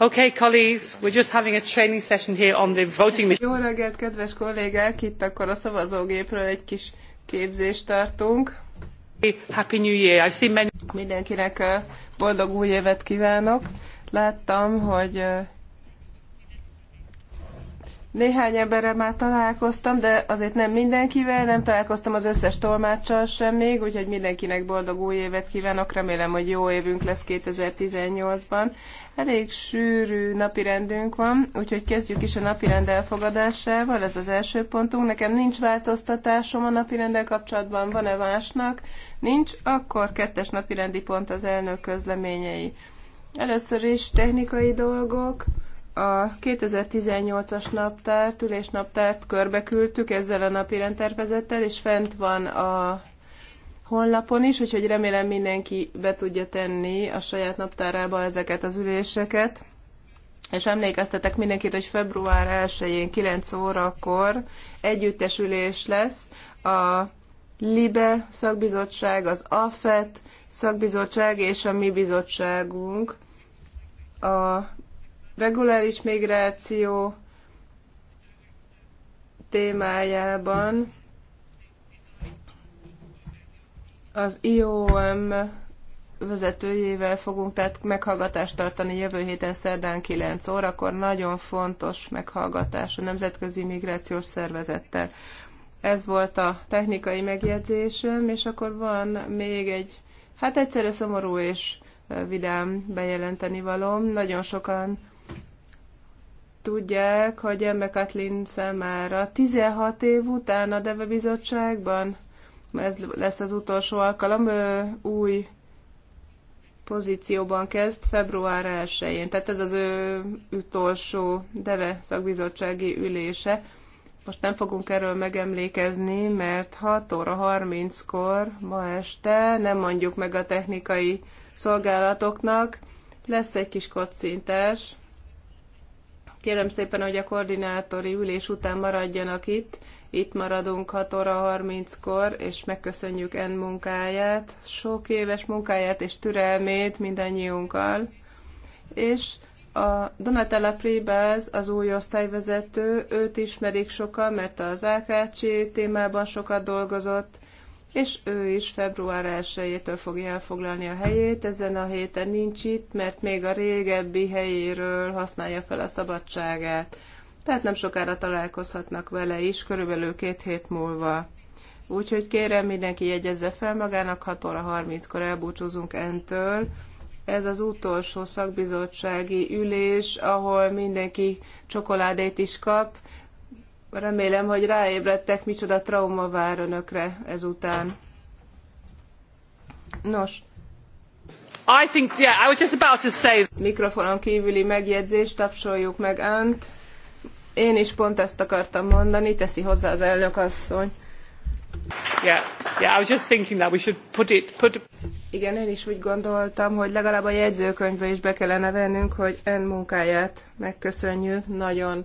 Okay, colleagues, we're just having a training session here on the voting machine. Jó reggelt, kedves kollégák! Itt akkor a szavazógépről egy kis képzést tartunk. Happy New Year! I seen many... Mindenkinek boldog új évet kívánok! Láttam, hogy néhány emberrel már találkoztam, de azért nem mindenkivel, nem találkoztam az összes tolmáccsal sem még, úgyhogy mindenkinek boldog új évet kívánok, remélem, hogy jó évünk lesz 2018-ban. Elég sűrű napirendünk van, úgyhogy kezdjük is a napirend elfogadásával, ez az első pontunk. Nekem nincs változtatásom a napirendel kapcsolatban, van-e másnak? Nincs, akkor kettes napirendi pont az elnök közleményei. Először is technikai dolgok a 2018-as naptárt, ülésnaptárt körbeküldtük ezzel a napi rendtervezettel, és fent van a honlapon is, úgyhogy remélem mindenki be tudja tenni a saját naptárába ezeket az üléseket. És emlékeztetek mindenkit, hogy február 1-én 9 órakor együttes ülés lesz a LIBE szakbizottság, az AFET szakbizottság és a mi bizottságunk a reguláris migráció témájában az IOM vezetőjével fogunk tehát meghallgatást tartani jövő héten szerdán 9 órakor. Nagyon fontos meghallgatás a Nemzetközi Migrációs Szervezettel. Ez volt a technikai megjegyzésem, és akkor van még egy, hát egyszerre szomorú és vidám bejelenteni valom. Nagyon sokan tudják, hogy Embe Katlin számára 16 év után a Deve Bizottságban, ez lesz az utolsó alkalom, ő új pozícióban kezd február 1-én. Tehát ez az ő utolsó Deve szakbizottsági ülése. Most nem fogunk erről megemlékezni, mert 6 óra 30-kor ma este nem mondjuk meg a technikai szolgálatoknak, lesz egy kis kocintás, Kérem szépen, hogy a koordinátori ülés után maradjanak itt. Itt maradunk 6 óra 30-kor, és megköszönjük En munkáját, sok éves munkáját és türelmét mindannyiunkkal. És a Donatella Pribáz, az új osztályvezető, őt ismerik sokan, mert az AKC témában sokat dolgozott, és ő is február 1-től fogja elfoglalni a helyét. Ezen a héten nincs itt, mert még a régebbi helyéről használja fel a szabadságát. Tehát nem sokára találkozhatnak vele is, körülbelül két hét múlva. Úgyhogy kérem, mindenki jegyezze fel magának, 6 óra 30-kor elbúcsúzunk entől. Ez az utolsó szakbizottsági ülés, ahol mindenki csokoládét is kap Remélem, hogy ráébredtek, micsoda trauma vár önökre ezután. Nos. I think, yeah, I was just about to say... Mikrofonon kívüli megjegyzést, tapsoljuk meg Ant. Én is pont ezt akartam mondani, teszi hozzá az elnök asszony. Yeah, yeah, I was just thinking that we should put it, put... Igen, én is úgy gondoltam, hogy legalább a jegyzőkönyvbe is be kellene vennünk, hogy en munkáját megköszönjük. Nagyon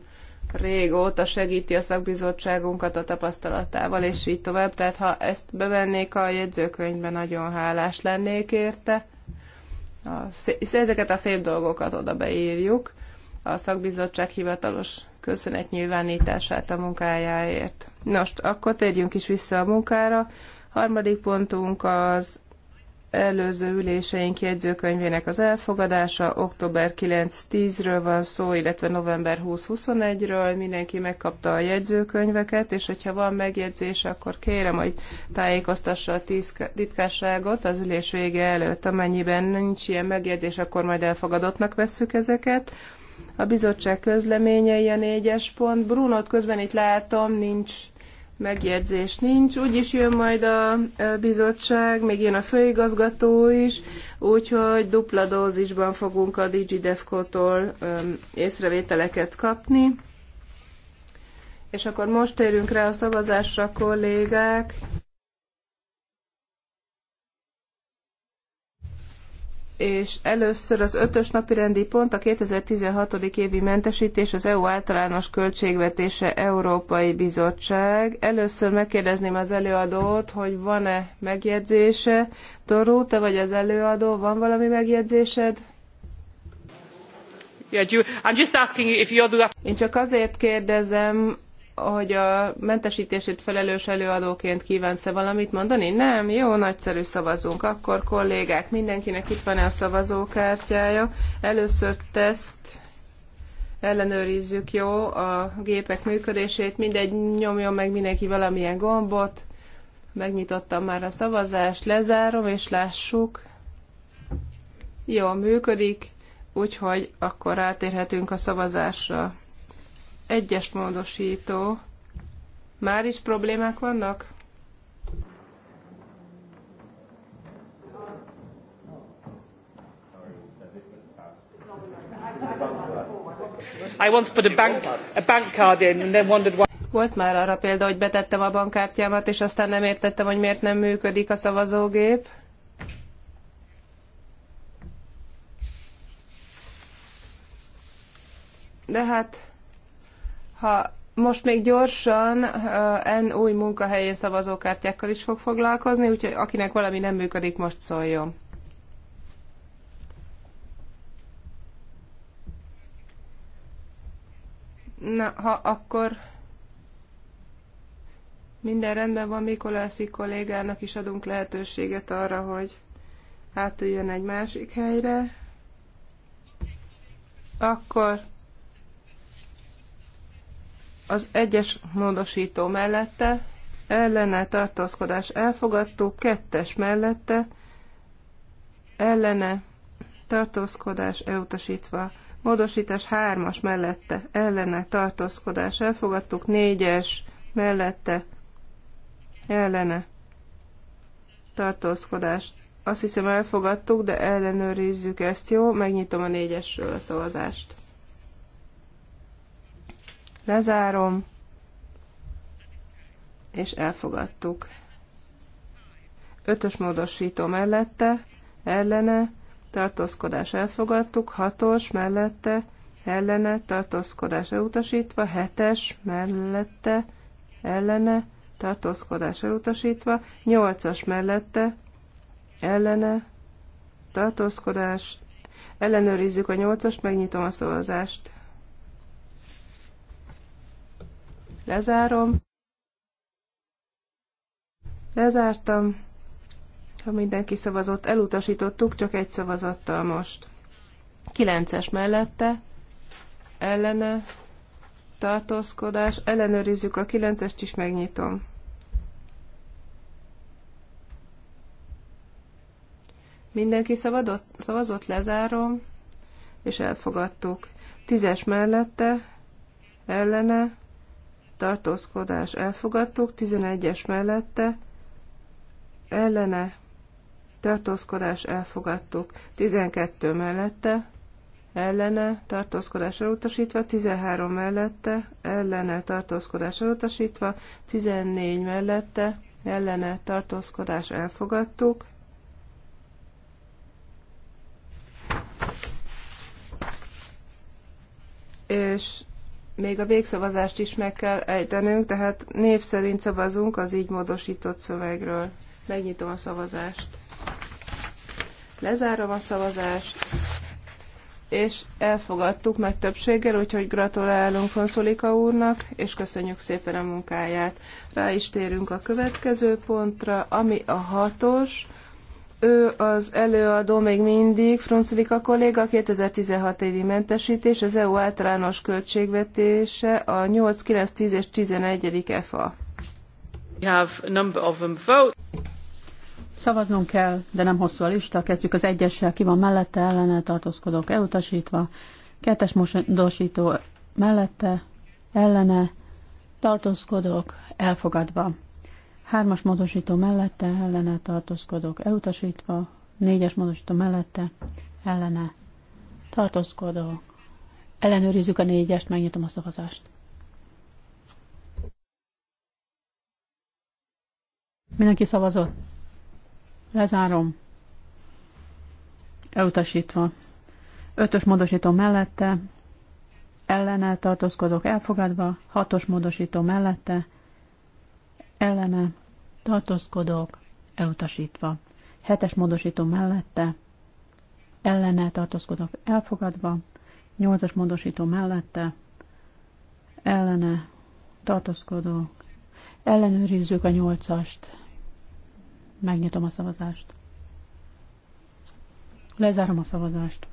régóta segíti a szakbizottságunkat a tapasztalatával, és így tovább. Tehát ha ezt bevennék a jegyzőkönyvbe, nagyon hálás lennék érte. A, ezeket a szép dolgokat oda beírjuk. A szakbizottság hivatalos nyilvánítását a munkájáért. Nos, akkor térjünk is vissza a munkára. Harmadik pontunk az előző üléseink jegyzőkönyvének az elfogadása. Október 9-10-ről van szó, illetve november 20-21-ről. Mindenki megkapta a jegyzőkönyveket, és hogyha van megjegyzés, akkor kérem, hogy tájékoztassa a titkárságot az ülés vége előtt. Amennyiben nincs ilyen megjegyzés, akkor majd elfogadottnak vesszük ezeket. A bizottság közleményei a négyes pont. Brunot közben itt látom, nincs megjegyzés nincs, úgyis jön majd a bizottság, még jön a főigazgató is, úgyhogy dupla dózisban fogunk a digidevco tól észrevételeket kapni. És akkor most térünk rá a szavazásra, kollégák. és először az ötös napi rendi pont a 2016. évi mentesítés az EU általános költségvetése Európai Bizottság. Először megkérdezném az előadót, hogy van-e megjegyzése. Toru, te vagy az előadó, van valami megjegyzésed? Én csak azért kérdezem, hogy a mentesítését felelős előadóként kívánsz-e valamit mondani? Nem? Jó, nagyszerű szavazunk. Akkor kollégák, mindenkinek itt van-e a szavazókártyája. Először teszt, ellenőrizzük jó a gépek működését, mindegy, nyomjon meg mindenki valamilyen gombot. Megnyitottam már a szavazást, lezárom és lássuk. Jó, működik, úgyhogy akkor rátérhetünk a szavazásra. Egyes módosító. Már is problémák vannak? I once put a bank, a bank card in and then wondered why... Volt már arra példa, hogy betettem a bankkártyámat, és aztán nem értettem, hogy miért nem működik a szavazógép. De hát ha most még gyorsan en eh, új munkahelyén szavazókártyákkal is fog foglalkozni, úgyhogy akinek valami nem működik, most szóljon. Na, ha akkor minden rendben van, Mikolászi kollégának is adunk lehetőséget arra, hogy átüljön egy másik helyre. Akkor az egyes módosító mellette, ellene tartózkodás elfogadtuk, kettes mellette, ellene tartózkodás elutasítva, módosítás hármas mellette, ellene tartózkodás elfogadtuk, négyes mellette, ellene tartózkodás. Azt hiszem elfogadtuk, de ellenőrizzük ezt, jó? Megnyitom a négyesről a szavazást. Lezárom, és elfogadtuk. Ötös módosító mellette, ellene, tartózkodás elfogadtuk, hatos mellette, ellene, tartózkodás elutasítva, hetes mellette, ellene, tartózkodás elutasítva, nyolcas mellette, ellene, tartózkodás, ellenőrizzük a nyolcas. megnyitom a szavazást. Lezárom. Lezártam. Ha mindenki szavazott, elutasítottuk, csak egy szavazattal most. 9-es mellette, ellene, tartózkodás, ellenőrizzük a 9-est is, megnyitom. Mindenki szavazott. szavazott, lezárom, és elfogadtuk. Tízes mellette, ellene, tartózkodás elfogadtuk, 11-es mellette ellene tartózkodás elfogadtuk, 12 mellette ellene tartózkodás elutasítva, 13 mellette ellene tartózkodás elutasítva, 14 mellette ellene tartózkodás elfogadtuk, és még a végszavazást is meg kell ejtenünk, tehát név szerint szavazunk az így módosított szövegről. Megnyitom a szavazást. Lezárom a szavazást, és elfogadtuk nagy többséggel, úgyhogy gratulálunk Fonszolika úrnak, és köszönjük szépen a munkáját. Rá is térünk a következő pontra, ami a hatos, ő az előadó még mindig, Frunculika kolléga, 2016 évi mentesítés, az EU általános költségvetése, a 8, 9, 10 és 11. FA. We have a number of them vote. Szavaznunk kell, de nem hosszú a lista. Kezdjük az egyessel, ki van mellette, ellene tartózkodók elutasítva. Kettes módosító mellette, ellene tartózkodók elfogadva. Hármas módosító mellette ellene tartózkodok elutasítva, négyes módosító mellette ellene tartózkodok. Ellenőrizzük a négyest, megnyitom a szavazást. Mindenki szavazott? Lezárom. Elutasítva. Ötös módosító mellette, ellene tartózkodok elfogadva, hatos módosító mellette, ellene tartózkodók elutasítva. Hetes módosító mellette ellene tartózkodók elfogadva. Nyolcas módosító mellette ellene tartózkodók. Ellenőrizzük a nyolcast. Megnyitom a szavazást. Lezárom a szavazást.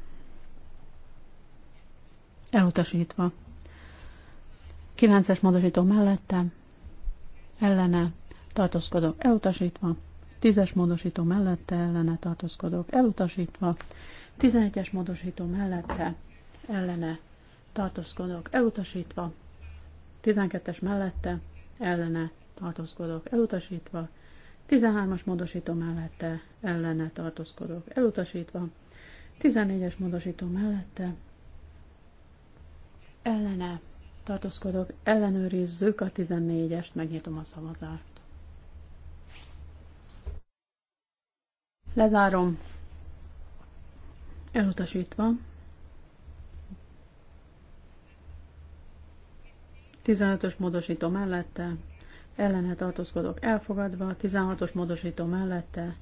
Elutasítva. 9-es módosító mellette, ellene, tartózkodok elutasítva, 10-es módosító mellette ellene tartózkodok elutasítva, 11-es módosító mellette ellene tartózkodok elutasítva, 12-es mellette ellene tartózkodok elutasítva, 13-as módosító mellette ellene tartózkodok elutasítva, 14-es módosító mellette ellene tartózkodok, ellenőrizzük a 14-est, megnyitom a szavazást. Lezárom. Elutasítva. 15-ös módosító mellette, ellene tartózkodok elfogadva, 16-os módosító mellette,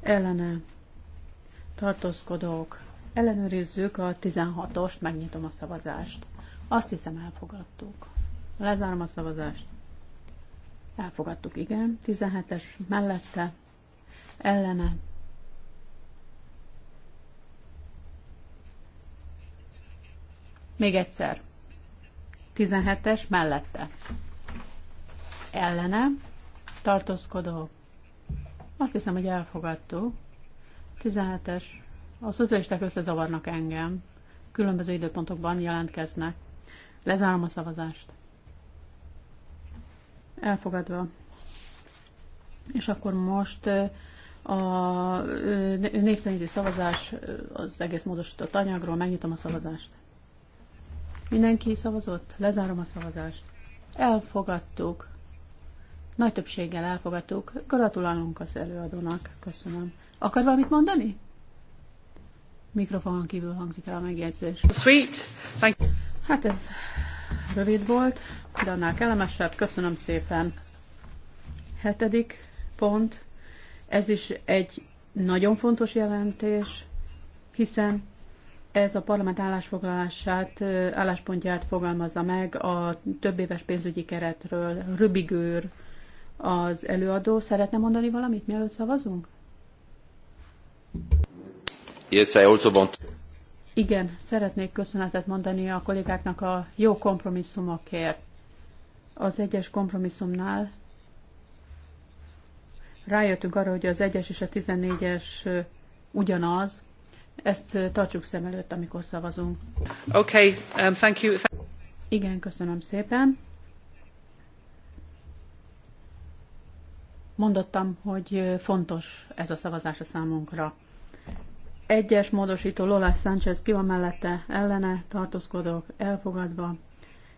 ellene tartózkodok. Ellenőrizzük a 16-ost, megnyitom a szavazást. Azt hiszem elfogadtuk. Lezárom a szavazást. Elfogadtuk, igen. 17-es mellette, ellene Még egyszer. 17-es mellette. Ellene. Tartózkodó. Azt hiszem, hogy elfogadtuk. 17-es. A szocialisták összezavarnak engem. Különböző időpontokban jelentkeznek. Lezárom a szavazást. Elfogadva. És akkor most a név szavazás az egész módosított anyagról. Megnyitom a szavazást. Mindenki szavazott? Lezárom a szavazást. Elfogadtuk. Nagy többséggel elfogadtuk. Gratulálunk az előadónak. Köszönöm. Akar valamit mondani? Mikrofonon kívül hangzik el a megjegyzés. Sweet. Thank you. Hát ez rövid volt, de annál kellemesebb. Köszönöm szépen. Hetedik pont. Ez is egy nagyon fontos jelentés, hiszen ez a parlament állásfoglalását, álláspontját fogalmazza meg a több éves pénzügyi keretről. Rübigőr az előadó. Szeretne mondani valamit, mielőtt szavazunk? Yes, I also want. Igen, szeretnék köszönetet mondani a kollégáknak a jó kompromisszumokért. Az egyes kompromisszumnál rájöttünk arra, hogy az egyes és a tizennégyes ugyanaz, ezt tartsuk szem előtt, amikor szavazunk. Okay, um, thank you. Igen, köszönöm szépen. Mondottam, hogy fontos ez a szavazás a számunkra. Egyes módosító Lola Sánchez ki van mellette, ellene, tartózkodok, elfogadva.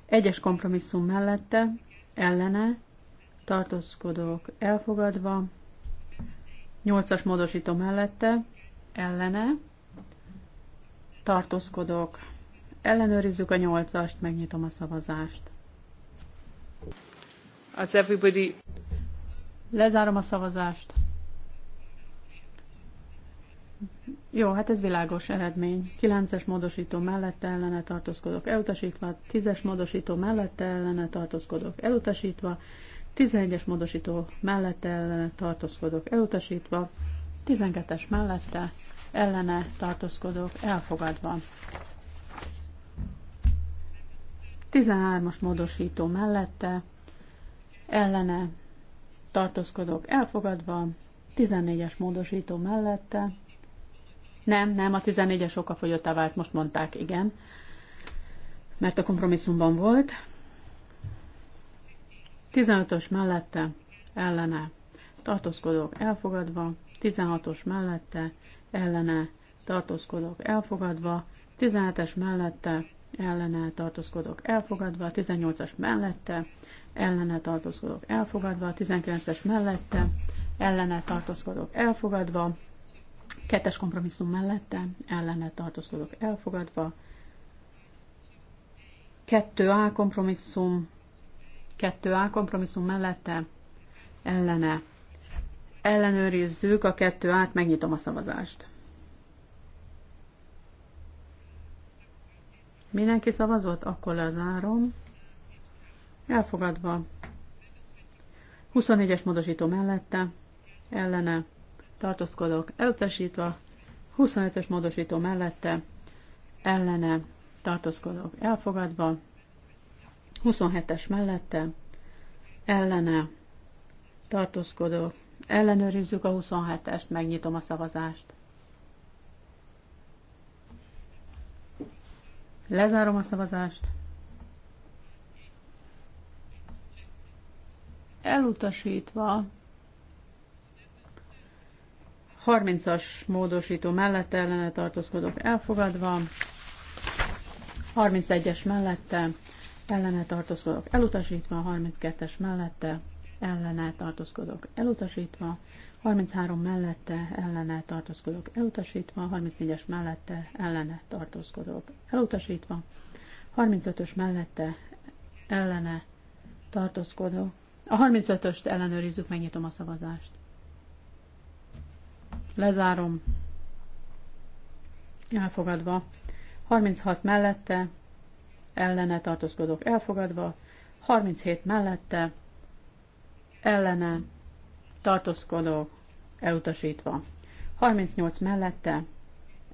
Egyes kompromisszum mellette, ellene, tartózkodok, elfogadva. Nyolcas módosító mellette, ellene, tartózkodok, ellenőrizzük a nyolcast, megnyitom a szavazást. As everybody... Lezárom a szavazást. Jó, hát ez világos eredmény. 9-es módosító mellette ellene tartózkodok elutasítva, 10-es módosító mellette ellene tartózkodok elutasítva, 11-es módosító mellette ellene tartózkodok elutasítva, 12-es mellette ellene tartózkodók elfogadva. 13-as módosító mellette ellene tartózkodók elfogadva, 14-es módosító mellette, nem, nem, a 14-es okafogyottá vált, most mondták, igen, mert a kompromisszumban volt. 15-ös mellette ellene tartózkodók elfogadva, 16-os mellette ellene tartózkodok elfogadva, 17-es mellette ellene tartózkodok elfogadva, 18-as mellette ellene tartózkodok elfogadva, 19-es mellette ellene tartózkodok elfogadva, kettes kompromisszum mellette ellene tartózkodok elfogadva, 2A kompromisszum, 2A kompromisszum mellette ellene ellenőrizzük a kettő át, megnyitom a szavazást. Mindenki szavazott? Akkor lezárom. Elfogadva. 24-es módosító mellette, ellene, tartózkodok, elutasítva. 25-es módosító mellette, ellene, tartózkodok, elfogadva. 27-es mellette, ellene, tartózkodok, Ellenőrizzük a 27-est, megnyitom a szavazást. Lezárom a szavazást. Elutasítva 30-as módosító mellett ellene tartózkodok elfogadva, 31-es mellette ellene tartózkodok elutasítva, 32-es mellette ellene tartózkodok elutasítva, 33 mellette ellene tartózkodok elutasítva, 34-es mellette ellene tartózkodok elutasítva, 35-ös mellette ellene tartózkodok. A 35-öst ellenőrizzük, megnyitom a szavazást. Lezárom. Elfogadva. 36 mellette ellene tartózkodok elfogadva, 37 mellette ellene tartózkodók elutasítva. 38 mellette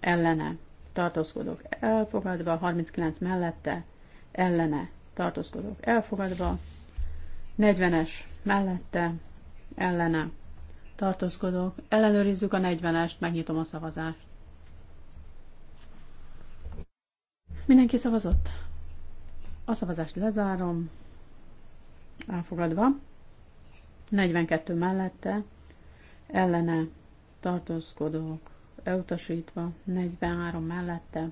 ellene tartózkodók elfogadva, 39 mellette ellene tartózkodók elfogadva, 40-es mellette ellene tartózkodók. Ellenőrizzük a 40-est, megnyitom a szavazást. Mindenki szavazott? A szavazást lezárom. Elfogadva. 42 mellette ellene tartózkodók elutasítva, 43 mellette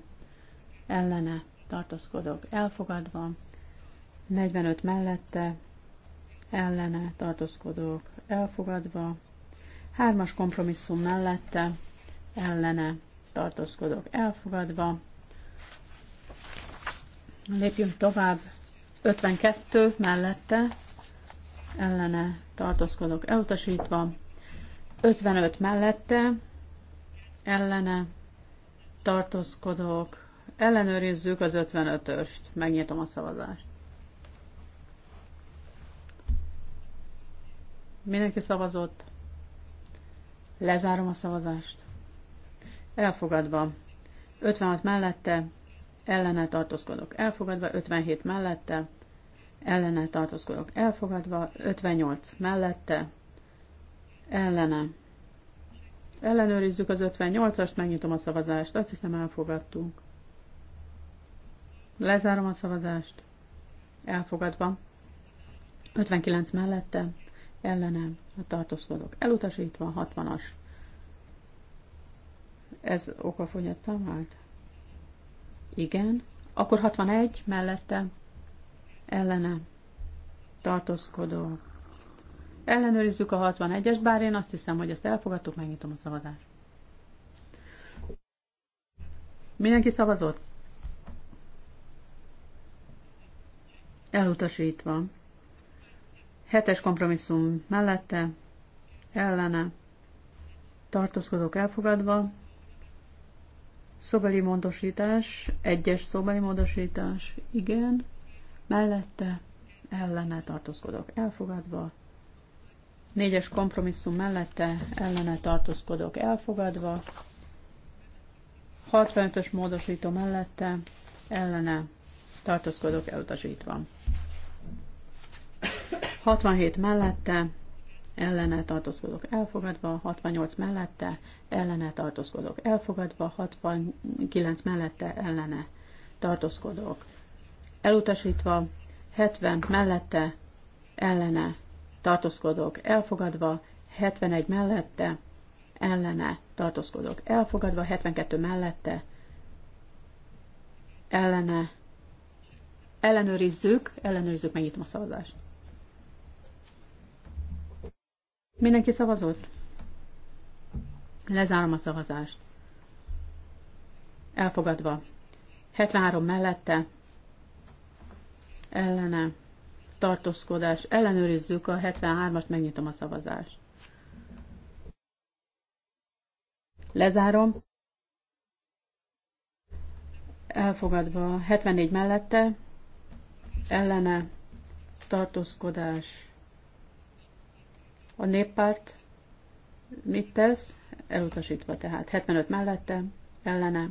ellene tartózkodók elfogadva, 45 mellette ellene tartózkodók elfogadva, 3-as kompromisszum mellette ellene tartózkodók elfogadva. Lépjünk tovább, 52 mellette ellene tartózkodok elutasítva, 55 mellette ellene tartózkodok, ellenőrizzük az 55-öst, megnyitom a szavazást. Mindenki szavazott? Lezárom a szavazást. Elfogadva. 56 mellette, ellene tartózkodok. Elfogadva, 57 mellette, ellene tartózkodok elfogadva, 58 mellette, ellene. Ellenőrizzük az 58-ast, megnyitom a szavazást, azt hiszem elfogadtunk. Lezárom a szavazást, elfogadva, 59 mellette, ellene, tartózkodok elutasítva, 60-as. Ez okafogyattan vált? Igen. Akkor 61 mellette, ellene tartózkodó. Ellenőrizzük a 61-es, bár én azt hiszem, hogy ezt elfogadtuk, megnyitom a szavazást. Mindenki szavazott? Elutasítva. Hetes kompromisszum mellette, ellene, tartózkodók elfogadva, szobeli módosítás, egyes szobeli módosítás, igen, mellette ellene tartózkodok elfogadva, négyes kompromisszum mellette ellene tartózkodok elfogadva, 65-ös módosító mellette ellene tartózkodok elutasítva. 67 mellette ellene tartózkodok elfogadva, 68 mellette ellene tartózkodok elfogadva, 69 mellette ellene tartózkodok elutasítva, 70 mellette, ellene, tartózkodók elfogadva, 71 mellette, ellene, tartózkodók elfogadva, 72 mellette, ellene, ellenőrizzük, ellenőrizzük, megnyitom a szavazást. Mindenki szavazott? Lezárom a szavazást. Elfogadva. 73 mellette, ellene tartózkodás. Ellenőrizzük a 73 as megnyitom a szavazást. Lezárom. Elfogadva 74 mellette, ellene tartózkodás. A néppárt mit tesz? Elutasítva tehát. 75 mellette, ellene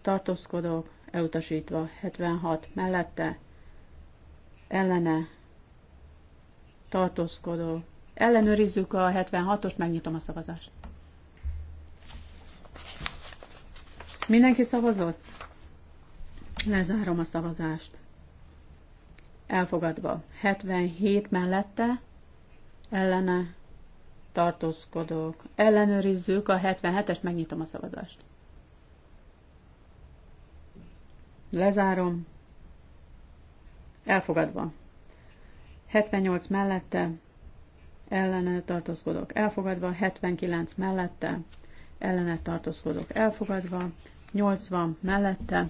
tartózkodok, elutasítva. 76 mellette, ellene tartózkodó. Ellenőrizzük a 76-ost, megnyitom a szavazást. Mindenki szavazott? Lezárom a szavazást. Elfogadva. 77 mellette ellene tartózkodók. Ellenőrizzük a 77-est, megnyitom a szavazást. Lezárom. Elfogadva. 78 mellette ellene tartózkodok elfogadva, 79 mellette ellene tartózkodok elfogadva, 80 mellette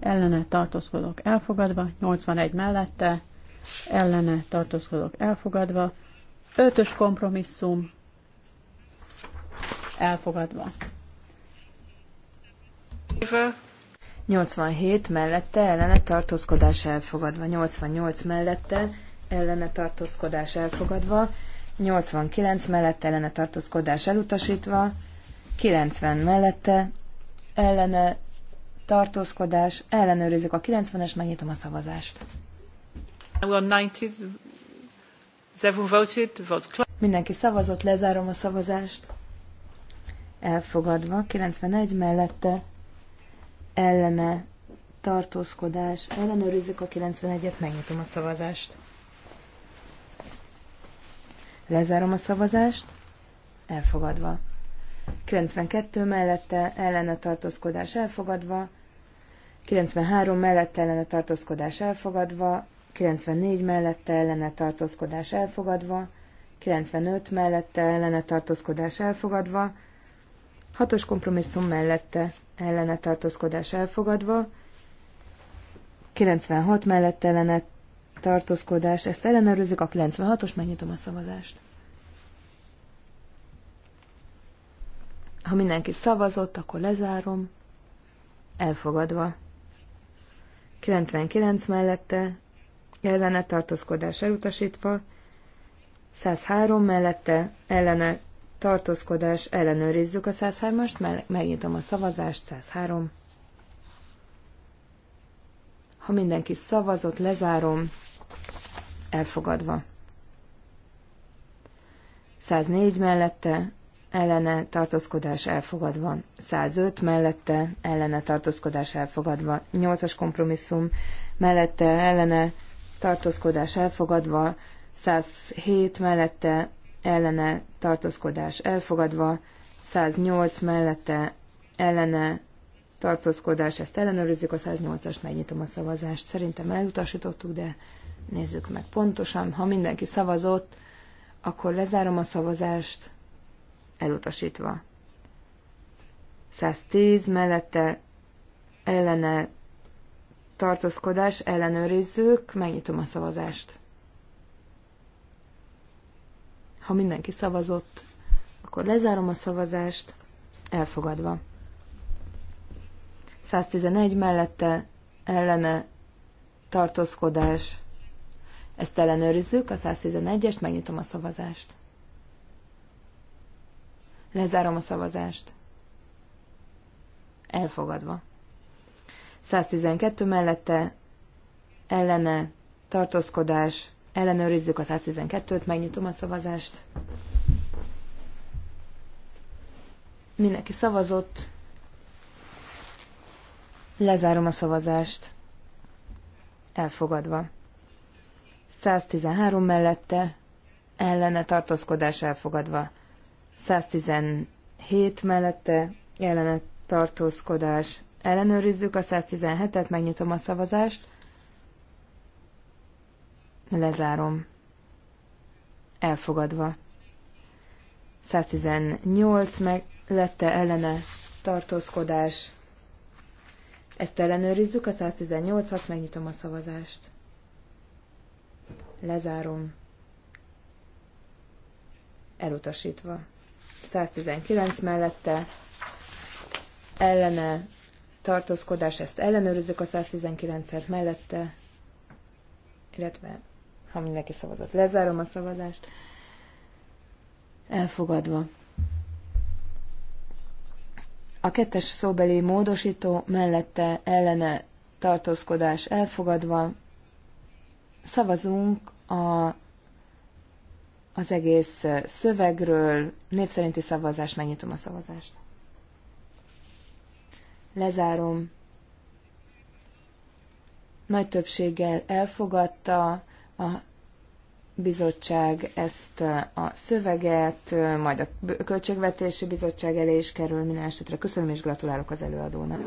ellene tartózkodok elfogadva, 81 mellette ellene tartózkodok elfogadva, 5-ös kompromisszum elfogadva. 87 mellette ellene tartózkodás elfogadva, 88 mellette ellene tartózkodás elfogadva, 89 mellette ellene tartózkodás elutasítva, 90 mellette ellene tartózkodás, ellenőrizzük a 90-es, megnyitom a szavazást. Mindenki szavazott, lezárom a szavazást. Elfogadva, 91 mellette ellene tartózkodás. Ellenőrizzük a 91-et, megnyitom a szavazást. Lezárom a szavazást. Elfogadva. 92 mellette ellene tartózkodás elfogadva. 93 mellette ellene tartózkodás elfogadva. 94 mellette ellene tartózkodás elfogadva. 95 mellette ellene tartózkodás elfogadva. Hatos kompromisszum mellette ellene tartózkodás elfogadva. 96 mellette ellene tartózkodás. Ezt ellenőrzik a 96-os, megnyitom a szavazást. Ha mindenki szavazott, akkor lezárom. Elfogadva. 99 mellette ellene tartózkodás elutasítva. 103 mellette ellene tartózkodás, ellenőrizzük a 103-ast, megnyitom a szavazást, 103. Ha mindenki szavazott, lezárom, elfogadva. 104 mellette, ellene tartózkodás elfogadva, 105 mellette ellene tartózkodás elfogadva, 8-as kompromisszum mellette ellene tartózkodás elfogadva, 107 mellette ellene tartózkodás elfogadva, 108 mellette ellene tartózkodás, ezt ellenőrizzük, a 108 as megnyitom a szavazást. Szerintem elutasítottuk, de nézzük meg pontosan. Ha mindenki szavazott, akkor lezárom a szavazást, elutasítva. 110 mellette ellene tartózkodás, ellenőrizzük, megnyitom a szavazást. Ha mindenki szavazott, akkor lezárom a szavazást. Elfogadva. 111 mellette ellene tartózkodás. Ezt ellenőrizzük, a 111-est, megnyitom a szavazást. Lezárom a szavazást. Elfogadva. 112 mellette ellene tartózkodás Ellenőrizzük a 112-t, megnyitom a szavazást. Mindenki szavazott. Lezárom a szavazást. Elfogadva. 113 mellette, ellene tartózkodás elfogadva. 117 mellette, ellene tartózkodás. Ellenőrizzük a 117-et, megnyitom a szavazást. Lezárom. Elfogadva. 118 meg lette ellene tartózkodás. Ezt ellenőrizzük, a 118-at, megnyitom a szavazást. Lezárom. Elutasítva. 119 mellette ellene tartózkodás, ezt ellenőrizzük a 119-et mellette, illetve ha mindenki szavazott, lezárom a szavazást. Elfogadva. A kettes szóbeli módosító mellette ellene tartózkodás elfogadva. Szavazunk a, az egész szövegről. Népszerinti szavazás, megnyitom a szavazást. Lezárom. Nagy többséggel elfogadta a bizottság ezt a szöveget, majd a Költségvetési Bizottság elé is kerül minden esetre. Köszönöm és gratulálok az előadónak.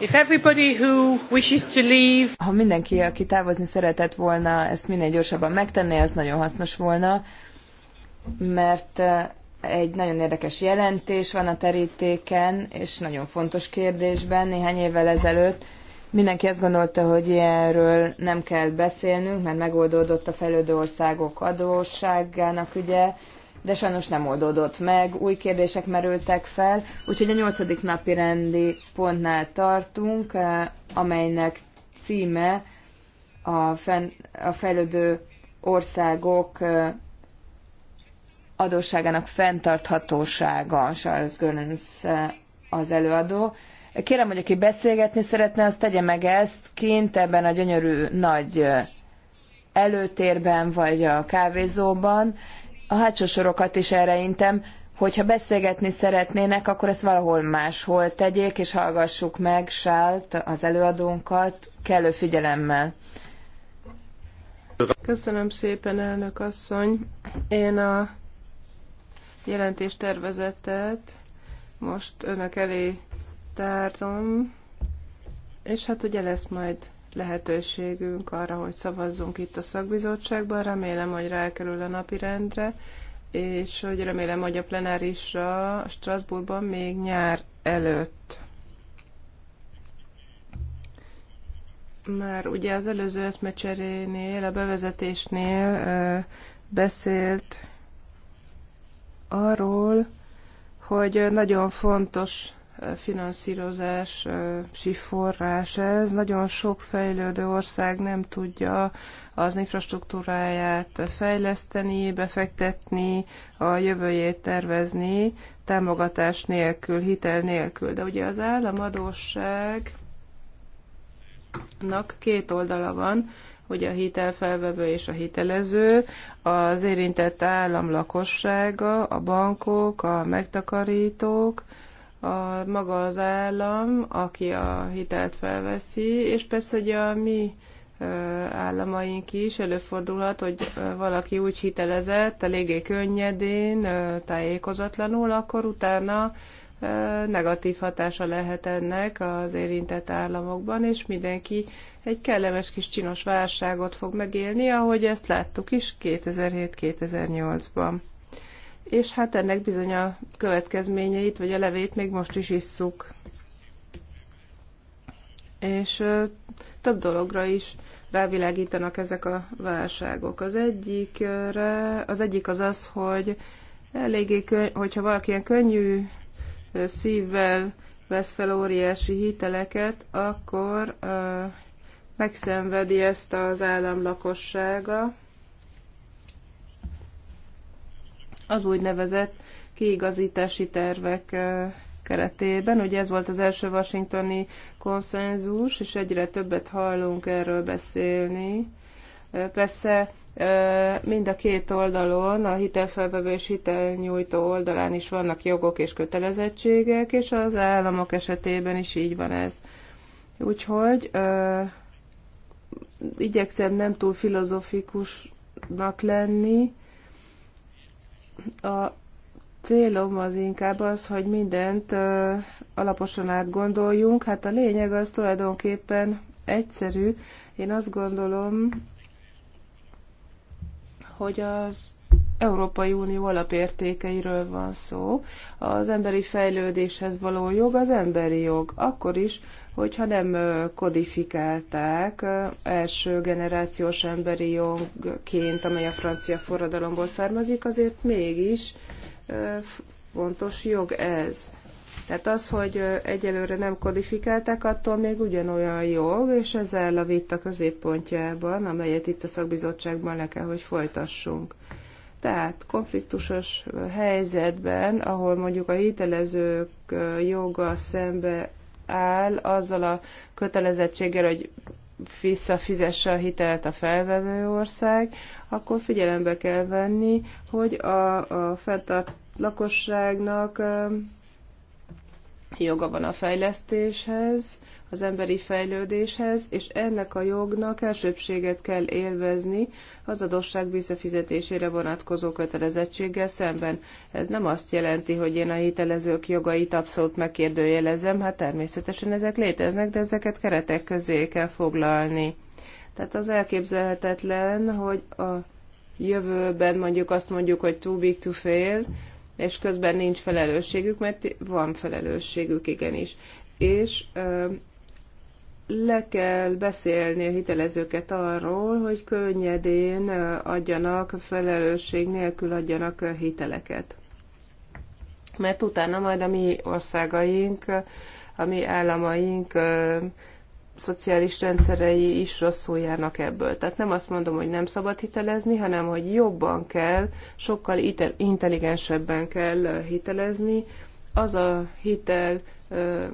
If everybody who wishes to leave... Ha mindenki, aki távozni szeretett volna, ezt minél gyorsabban megtenné, az nagyon hasznos volna, mert egy nagyon érdekes jelentés van a terítéken, és nagyon fontos kérdésben néhány évvel ezelőtt. Mindenki azt gondolta, hogy ilyenről nem kell beszélnünk, mert megoldódott a fejlődő országok adósságának ügye, de sajnos nem oldódott meg, új kérdések merültek fel, úgyhogy a nyolcadik napi rendi pontnál tartunk, eh, amelynek címe a, fenn, a fejlődő országok eh, adósságának fenntarthatósága, Charles Görens eh, az előadó. Kérem, hogy aki beszélgetni szeretne, az tegye meg ezt kint ebben a gyönyörű nagy előtérben vagy a kávézóban a hátsó sorokat is erre intem, hogyha beszélgetni szeretnének, akkor ezt valahol máshol tegyék, és hallgassuk meg Sált, az előadónkat kellő figyelemmel. Köszönöm szépen, elnök asszony. Én a jelentéstervezetet most önök elé tárom, és hát ugye lesz majd lehetőségünk arra, hogy szavazzunk itt a szakbizottságban. Remélem, hogy rákerül a napirendre, és hogy remélem, hogy a plenárisra Strasbourgban még nyár előtt. Már ugye az előző eszmecserénél, a bevezetésnél beszélt arról, hogy nagyon fontos finanszírozási forrás ez. Nagyon sok fejlődő ország nem tudja az infrastruktúráját fejleszteni, befektetni, a jövőjét tervezni támogatás nélkül, hitel nélkül. De ugye az államadóságnak két oldala van, hogy a hitelfelvevő és a hitelező, az érintett állam lakossága, a bankok, a megtakarítók, a, maga az állam, aki a hitelt felveszi, és persze hogy a mi államaink is előfordulhat, hogy valaki úgy hitelezett, eléggé könnyedén, tájékozatlanul, akkor utána negatív hatása lehet ennek az érintett államokban, és mindenki egy kellemes kis csinos válságot fog megélni, ahogy ezt láttuk is 2007-2008-ban és hát ennek bizony a következményeit, vagy a levét még most is isszuk. És több dologra is rávilágítanak ezek a válságok. Az, egyikre, az egyik az az, hogy eléggé, könny- hogyha valaki ilyen könnyű szívvel vesz fel óriási hiteleket, akkor ö, megszenvedi ezt az állam lakossága, az úgynevezett kiigazítási tervek keretében. Ugye ez volt az első washingtoni konszenzus, és egyre többet hallunk erről beszélni. Persze mind a két oldalon, a hitelfelvevő és hitelnyújtó oldalán is vannak jogok és kötelezettségek, és az államok esetében is így van ez. Úgyhogy igyekszem nem túl filozofikusnak lenni, a célom az inkább az, hogy mindent ö, alaposan átgondoljunk. Hát a lényeg az tulajdonképpen egyszerű. Én azt gondolom, hogy az Európai Unió alapértékeiről van szó. Az emberi fejlődéshez való jog az emberi jog, akkor is, hogyha nem kodifikálták első generációs emberi jogként, amely a francia forradalomból származik, azért mégis fontos jog ez. Tehát az, hogy egyelőre nem kodifikálták, attól még ugyanolyan jog, és ezzel áll a vita középpontjában, amelyet itt a szakbizottságban le kell, hogy folytassunk. Tehát konfliktusos helyzetben, ahol mondjuk a hitelezők joga szembe áll azzal a kötelezettséggel, hogy visszafizesse a hitelt a felvevő ország, akkor figyelembe kell venni, hogy a, a fenntart lakosságnak joga van a fejlesztéshez, az emberi fejlődéshez, és ennek a jognak elsőbséget kell élvezni az adósság visszafizetésére vonatkozó kötelezettséggel szemben. Ez nem azt jelenti, hogy én a hitelezők jogait abszolút megkérdőjelezem, hát természetesen ezek léteznek, de ezeket keretek közé kell foglalni. Tehát az elképzelhetetlen, hogy a jövőben mondjuk azt mondjuk, hogy too big to fail, és közben nincs felelősségük, mert van felelősségük igenis. És ö, le kell beszélni a hitelezőket arról, hogy könnyedén adjanak, felelősség nélkül adjanak hiteleket. Mert utána majd a mi országaink, a mi államaink szociális rendszerei is rosszul járnak ebből. Tehát nem azt mondom, hogy nem szabad hitelezni, hanem hogy jobban kell, sokkal intelligensebben kell hitelezni. Az a hitel ö,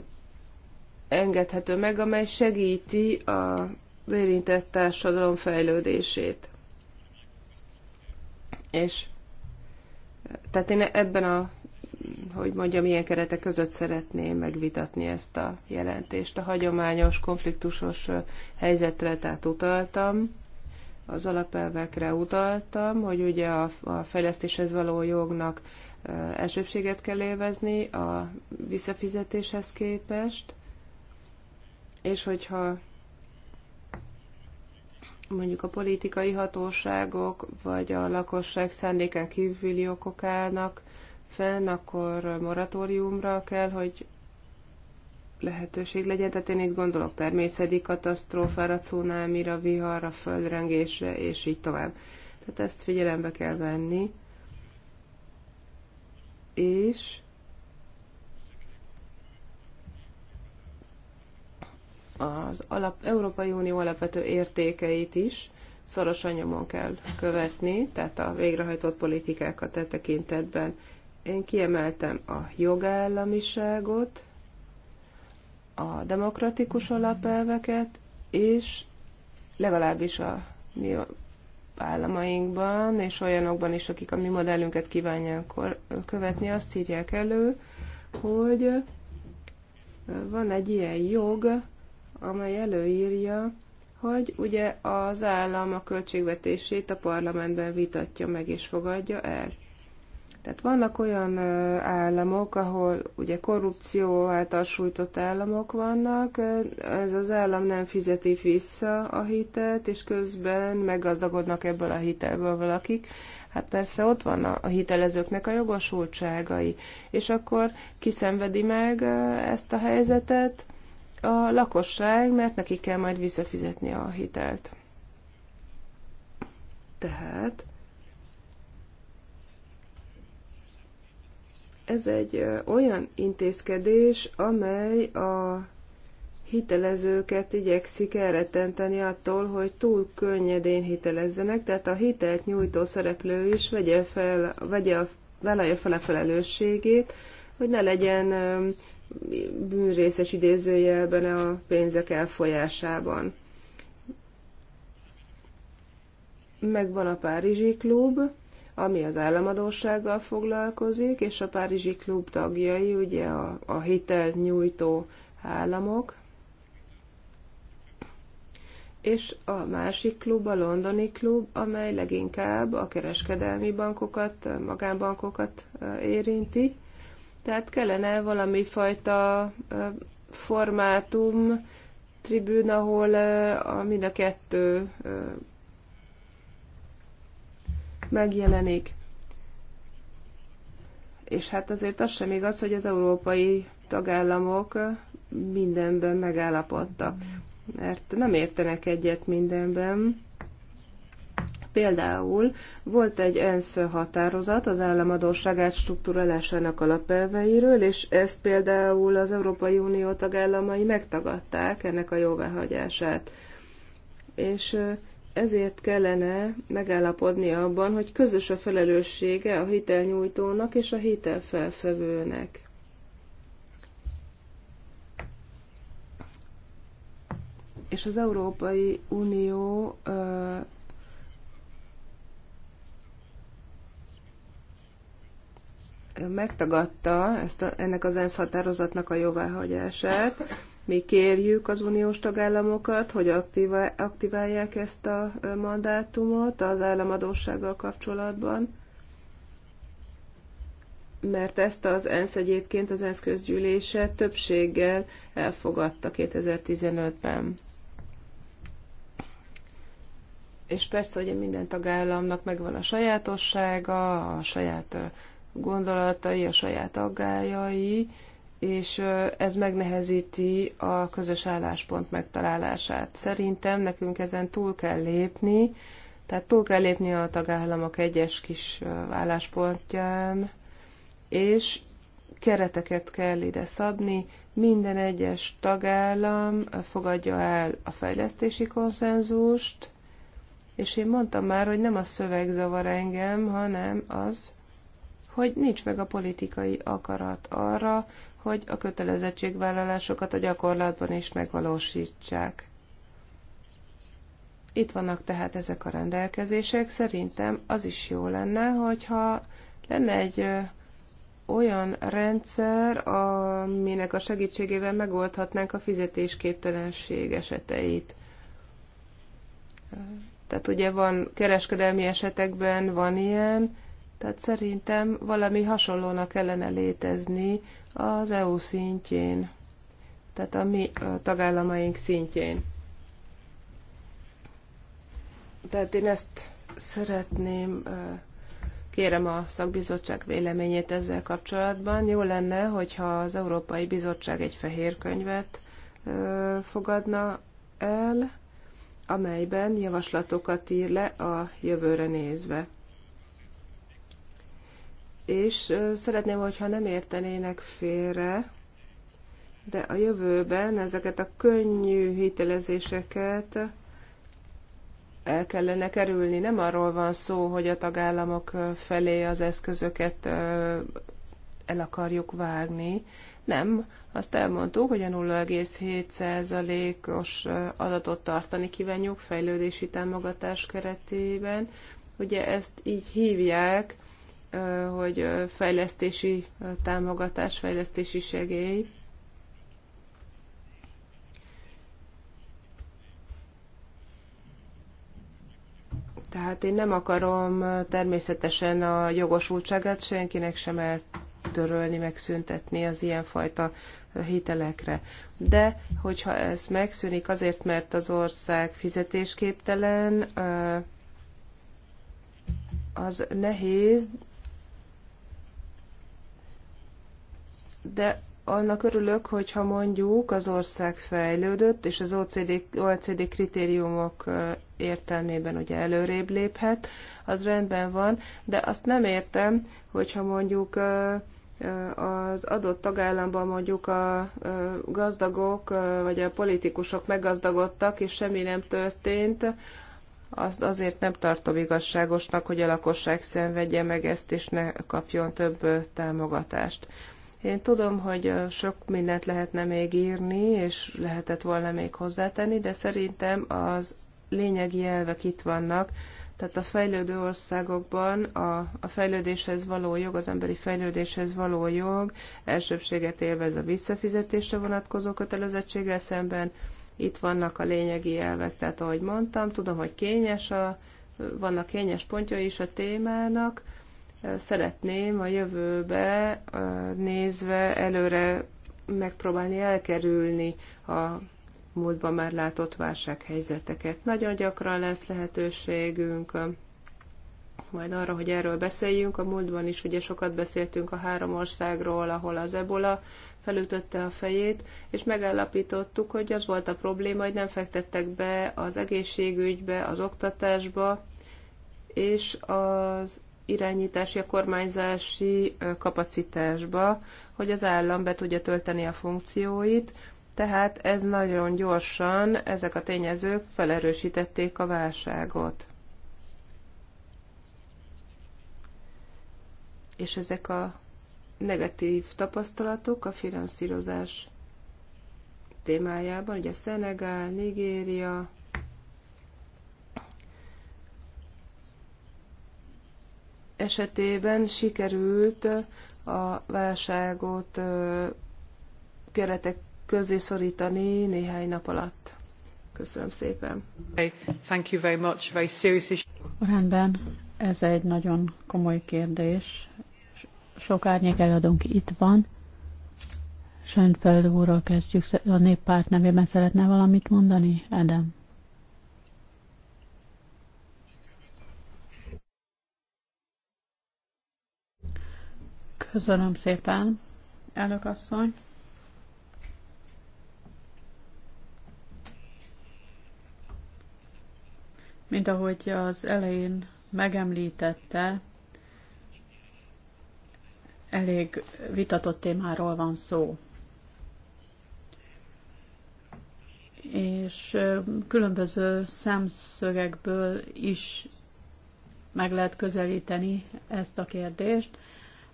engedhető meg, amely segíti a érintett társadalom fejlődését. És tehát én ebben a hogy mondjam, milyen keretek között szeretném megvitatni ezt a jelentést. A hagyományos, konfliktusos helyzetre tehát utaltam, az alapelvekre utaltam, hogy ugye a, a fejlesztéshez való jognak elsőbséget kell élvezni a visszafizetéshez képest, és hogyha mondjuk a politikai hatóságok vagy a lakosság szándéken kívüli okok állnak fenn, akkor moratóriumra kell, hogy lehetőség legyen. Tehát én itt gondolok természeti katasztrófára, cunámira, viharra, földrengésre, és így tovább. Tehát ezt figyelembe kell venni. És az alap, Európai Unió alapvető értékeit is szorosan nyomon kell követni, tehát a végrehajtott politikákat e tekintetben én kiemeltem a jogállamiságot, a demokratikus alapelveket, és legalábbis a mi államainkban, és olyanokban is, akik a mi modellünket kívánják követni, azt írják elő, hogy van egy ilyen jog, amely előírja, hogy ugye az állam a költségvetését a parlamentben vitatja meg és fogadja el. Tehát vannak olyan államok, ahol ugye korrupció által sújtott államok vannak, ez az állam nem fizeti vissza a hitelt, és közben meggazdagodnak ebből a hitelből valakik. Hát persze ott van a hitelezőknek a jogosultságai, és akkor kiszenvedi meg ezt a helyzetet a lakosság, mert neki kell majd visszafizetni a hitelt. Tehát Ez egy olyan intézkedés, amely a hitelezőket igyekszik elrettenteni attól, hogy túl könnyedén hitelezzenek, tehát a hitelt nyújtó szereplő is vegye fel, vegye a, vállalja fel a felelősségét, hogy ne legyen bűnrészes idézőjelben a pénzek elfolyásában. Megvan a Párizsi klub, ami az államadósággal foglalkozik, és a Párizsi Klub tagjai, ugye a, a hitelt nyújtó államok, és a másik klub, a londoni klub, amely leginkább a kereskedelmi bankokat, magánbankokat érinti. Tehát kellene valami fajta formátum, tribűn, ahol a mind a kettő megjelenik. És hát azért az sem igaz, hogy az európai tagállamok mindenben megállapodtak, mert nem értenek egyet mindenben. Például volt egy ENSZ határozat az államadóságát struktúrálásának alapelveiről, és ezt például az Európai Unió tagállamai megtagadták ennek a jogáhagyását. És ezért kellene megállapodni abban, hogy közös a felelőssége a hitelnyújtónak és a hitelfelfevőnek. És az Európai Unió ö, megtagadta ezt a, ennek az ENSZ határozatnak a jóváhagyását, mi kérjük az uniós tagállamokat, hogy aktiválják ezt a mandátumot az államadósággal kapcsolatban, mert ezt az ENSZ egyébként, az ENSZ közgyűlése többséggel elfogadta 2015-ben. És persze, hogy minden tagállamnak megvan a sajátossága, a saját gondolatai, a saját aggájai, és ez megnehezíti a közös álláspont megtalálását. Szerintem nekünk ezen túl kell lépni, tehát túl kell lépni a tagállamok egyes kis álláspontján, és kereteket kell ide szabni, minden egyes tagállam fogadja el a fejlesztési konszenzust, és én mondtam már, hogy nem a szöveg zavar engem, hanem az, hogy nincs meg a politikai akarat arra, hogy a kötelezettségvállalásokat a gyakorlatban is megvalósítsák. Itt vannak tehát ezek a rendelkezések. Szerintem az is jó lenne, hogyha lenne egy olyan rendszer, aminek a segítségével megoldhatnánk a fizetésképtelenség eseteit. Tehát ugye van kereskedelmi esetekben van ilyen, tehát szerintem valami hasonlónak kellene létezni az EU szintjén, tehát a mi a tagállamaink szintjén. Tehát én ezt szeretném, kérem a szakbizottság véleményét ezzel kapcsolatban. Jó lenne, hogyha az Európai Bizottság egy fehér könyvet fogadna el, amelyben javaslatokat ír le a jövőre nézve és szeretném, hogyha nem értenének félre, de a jövőben ezeket a könnyű hitelezéseket el kellene kerülni. Nem arról van szó, hogy a tagállamok felé az eszközöket el akarjuk vágni. Nem, azt elmondtuk, hogy a 0,7%-os adatot tartani kívánjuk fejlődési támogatás keretében. Ugye ezt így hívják, hogy fejlesztési támogatás, fejlesztési segély. Tehát én nem akarom természetesen a jogosultságát senkinek sem eltörölni, megszüntetni az ilyenfajta hitelekre. De hogyha ez megszűnik azért, mert az ország fizetésképtelen, az nehéz, de annak örülök, hogyha mondjuk az ország fejlődött, és az OCD, OCD kritériumok értelmében ugye előrébb léphet, az rendben van, de azt nem értem, hogyha mondjuk az adott tagállamban mondjuk a gazdagok vagy a politikusok meggazdagodtak, és semmi nem történt, azt azért nem tartom igazságosnak, hogy a lakosság szenvedje meg ezt, és ne kapjon több támogatást. Én tudom, hogy sok mindent lehetne még írni, és lehetett volna még hozzátenni, de szerintem az lényegi elvek itt vannak. Tehát a fejlődő országokban a, a fejlődéshez való jog, az emberi fejlődéshez való jog elsőbséget élvez a visszafizetésre vonatkozó kötelezettséggel szemben. Itt vannak a lényegi elvek, tehát ahogy mondtam, tudom, hogy kényes a, vannak kényes pontja is a témának, szeretném a jövőbe nézve előre megpróbálni elkerülni a múltban már látott válsághelyzeteket. Nagyon gyakran lesz lehetőségünk majd arra, hogy erről beszéljünk. A múltban is ugye sokat beszéltünk a három országról, ahol az ebola felütötte a fejét, és megállapítottuk, hogy az volt a probléma, hogy nem fektettek be az egészségügybe, az oktatásba, és az irányítási, a kormányzási kapacitásba, hogy az állam be tudja tölteni a funkcióit, tehát ez nagyon gyorsan, ezek a tényezők felerősítették a válságot. És ezek a negatív tapasztalatok a finanszírozás témájában, ugye Szenegál, Nigéria, esetében sikerült a válságot keretek közé szorítani néhány nap alatt. Köszönöm szépen. Thank you very much. Very serious Rendben, ez egy nagyon komoly kérdés. Sok árnyék eladunk itt van. Sönt úrral kezdjük. A néppárt nevében szeretne valamit mondani, Edem? Köszönöm szépen, elnök asszony. Mint ahogy az elején megemlítette, elég vitatott témáról van szó. És különböző szemszögekből is meg lehet közelíteni ezt a kérdést.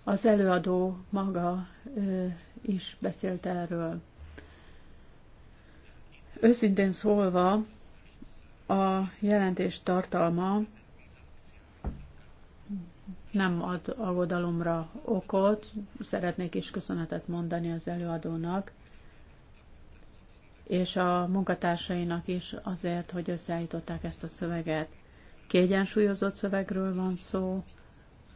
Az előadó maga is beszélt erről. Őszintén szólva, a jelentés tartalma nem ad aggodalomra okot. Szeretnék is köszönetet mondani az előadónak, és a munkatársainak is azért, hogy összeállították ezt a szöveget. Kiegyensúlyozott szövegről van szó,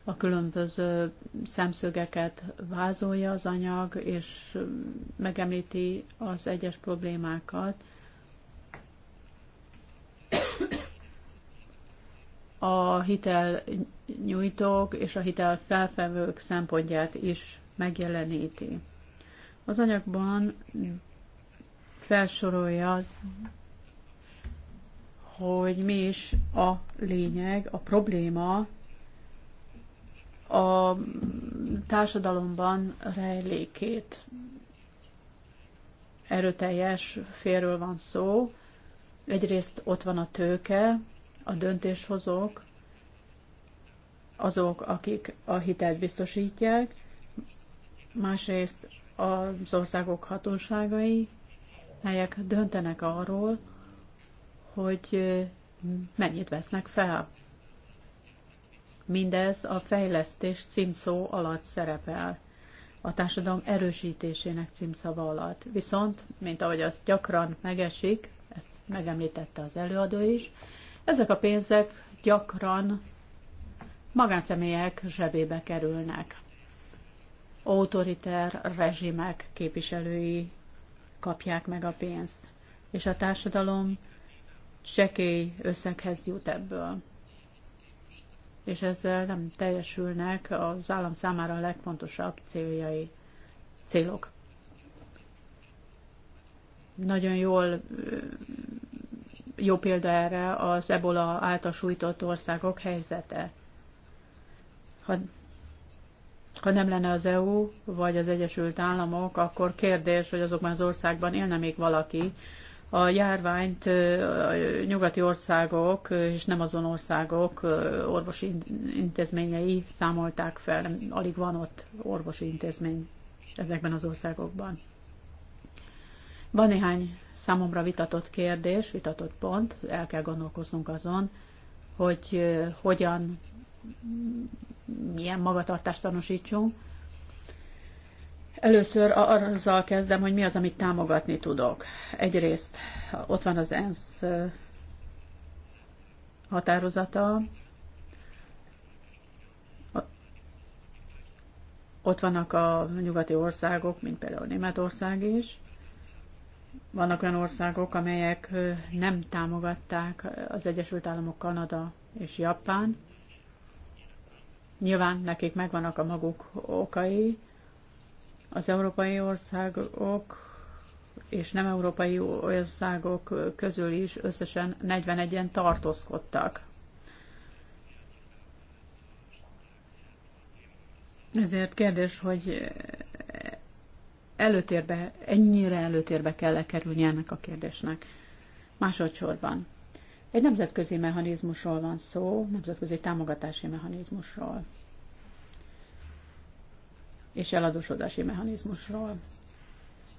a különböző szemszögeket vázolja az anyag, és megemlíti az egyes problémákat. A hitel nyújtók és a hitel felfevők szempontját is megjeleníti. Az anyagban felsorolja, hogy mi is a lényeg, a probléma a társadalomban rejlékét. erőteljes félről van szó. Egyrészt ott van a tőke, a döntéshozók, azok, akik a hitelt biztosítják, másrészt az országok hatóságai, melyek döntenek arról, hogy mennyit vesznek fel. Mindez a fejlesztés címszó alatt szerepel, a társadalom erősítésének címszava alatt. Viszont, mint ahogy az gyakran megesik, ezt megemlítette az előadó is, ezek a pénzek gyakran magánszemélyek zsebébe kerülnek. Autoriter rezsimek képviselői kapják meg a pénzt, és a társadalom csekély összeghez jut ebből és ezzel nem teljesülnek az állam számára a legfontosabb céljai, célok. Nagyon jól jó példa erre az ebola által sújtott országok helyzete. Ha, ha nem lenne az EU vagy az Egyesült Államok, akkor kérdés, hogy azokban az országban élne még valaki, a járványt a nyugati országok és nem azon országok orvosi intézményei számolták fel. Alig van ott orvosi intézmény ezekben az országokban. Van néhány számomra vitatott kérdés, vitatott pont, el kell gondolkoznunk azon, hogy hogyan, milyen magatartást tanúsítsunk, Először azzal kezdem, hogy mi az, amit támogatni tudok. Egyrészt ott van az ENSZ határozata, ott vannak a nyugati országok, mint például Németország is. Vannak olyan országok, amelyek nem támogatták az Egyesült Államok, Kanada és Japán. Nyilván nekik megvannak a maguk okai, az európai országok és nem európai országok közül is összesen 41-en tartózkodtak. Ezért kérdés, hogy előtérbe, ennyire előtérbe kell -e kerülni ennek a kérdésnek. Másodszorban. Egy nemzetközi mechanizmusról van szó, nemzetközi támogatási mechanizmusról és eladósodási mechanizmusról.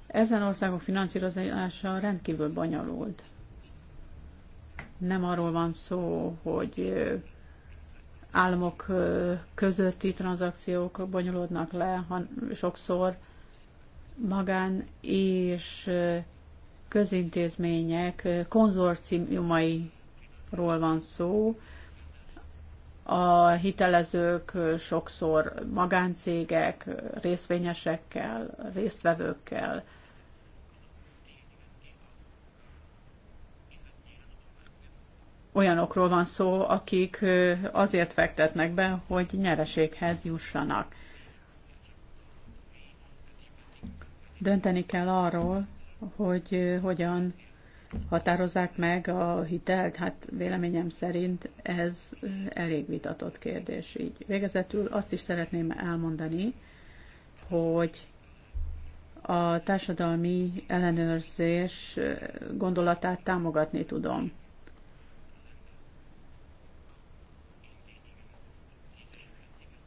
Ezen országok finanszírozása rendkívül bonyolult. Nem arról van szó, hogy államok közötti tranzakciók bonyolódnak le, sokszor magán és közintézmények konzorciumairól van szó, a hitelezők sokszor magáncégek, részvényesekkel, résztvevőkkel. Olyanokról van szó, akik azért fektetnek be, hogy nyereséghez jussanak. Dönteni kell arról, hogy hogyan határozzák meg a hitelt, hát véleményem szerint ez elég vitatott kérdés. Így végezetül azt is szeretném elmondani, hogy a társadalmi ellenőrzés gondolatát támogatni tudom.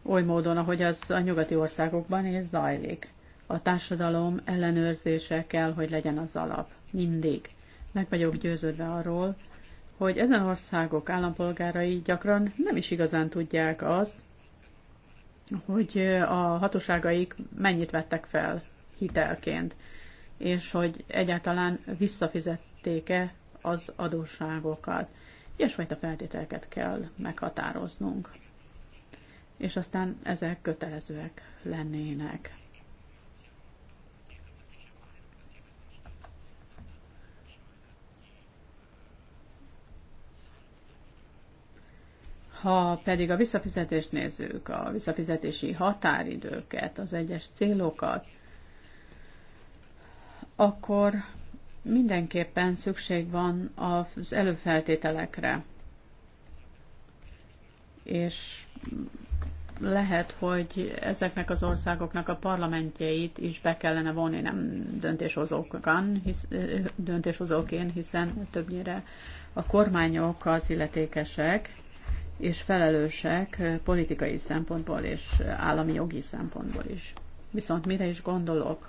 Oly módon, ahogy az a nyugati országokban is zajlik. A társadalom ellenőrzése kell, hogy legyen az alap. Mindig meg vagyok győződve arról, hogy ezen országok állampolgárai gyakran nem is igazán tudják azt, hogy a hatóságaik mennyit vettek fel hitelként, és hogy egyáltalán visszafizették-e az adósságokat. Ilyesfajta feltételeket kell meghatároznunk. És aztán ezek kötelezőek lennének. Ha pedig a visszafizetést nézzük, a visszafizetési határidőket, az egyes célokat, akkor mindenképpen szükség van az előfeltételekre. És lehet, hogy ezeknek az országoknak a parlamentjeit is be kellene vonni, nem döntéshozókan, hisz, döntéshozóként, hiszen többnyire a kormányok az illetékesek, és felelősek eh, politikai szempontból és eh, állami jogi szempontból is. Viszont mire is gondolok?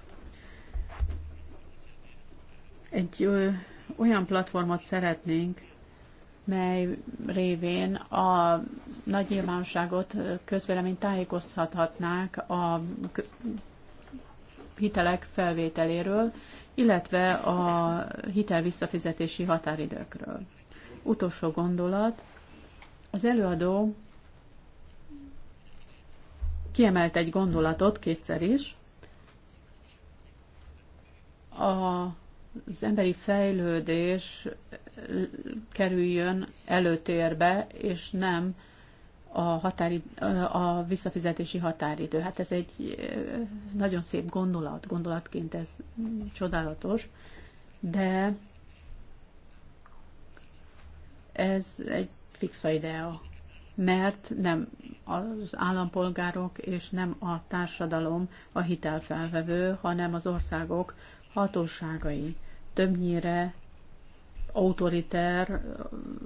Egy ö, olyan platformot szeretnénk, mely révén a nagy nyilvánosságot eh, közvélemény tájékoztathatnák a hitelek felvételéről, illetve a hitel visszafizetési határidőkről. Utolsó gondolat, az előadó kiemelt egy gondolatot kétszer is. A, az emberi fejlődés kerüljön előtérbe, és nem a, határi, a visszafizetési határidő. Hát ez egy eh, nagyon szép gondolat, gondolatként ez csodálatos, de ez egy fixa idea, mert nem az állampolgárok és nem a társadalom a hitelfelvevő, hanem az országok hatóságai. Többnyire autoriter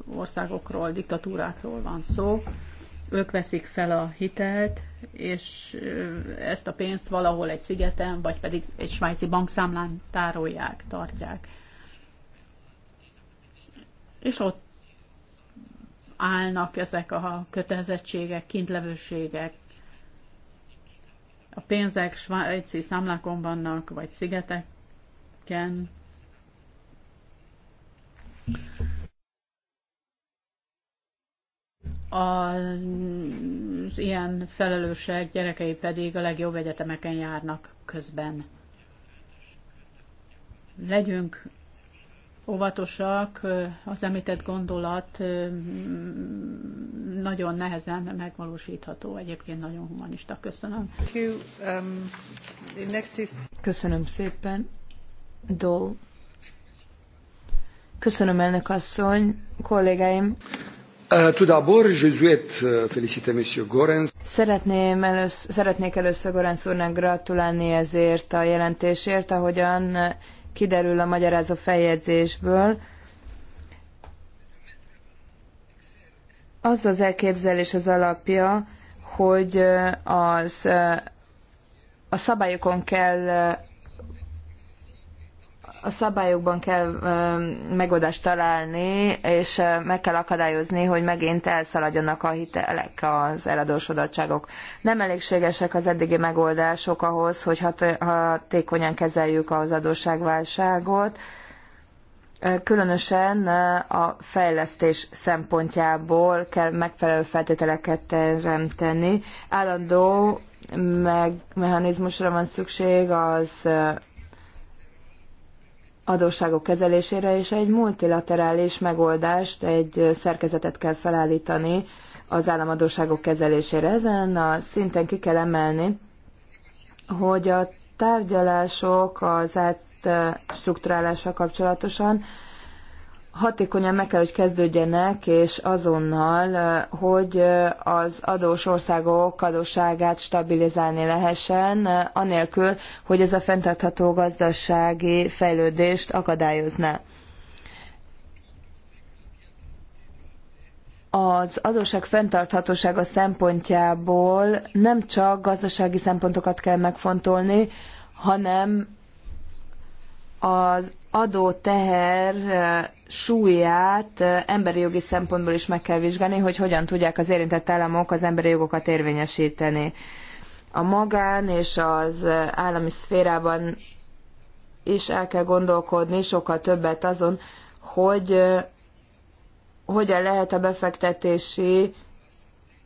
országokról, diktatúrákról van szó. Ők veszik fel a hitelt, és ezt a pénzt valahol egy szigeten, vagy pedig egy svájci bankszámlán tárolják, tartják. És ott állnak ezek a kötelezettségek, kintlevőségek. A pénzek svájci számlákon vannak, vagy szigeteken. Az ilyen felelősek gyerekei pedig a legjobb egyetemeken járnak közben. Legyünk óvatosak, az említett gondolat nagyon nehezen megvalósítható, egyébként nagyon humanista. Köszönöm. Um, Köszönöm szépen. Dol. Köszönöm, elnök asszony, kollégáim. Uh, euh, Szeretném elősz, szeretnék először Gorenz úrnak gratulálni ezért a jelentésért, ahogyan kiderül a magyarázó feljegyzésből, az az elképzelés az alapja, hogy az, a szabályokon kell a szabályokban kell megoldást találni, és meg kell akadályozni, hogy megint elszaladjanak a hitelek, az eladósodottságok. Nem elégségesek az eddigi megoldások ahhoz, hogy hat- hatékonyan kezeljük az adósságválságot, különösen a fejlesztés szempontjából kell megfelelő feltételeket teremteni. Állandó meg mechanizmusra van szükség az adósságok kezelésére, és egy multilaterális megoldást, egy szerkezetet kell felállítani az államadóságok kezelésére. Ezen a szinten ki kell emelni, hogy a tárgyalások az átstruktúrálással kapcsolatosan hatékonyan meg kell, hogy kezdődjenek, és azonnal, hogy az adós országok adósságát stabilizálni lehessen, anélkül, hogy ez a fenntartható gazdasági fejlődést akadályozná. az adósság fenntarthatósága szempontjából nem csak gazdasági szempontokat kell megfontolni, hanem az adóteher súlyát emberi jogi szempontból is meg kell vizsgálni, hogy hogyan tudják az érintett államok az emberi jogokat érvényesíteni. A magán és az állami szférában is el kell gondolkodni sokkal többet azon, hogy hogyan lehet a befektetési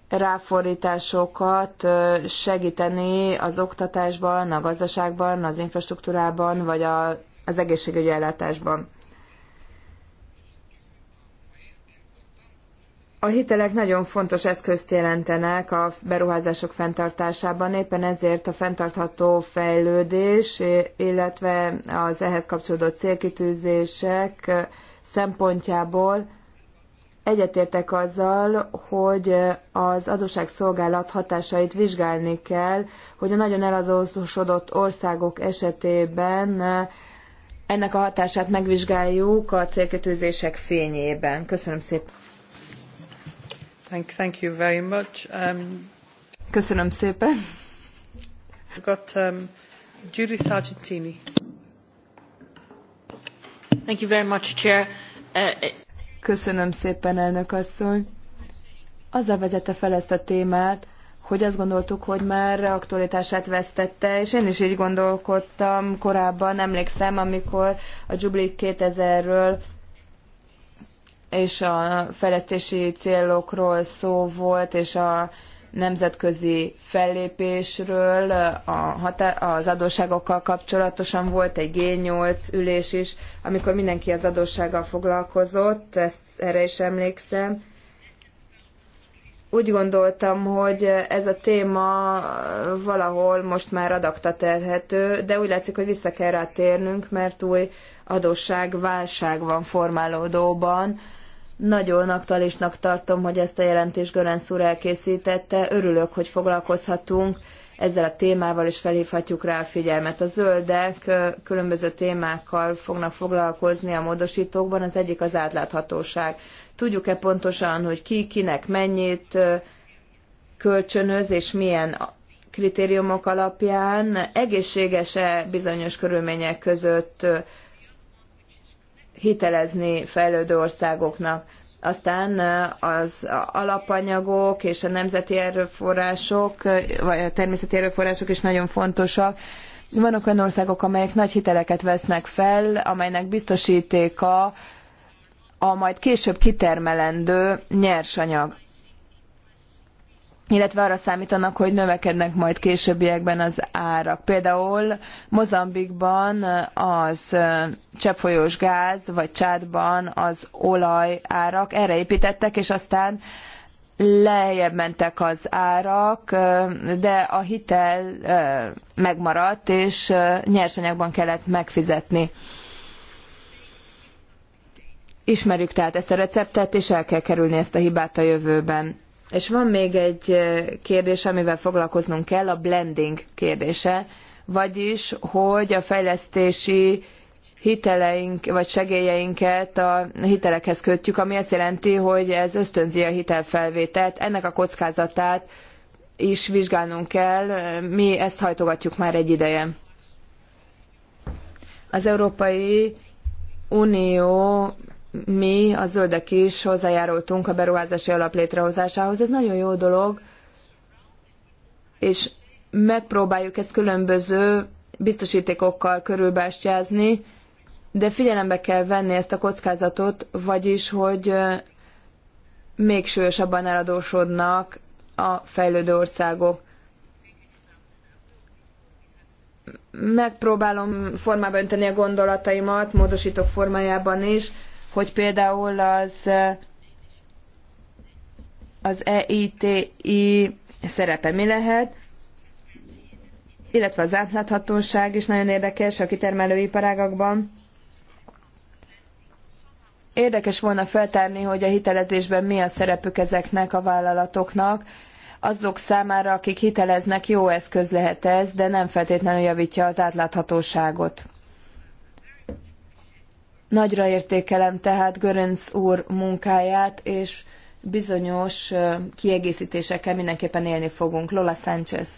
ráfordításokat segíteni az oktatásban, a gazdaságban, az infrastruktúrában, vagy a az egészségügyi ellátásban. A hitelek nagyon fontos eszközt jelentenek a beruházások fenntartásában, éppen ezért a fenntartható fejlődés, illetve az ehhez kapcsolódó célkitűzések szempontjából egyetértek azzal, hogy az adósságszolgálat hatásait vizsgálni kell, hogy a nagyon eladósodott országok esetében ennek a hatását megvizsgáljuk a célkötőzések fényében. Köszönöm szépen. Thank, thank you very much. Um, Köszönöm szépen. Got um, Judith Argentini. Thank you very much, Chair. Uh, Köszönöm szépen, elnök asszony. Azzal vezette fel ezt a témát, hogy azt gondoltuk, hogy már aktualitását vesztette, és én is így gondolkodtam korábban, emlékszem, amikor a Jubilee 2000-ről és a fejlesztési célokról szó volt, és a nemzetközi fellépésről, a hatá- az adósságokkal kapcsolatosan volt egy G8 ülés is, amikor mindenki az adóssággal foglalkozott, ezt erre is emlékszem úgy gondoltam, hogy ez a téma valahol most már adakta terhető, de úgy látszik, hogy vissza kell rá térnünk, mert új adósságválság van formálódóban. Nagyon aktuálisnak tartom, hogy ezt a jelentést Görenc úr elkészítette. Örülök, hogy foglalkozhatunk ezzel a témával is felhívhatjuk rá a figyelmet. A zöldek különböző témákkal fognak foglalkozni a módosítókban, az egyik az átláthatóság. Tudjuk-e pontosan, hogy ki, kinek mennyit kölcsönöz, és milyen kritériumok alapján egészséges-e bizonyos körülmények között hitelezni fejlődő országoknak. Aztán az alapanyagok és a nemzeti erőforrások, vagy a természeti erőforrások is nagyon fontosak. Vannak olyan országok, amelyek nagy hiteleket vesznek fel, amelynek biztosítéka a majd később kitermelendő nyersanyag illetve arra számítanak, hogy növekednek majd későbbiekben az árak. Például Mozambikban az cseppfolyós gáz, vagy csádban az olaj árak erre építettek, és aztán lejjebb mentek az árak, de a hitel megmaradt, és nyersanyagban kellett megfizetni. Ismerjük tehát ezt a receptet, és el kell kerülni ezt a hibát a jövőben és van még egy kérdés, amivel foglalkoznunk kell, a blending kérdése, vagyis, hogy a fejlesztési hiteleink vagy segélyeinket a hitelekhez kötjük, ami azt jelenti, hogy ez ösztönzi a hitelfelvételt, ennek a kockázatát is vizsgálnunk kell, mi ezt hajtogatjuk már egy ideje. Az Európai Unió mi, a zöldek is hozzájárultunk a beruházási alap létrehozásához. Ez nagyon jó dolog, és megpróbáljuk ezt különböző biztosítékokkal körülbástyázni, de figyelembe kell venni ezt a kockázatot, vagyis, hogy még súlyosabban eladósodnak a fejlődő országok. Megpróbálom formába önteni a gondolataimat, módosítók formájában is, hogy például az az EITI szerepe mi lehet, illetve az átláthatóság is nagyon érdekes a kitermelőiparágakban. Érdekes volna feltárni, hogy a hitelezésben mi a szerepük ezeknek a vállalatoknak. Azok számára, akik hiteleznek, jó eszköz lehet ez, de nem feltétlenül javítja az átláthatóságot. Nagyra értékelem tehát Görönc úr munkáját, és bizonyos kiegészítésekkel mindenképpen élni fogunk. Lola Sánchez.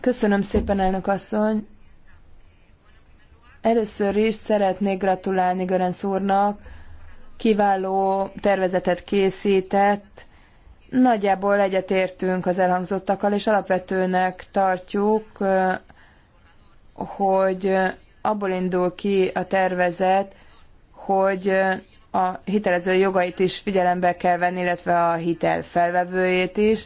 Köszönöm szépen, elnök asszony. Először is szeretnék gratulálni Görönc úrnak. Kiváló tervezetet készített. Nagyjából egyetértünk az elhangzottakkal, és alapvetőnek tartjuk, hogy abból indul ki a tervezet, hogy a hitelező jogait is figyelembe kell venni, illetve a hitel felvevőjét is.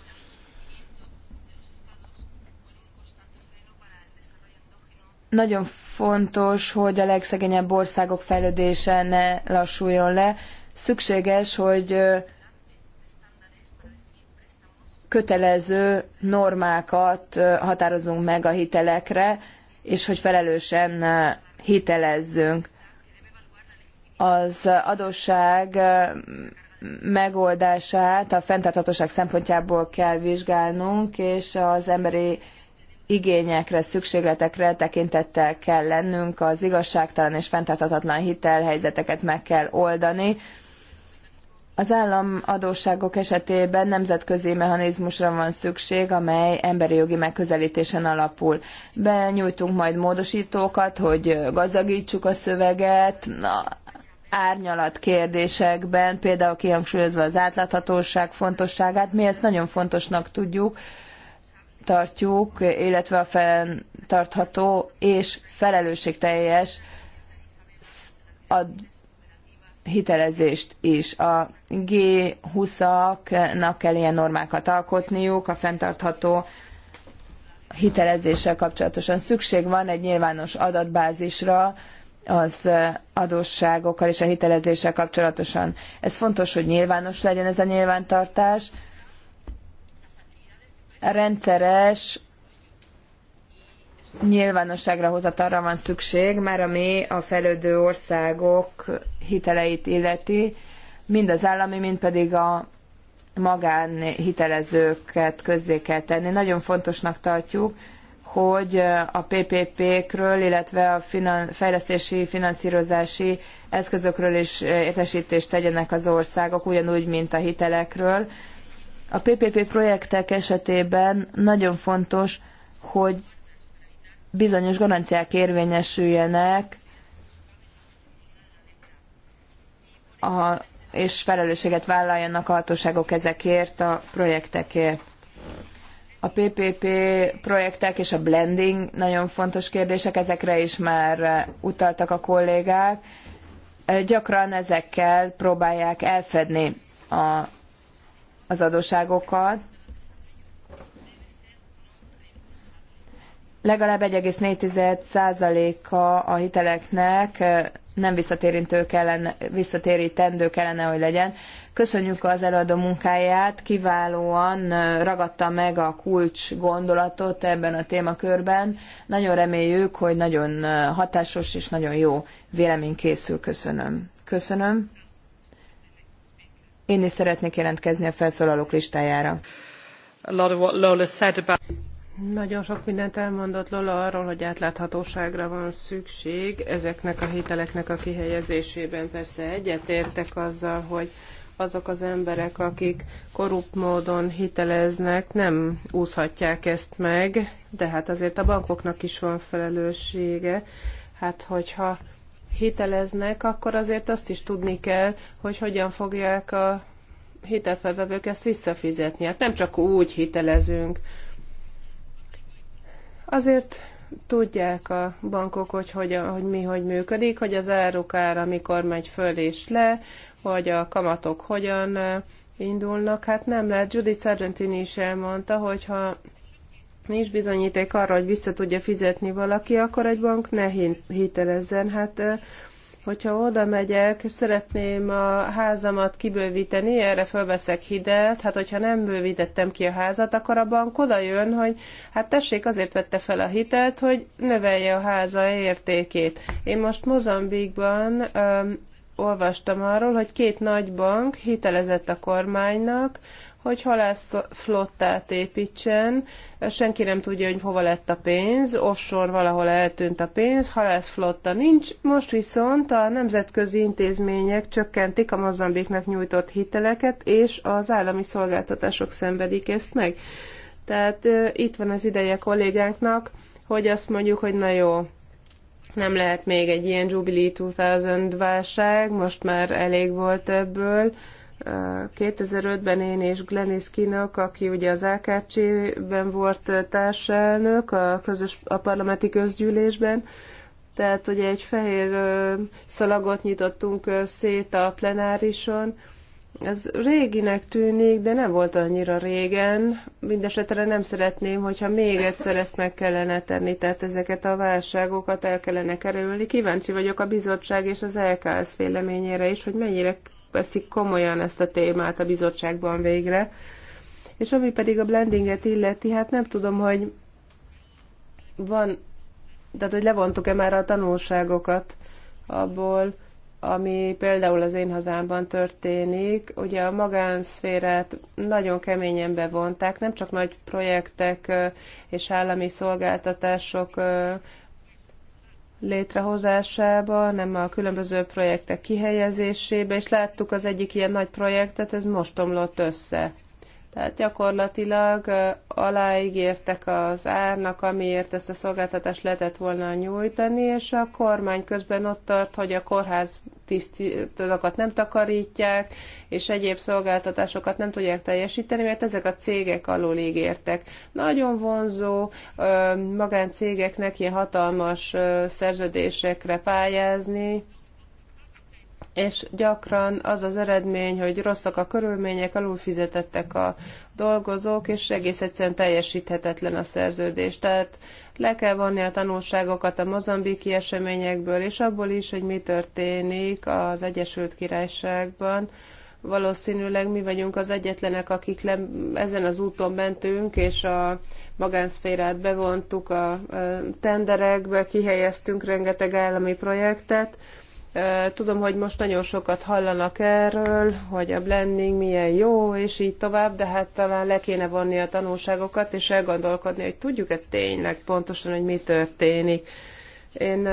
Nagyon fontos, hogy a legszegényebb országok fejlődése ne lassuljon le. Szükséges, hogy kötelező normákat határozunk meg a hitelekre, és hogy felelősen hitelezzünk. Az adósság megoldását a fenntarthatóság szempontjából kell vizsgálnunk, és az emberi igényekre, szükségletekre tekintettel kell lennünk, az igazságtalan és fenntarthatatlan hitelhelyzeteket meg kell oldani, az államadósságok esetében nemzetközi mechanizmusra van szükség, amely emberi jogi megközelítésen alapul. Benyújtunk majd módosítókat, hogy gazdagítsuk a szöveget, árnyalat kérdésekben, például kihangsúlyozva az átláthatóság fontosságát. Mi ezt nagyon fontosnak tudjuk, tartjuk, illetve a fenntartható és felelősségteljes hitelezést is. A G20-aknak kell ilyen normákat alkotniuk, a fenntartható hitelezéssel kapcsolatosan szükség van egy nyilvános adatbázisra, az adósságokkal és a hitelezéssel kapcsolatosan. Ez fontos, hogy nyilvános legyen ez a nyilvántartás. Rendszeres nyilvánosságra hozatalra van szükség, már ami a fejlődő országok hiteleit illeti, mind az állami, mind pedig a magán hitelezőket közzé kell tenni. Nagyon fontosnak tartjuk, hogy a PPP-kről, illetve a finan- fejlesztési, finanszírozási eszközökről is értesítést tegyenek az országok, ugyanúgy, mint a hitelekről. A PPP projektek esetében nagyon fontos, hogy bizonyos garanciák érvényesüljenek, a, és felelősséget vállaljanak a hatóságok ezekért a projektekért. A PPP projektek és a blending nagyon fontos kérdések, ezekre is már utaltak a kollégák. Gyakran ezekkel próbálják elfedni a, az adóságokat, legalább 1,4%-a a hiteleknek nem visszatérítő kellene, visszatérítendő kellene, hogy legyen. Köszönjük az előadó munkáját, kiválóan ragadta meg a kulcs gondolatot ebben a témakörben. Nagyon reméljük, hogy nagyon hatásos és nagyon jó vélemény készül. Köszönöm. Köszönöm. Én is szeretnék jelentkezni a felszólalók listájára. Nagyon sok mindent elmondott Lola arról, hogy átláthatóságra van szükség ezeknek a hiteleknek a kihelyezésében. Persze egyetértek azzal, hogy azok az emberek, akik korrupt módon hiteleznek, nem úszhatják ezt meg, de hát azért a bankoknak is van felelőssége. Hát hogyha hiteleznek, akkor azért azt is tudni kell, hogy hogyan fogják a hitelfelvevők ezt visszafizetni. Hát nem csak úgy hitelezünk, Azért tudják a bankok, hogy, hogy, hogy mi hogy működik, hogy az áruk ára mikor megy föl és le, hogy a kamatok hogyan indulnak. Hát nem lehet, Judith Sargentini is elmondta, hogyha nincs bizonyíték arra, hogy vissza tudja fizetni valaki, akkor egy bank ne hitelezzen. Hát hogyha oda megyek, és szeretném a házamat kibővíteni, erre fölveszek hitelt, hát hogyha nem bővítettem ki a házat, akkor a bank oda jön, hogy hát tessék, azért vette fel a hitelt, hogy növelje a háza értékét. Én most Mozambikban öm, olvastam arról, hogy két nagy bank hitelezett a kormánynak, hogy halászflottát építsen. Senki nem tudja, hogy hova lett a pénz, offshore valahol eltűnt a pénz, halászflotta nincs. Most viszont a nemzetközi intézmények csökkentik a Mozambiknak nyújtott hiteleket, és az állami szolgáltatások szenvedik ezt meg. Tehát e, itt van az ideje kollégánknak, hogy azt mondjuk, hogy na jó, nem lehet még egy ilyen Jubilee 2000 válság, most már elég volt ebből, 2005-ben én és Glenis Kinok, aki ugye az AKC-ben volt társelnök a, közös, a parlamenti közgyűlésben, tehát ugye egy fehér szalagot nyitottunk szét a plenárison. Ez réginek tűnik, de nem volt annyira régen. Mindenesetre nem szeretném, hogyha még egyszer ezt meg kellene tenni, tehát ezeket a válságokat el kellene kerülni. Kíváncsi vagyok a bizottság és az LKS véleményére is, hogy mennyire veszik komolyan ezt a témát a bizottságban végre. És ami pedig a blendinget illeti, hát nem tudom, hogy van, tehát hogy levontuk-e már a tanulságokat abból, ami például az én hazámban történik, ugye a magánszférát nagyon keményen bevonták, nem csak nagy projektek és állami szolgáltatások létrehozásába, nem a különböző projektek kihelyezésébe, és láttuk az egyik ilyen nagy projektet, ez most omlott össze. Tehát gyakorlatilag aláígértek az árnak, amiért ezt a szolgáltatást lehetett volna nyújtani, és a kormány közben ott tart, hogy a kórház tisztitokat nem takarítják, és egyéb szolgáltatásokat nem tudják teljesíteni, mert ezek a cégek alul ígértek. Nagyon vonzó magáncégeknek ilyen hatalmas szerződésekre pályázni, és gyakran az az eredmény, hogy rosszak a körülmények, alulfizetettek a dolgozók, és egész egyszerűen teljesíthetetlen a szerződés. Tehát le kell vonni a tanulságokat a mozambiki eseményekből, és abból is, hogy mi történik az Egyesült Királyságban. Valószínűleg mi vagyunk az egyetlenek, akik le, ezen az úton mentünk, és a magánszférát bevontuk a tenderekbe, kihelyeztünk rengeteg állami projektet, Tudom, hogy most nagyon sokat hallanak erről, hogy a blending milyen jó, és így tovább, de hát talán le kéne vonni a tanulságokat, és elgondolkodni, hogy tudjuk-e tényleg pontosan, hogy mi történik. Én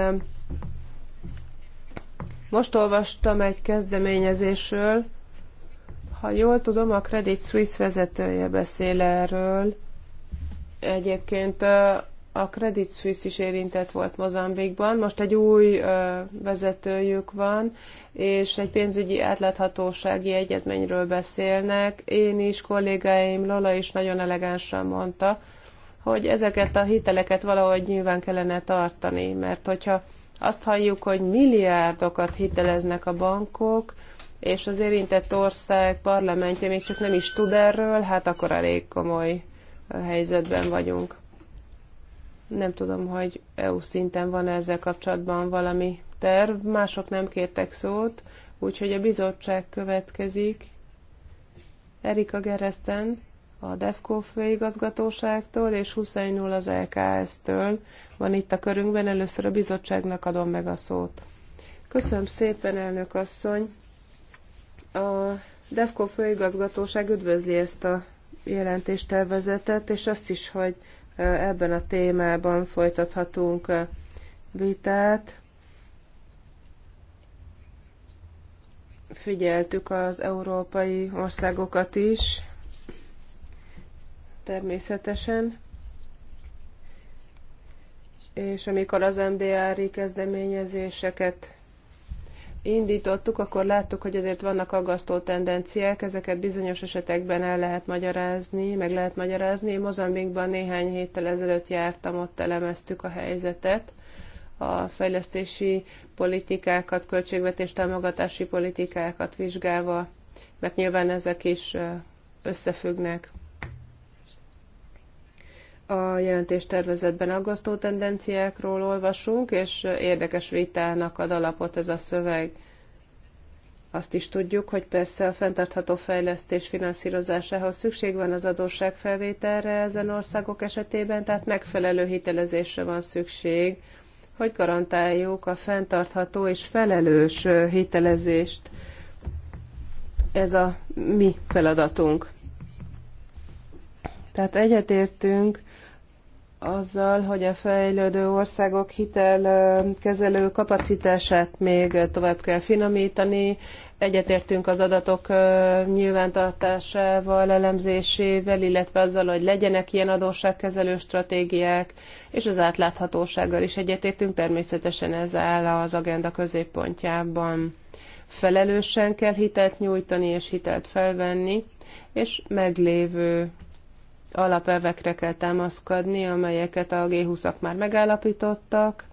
most olvastam egy kezdeményezésről, ha jól tudom, a Credit Suisse vezetője beszél erről. Egyébként a Credit Suisse is érintett volt Mozambikban, most egy új ö, vezetőjük van, és egy pénzügyi átláthatósági egyetményről beszélnek. Én is, kollégáim, Lola is nagyon elegánsan mondta, hogy ezeket a hiteleket valahogy nyilván kellene tartani, mert hogyha azt halljuk, hogy milliárdokat hiteleznek a bankok, és az érintett ország parlamentje még csak nem is tud erről, hát akkor elég komoly helyzetben vagyunk. Nem tudom, hogy EU szinten van -e ezzel kapcsolatban valami terv, mások nem kértek szót, úgyhogy a bizottság következik. Erika Gereszten a DEFCO főigazgatóságtól és Huszeinul az LKS-től van itt a körünkben. Először a bizottságnak adom meg a szót. Köszönöm szépen, elnök asszony! A DEFCO főigazgatóság üdvözli ezt a jelentéstervezetet, és azt is, hogy ebben a témában folytathatunk eh, vitát. Figyeltük az európai országokat is, természetesen. És amikor az MDR-i kezdeményezéseket indítottuk, akkor láttuk, hogy azért vannak aggasztó tendenciák, ezeket bizonyos esetekben el lehet magyarázni, meg lehet magyarázni. Mozambikban néhány héttel ezelőtt jártam, ott elemeztük a helyzetet, a fejlesztési politikákat, költségvetés támogatási politikákat vizsgálva, mert nyilván ezek is összefüggnek a jelentéstervezetben aggasztó tendenciákról olvasunk, és érdekes vitának ad alapot ez a szöveg. Azt is tudjuk, hogy persze a fenntartható fejlesztés finanszírozásához szükség van az adósságfelvételre ezen országok esetében, tehát megfelelő hitelezésre van szükség, hogy garantáljuk a fenntartható és felelős hitelezést. Ez a mi feladatunk. Tehát egyetértünk azzal, hogy a fejlődő országok hitelkezelő kapacitását még tovább kell finomítani. Egyetértünk az adatok nyilvántartásával, elemzésével, illetve azzal, hogy legyenek ilyen adósságkezelő stratégiák, és az átláthatósággal is egyetértünk. Természetesen ez áll az agenda középpontjában. Felelősen kell hitelt nyújtani és hitelt felvenni, és meglévő alapelvekre kell támaszkodni, amelyeket a G20-ak már megállapítottak.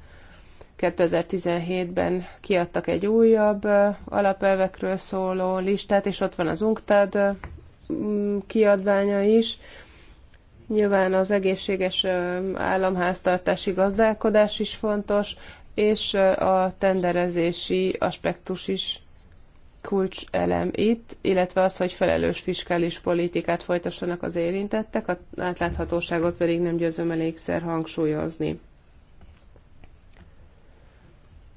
2017-ben kiadtak egy újabb alapelvekről szóló listát, és ott van az UNCTAD kiadványa is. Nyilván az egészséges államháztartási gazdálkodás is fontos, és a tenderezési aspektus is kulcselem itt, illetve az, hogy felelős fiskális politikát folytassanak az érintettek, a átláthatóságot pedig nem győzöm elégszer hangsúlyozni.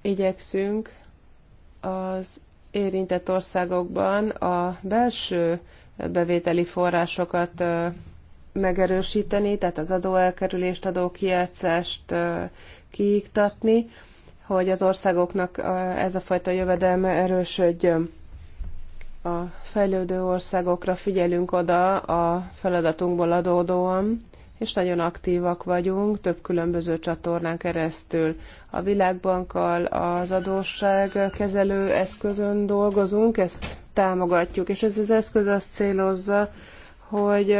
Igyekszünk az érintett országokban a belső bevételi forrásokat megerősíteni, tehát az adóelkerülést, adókijátszást kiiktatni, hogy az országoknak ez a fajta jövedelme erősödjön. A fejlődő országokra figyelünk oda a feladatunkból adódóan, és nagyon aktívak vagyunk több különböző csatornán keresztül. A Világbankkal az adósság kezelő eszközön dolgozunk, ezt támogatjuk, és ez az eszköz azt célozza, hogy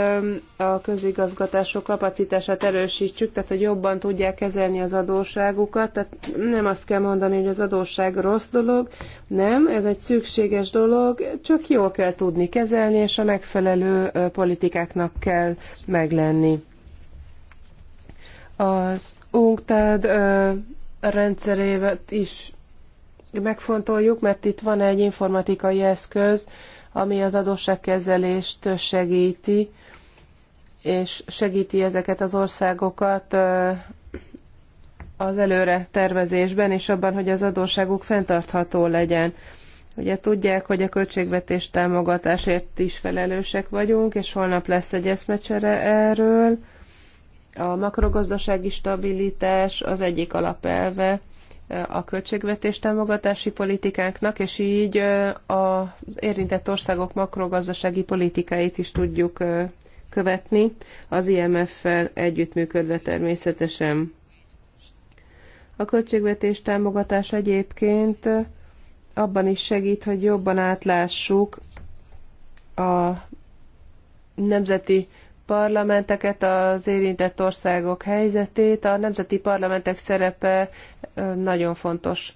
a közigazgatások kapacitását erősítsük, tehát hogy jobban tudják kezelni az adósságukat. Tehát nem azt kell mondani, hogy az adósság rossz dolog, nem, ez egy szükséges dolog, csak jól kell tudni kezelni, és a megfelelő politikáknak kell meglenni. Az UNCTAD rendszerévet is megfontoljuk, mert itt van egy informatikai eszköz, ami az adósságkezelést segíti, és segíti ezeket az országokat az előre tervezésben, és abban, hogy az adósságuk fenntartható legyen. Ugye tudják, hogy a költségvetés támogatásért is felelősek vagyunk, és holnap lesz egy eszmecsere erről. A makrogazdasági stabilitás az egyik alapelve a költségvetés támogatási politikánknak, és így az érintett országok makrogazdasági politikáit is tudjuk követni, az IMF-fel együttműködve természetesen. A költségvetés támogatás egyébként abban is segít, hogy jobban átlássuk a nemzeti parlamenteket, az érintett országok helyzetét, a nemzeti parlamentek szerepe nagyon fontos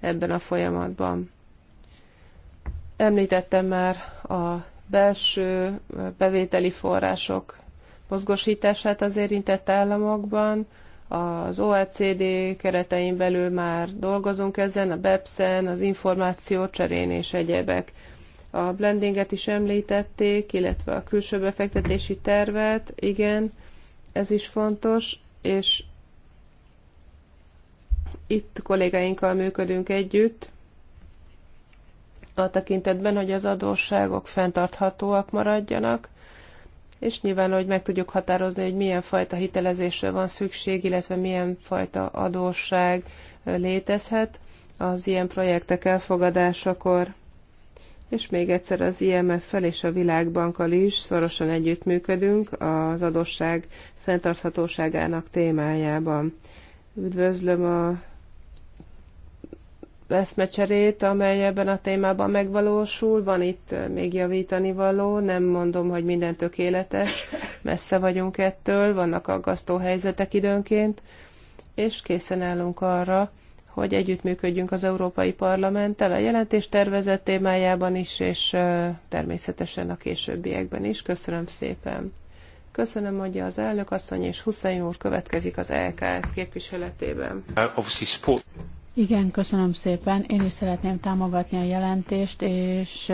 ebben a folyamatban. Említettem már a belső bevételi források mozgosítását az érintett államokban, az OECD keretein belül már dolgozunk ezen, a BEPSZEN, az információ cserén és egyebek a blendinget is említették, illetve a külső befektetési tervet, igen, ez is fontos, és itt kollégáinkkal működünk együtt, a tekintetben, hogy az adósságok fenntarthatóak maradjanak, és nyilván, hogy meg tudjuk határozni, hogy milyen fajta hitelezésre van szükség, illetve milyen fajta adósság létezhet az ilyen projektek elfogadásakor. És még egyszer az IMF-fel és a Világbankkal is szorosan együttműködünk az adosság fenntarthatóságának témájában. Üdvözlöm a eszmecserét, amely ebben a témában megvalósul. Van itt még javítani való, nem mondom, hogy minden tökéletes, messze vagyunk ettől, vannak aggasztó helyzetek időnként, és készen állunk arra, hogy együttműködjünk az Európai Parlamenttel a jelentés tervezett témájában is, és természetesen a későbbiekben is. Köszönöm szépen. Köszönöm, mondja az elnök asszony, és Hussein úr következik az LKS képviseletében. Igen, köszönöm szépen. Én is szeretném támogatni a jelentést, és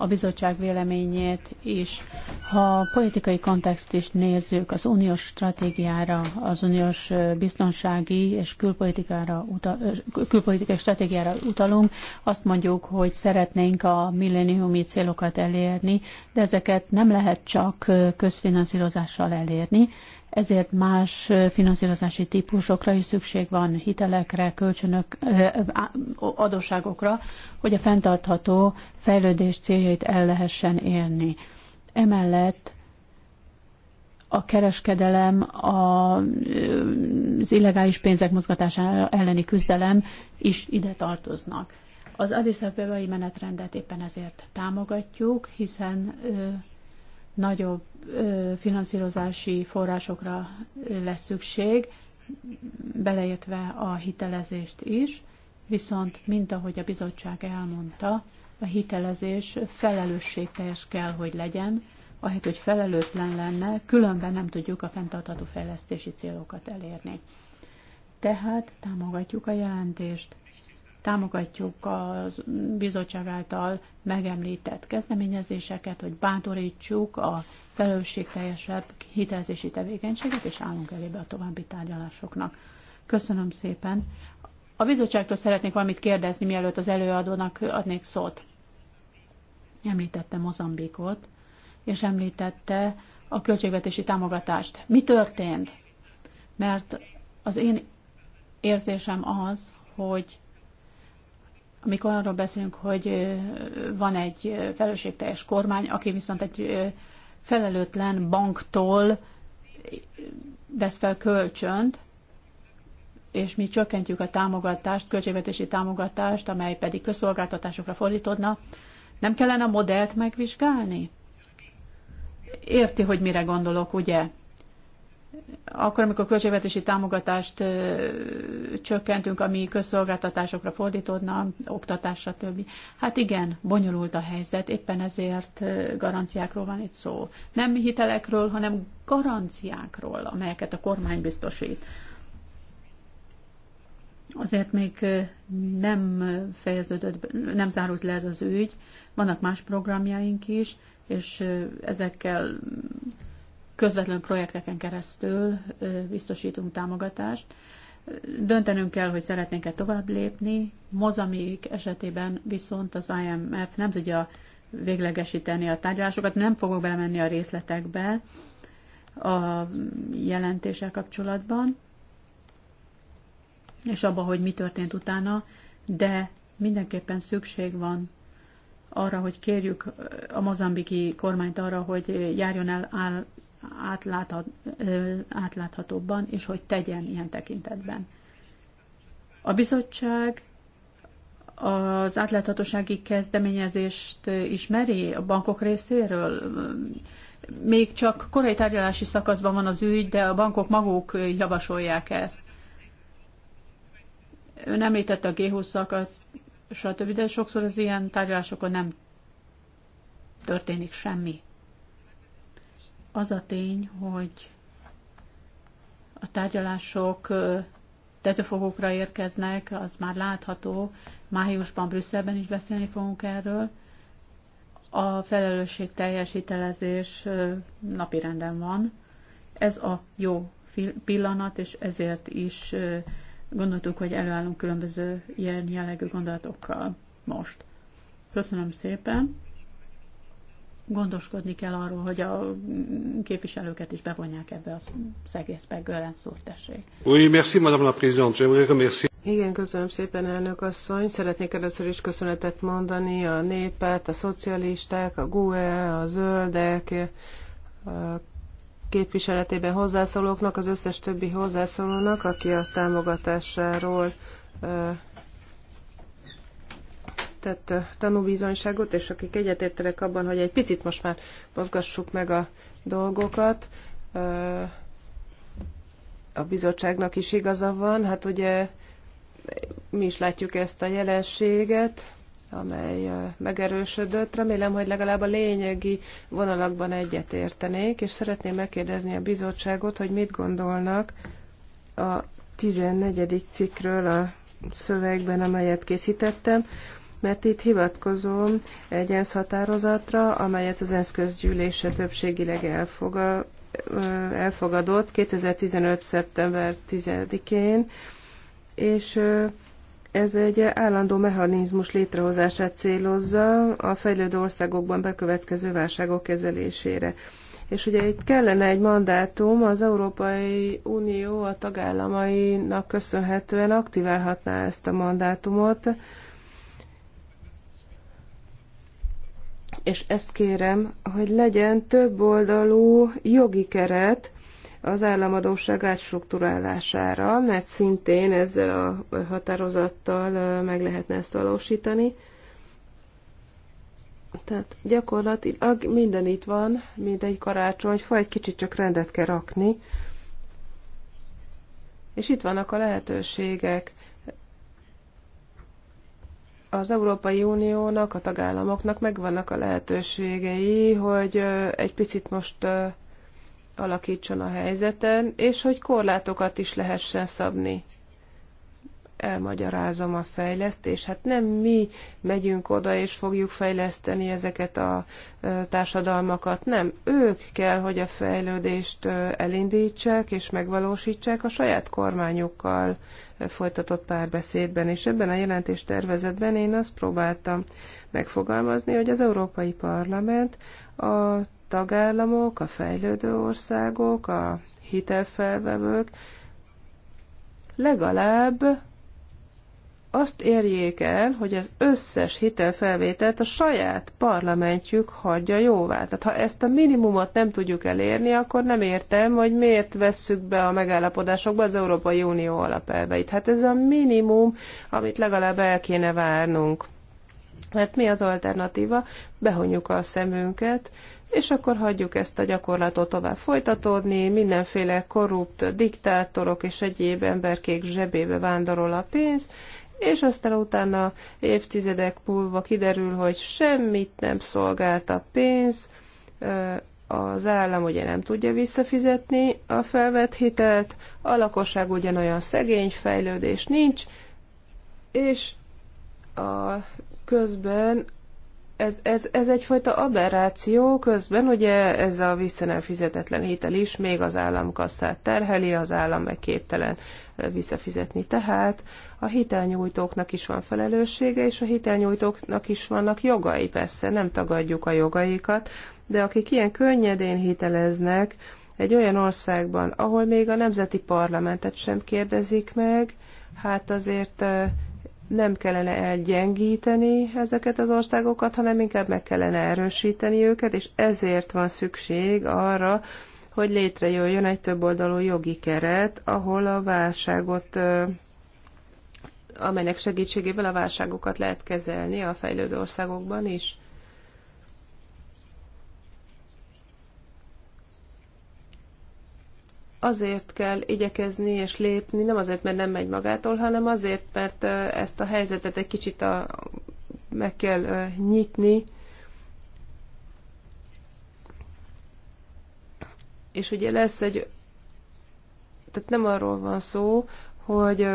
a bizottság véleményét is. Ha a politikai kontextust nézzük, az uniós stratégiára, az uniós biztonsági és külpolitikára utal, külpolitikai stratégiára utalunk, azt mondjuk, hogy szeretnénk a milleniumi célokat elérni, de ezeket nem lehet csak közfinanszírozással elérni, ezért más finanszírozási típusokra is szükség van, hitelekre, kölcsönök, adóságokra, hogy a fenntartható fejlődés céljait el lehessen érni. Emellett a kereskedelem, a, az illegális pénzek mozgatása elleni küzdelem is ide tartoznak. Az Addis Abebai menetrendet éppen ezért támogatjuk, hiszen nagyobb finanszírozási forrásokra lesz szükség, beleértve a hitelezést is, viszont, mint ahogy a bizottság elmondta, a hitelezés felelősségteljes kell, hogy legyen, ahelyett, hogy felelőtlen lenne, különben nem tudjuk a fenntartható fejlesztési célokat elérni. Tehát támogatjuk a jelentést, támogatjuk a bizottság által megemlített kezdeményezéseket, hogy bátorítsuk a felelősségteljesebb hitelzési tevékenységet, és állunk elébe a további tárgyalásoknak. Köszönöm szépen. A bizottságtól szeretnék valamit kérdezni, mielőtt az előadónak adnék szót. Említette Mozambikot, és említette a költségvetési támogatást. Mi történt? Mert az én érzésem az, hogy amikor arról beszélünk, hogy van egy felelősségteljes kormány, aki viszont egy felelőtlen banktól vesz fel kölcsönt, és mi csökkentjük a támogatást, költségvetési támogatást, amely pedig közszolgáltatásokra fordítódna, nem kellene a modellt megvizsgálni? Érti, hogy mire gondolok, ugye? akkor, amikor költségvetési támogatást csökkentünk, ami közszolgáltatásokra fordítódna, oktatásra többi. Hát igen, bonyolult a helyzet, éppen ezért garanciákról van itt szó. Nem hitelekről, hanem garanciákról, amelyeket a kormány biztosít. Azért még nem fejeződött, nem zárult le ez az ügy, vannak más programjaink is, és ezekkel közvetlen projekteken keresztül biztosítunk támogatást. Döntenünk kell, hogy szeretnénk-e tovább lépni. Mozambik esetében viszont az IMF nem tudja véglegesíteni a tárgyalásokat. Nem fogok belemenni a részletekbe a jelentéssel kapcsolatban, és abba, hogy mi történt utána, de mindenképpen szükség van arra, hogy kérjük a mozambiki kormányt arra, hogy járjon el áll átláthat, átláthatóbban, és hogy tegyen ilyen tekintetben. A bizottság az átláthatósági kezdeményezést ismeri a bankok részéről? Még csak korai tárgyalási szakaszban van az ügy, de a bankok maguk javasolják ezt. Ön említette a G20-akat, stb., de sokszor az ilyen tárgyalásokon nem történik semmi az a tény, hogy a tárgyalások tetőfogókra érkeznek, az már látható. Májusban Brüsszelben is beszélni fogunk erről. A felelősség teljesítelezés napi renden van. Ez a jó pillanat, és ezért is gondoltuk, hogy előállunk különböző ilyen jellegű gondolatokkal most. Köszönöm szépen! gondoskodni kell arról, hogy a képviselőket is bevonják ebbe a egészbe, Gölen úr, tessék. Oui, merci, madame la présidente. J'aimerais remercier igen, köszönöm szépen, elnök asszony. Szeretnék először is köszönetet mondani a néppárt, a szocialisták, a GUE, a zöldek a képviseletében hozzászólóknak, az összes többi hozzászólónak, aki a támogatásáról tett tanúbizonyságot, és akik egyetértenek abban, hogy egy picit most már mozgassuk meg a dolgokat, a bizottságnak is igaza van. Hát ugye mi is látjuk ezt a jelenséget, amely megerősödött. Remélem, hogy legalább a lényegi vonalakban egyetértenék, és szeretném megkérdezni a bizottságot, hogy mit gondolnak a 14. cikkről a szövegben, amelyet készítettem mert itt hivatkozom egy ENSZ határozatra, amelyet az ENSZ közgyűlése többségileg elfogad, elfogadott 2015. szeptember 10-én, és ez egy állandó mechanizmus létrehozását célozza a fejlődő országokban bekövetkező válságok kezelésére. És ugye itt kellene egy mandátum, az Európai Unió a tagállamainak köszönhetően aktiválhatná ezt a mandátumot, és ezt kérem, hogy legyen több oldalú jogi keret az államadóság átstruktúrálására, mert szintén ezzel a határozattal meg lehetne ezt valósítani. Tehát gyakorlatilag minden itt van, mint egy karácsonyfa, egy kicsit csak rendet kell rakni. És itt vannak a lehetőségek az Európai Uniónak, a tagállamoknak megvannak a lehetőségei, hogy egy picit most alakítson a helyzeten, és hogy korlátokat is lehessen szabni. Elmagyarázom a fejlesztés. Hát nem mi megyünk oda és fogjuk fejleszteni ezeket a társadalmakat, nem. Ők kell, hogy a fejlődést elindítsák és megvalósítsák a saját kormányukkal folytatott párbeszédben, és ebben a jelentéstervezetben én azt próbáltam megfogalmazni, hogy az Európai Parlament a tagállamok, a fejlődő országok, a hitelfelvevők legalább azt érjék el, hogy az összes hitelfelvételt a saját parlamentjük hagyja jóvá. Tehát ha ezt a minimumot nem tudjuk elérni, akkor nem értem, hogy miért vesszük be a megállapodásokba az Európai Unió alapelveit. Hát ez a minimum, amit legalább el kéne várnunk. Mert mi az alternatíva? Behonjuk a szemünket, és akkor hagyjuk ezt a gyakorlatot tovább folytatódni, mindenféle korrupt diktátorok és egyéb emberkék zsebébe vándorol a pénz, és aztán utána évtizedek múlva kiderül, hogy semmit nem szolgált a pénz, az állam ugye nem tudja visszafizetni a felvett hitelt, a lakosság ugyanolyan szegény, fejlődés nincs, és a közben ez, ez, ez egyfajta aberráció, közben ugye ez a vissza fizetetlen hitel is még az államkasszát terheli, az állam meg képtelen visszafizetni. Tehát a hitelnyújtóknak is van felelőssége, és a hitelnyújtóknak is vannak jogai, persze, nem tagadjuk a jogaikat, de akik ilyen könnyedén hiteleznek egy olyan országban, ahol még a nemzeti parlamentet sem kérdezik meg, hát azért nem kellene elgyengíteni ezeket az országokat, hanem inkább meg kellene erősíteni őket, és ezért van szükség arra, hogy létrejöjjön egy többoldalú jogi keret, ahol a válságot, amelynek segítségével a válságokat lehet kezelni a fejlődő országokban is. azért kell igyekezni és lépni, nem azért, mert nem megy magától, hanem azért, mert ezt a helyzetet egy kicsit a, meg kell nyitni, és ugye lesz egy, tehát nem arról van szó, hogy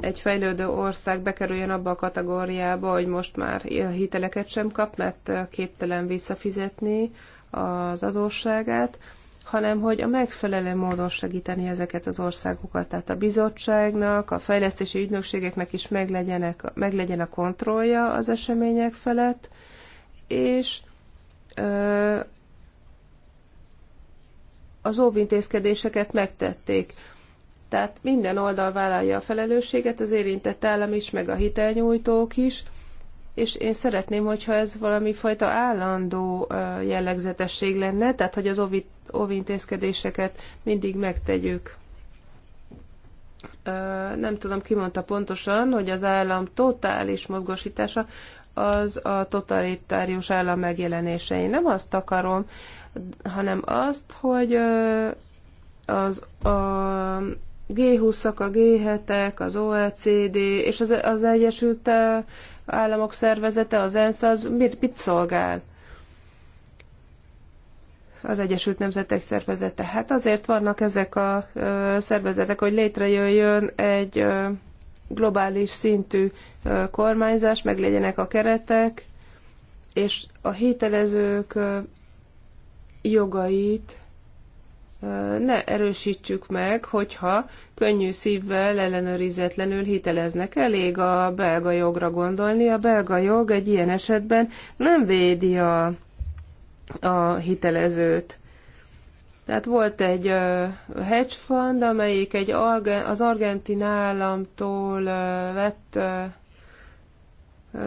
egy fejlődő ország bekerüljön abba a kategóriába, hogy most már hiteleket sem kap, mert képtelen visszafizetni az adósságát, hanem hogy a megfelelő módon segíteni ezeket az országokat. Tehát a bizottságnak, a fejlesztési ügynökségeknek is meglegyenek, meglegyen a kontrollja az események felett, és ö, az óvintézkedéseket megtették. Tehát minden oldal vállalja a felelősséget, az érintett állam is, meg a hitelnyújtók is, és én szeretném, hogyha ez valami fajta állandó jellegzetesség lenne, tehát hogy az óvintézkedéseket mindig megtegyük. Nem tudom, ki mondta pontosan, hogy az állam totális mozgósítása az a totalitárius állam megjelenése. Én nem azt akarom, hanem azt, hogy az a G20-ak, a G7-ek, az OECD és az, az Egyesült Államok Szervezete, az ENSZ, az mit, mit szolgál? az Egyesült Nemzetek Szervezete. Hát azért vannak ezek a ö, szervezetek, hogy létrejöjjön egy ö, globális szintű ö, kormányzás, meg legyenek a keretek, és a hitelezők ö, jogait ne erősítsük meg, hogyha könnyű szívvel, ellenőrizetlenül hiteleznek. Elég a belga jogra gondolni. A belga jog egy ilyen esetben nem védi a, a hitelezőt. Tehát volt egy hedge fund, amelyik egy az argentin államtól vett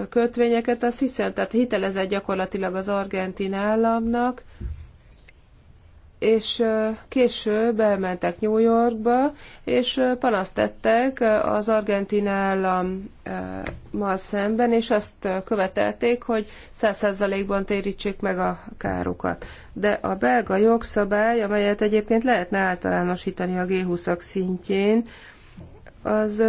kötvényeket, azt hiszem, tehát hitelezett gyakorlatilag az argentin államnak, és később elmentek New Yorkba, és panaszt tettek az argentin állammal szemben, és azt követelték, hogy 100%-ban térítsék meg a károkat. De a belga jogszabály, amelyet egyébként lehetne általánosítani a G20-ak szintjén, az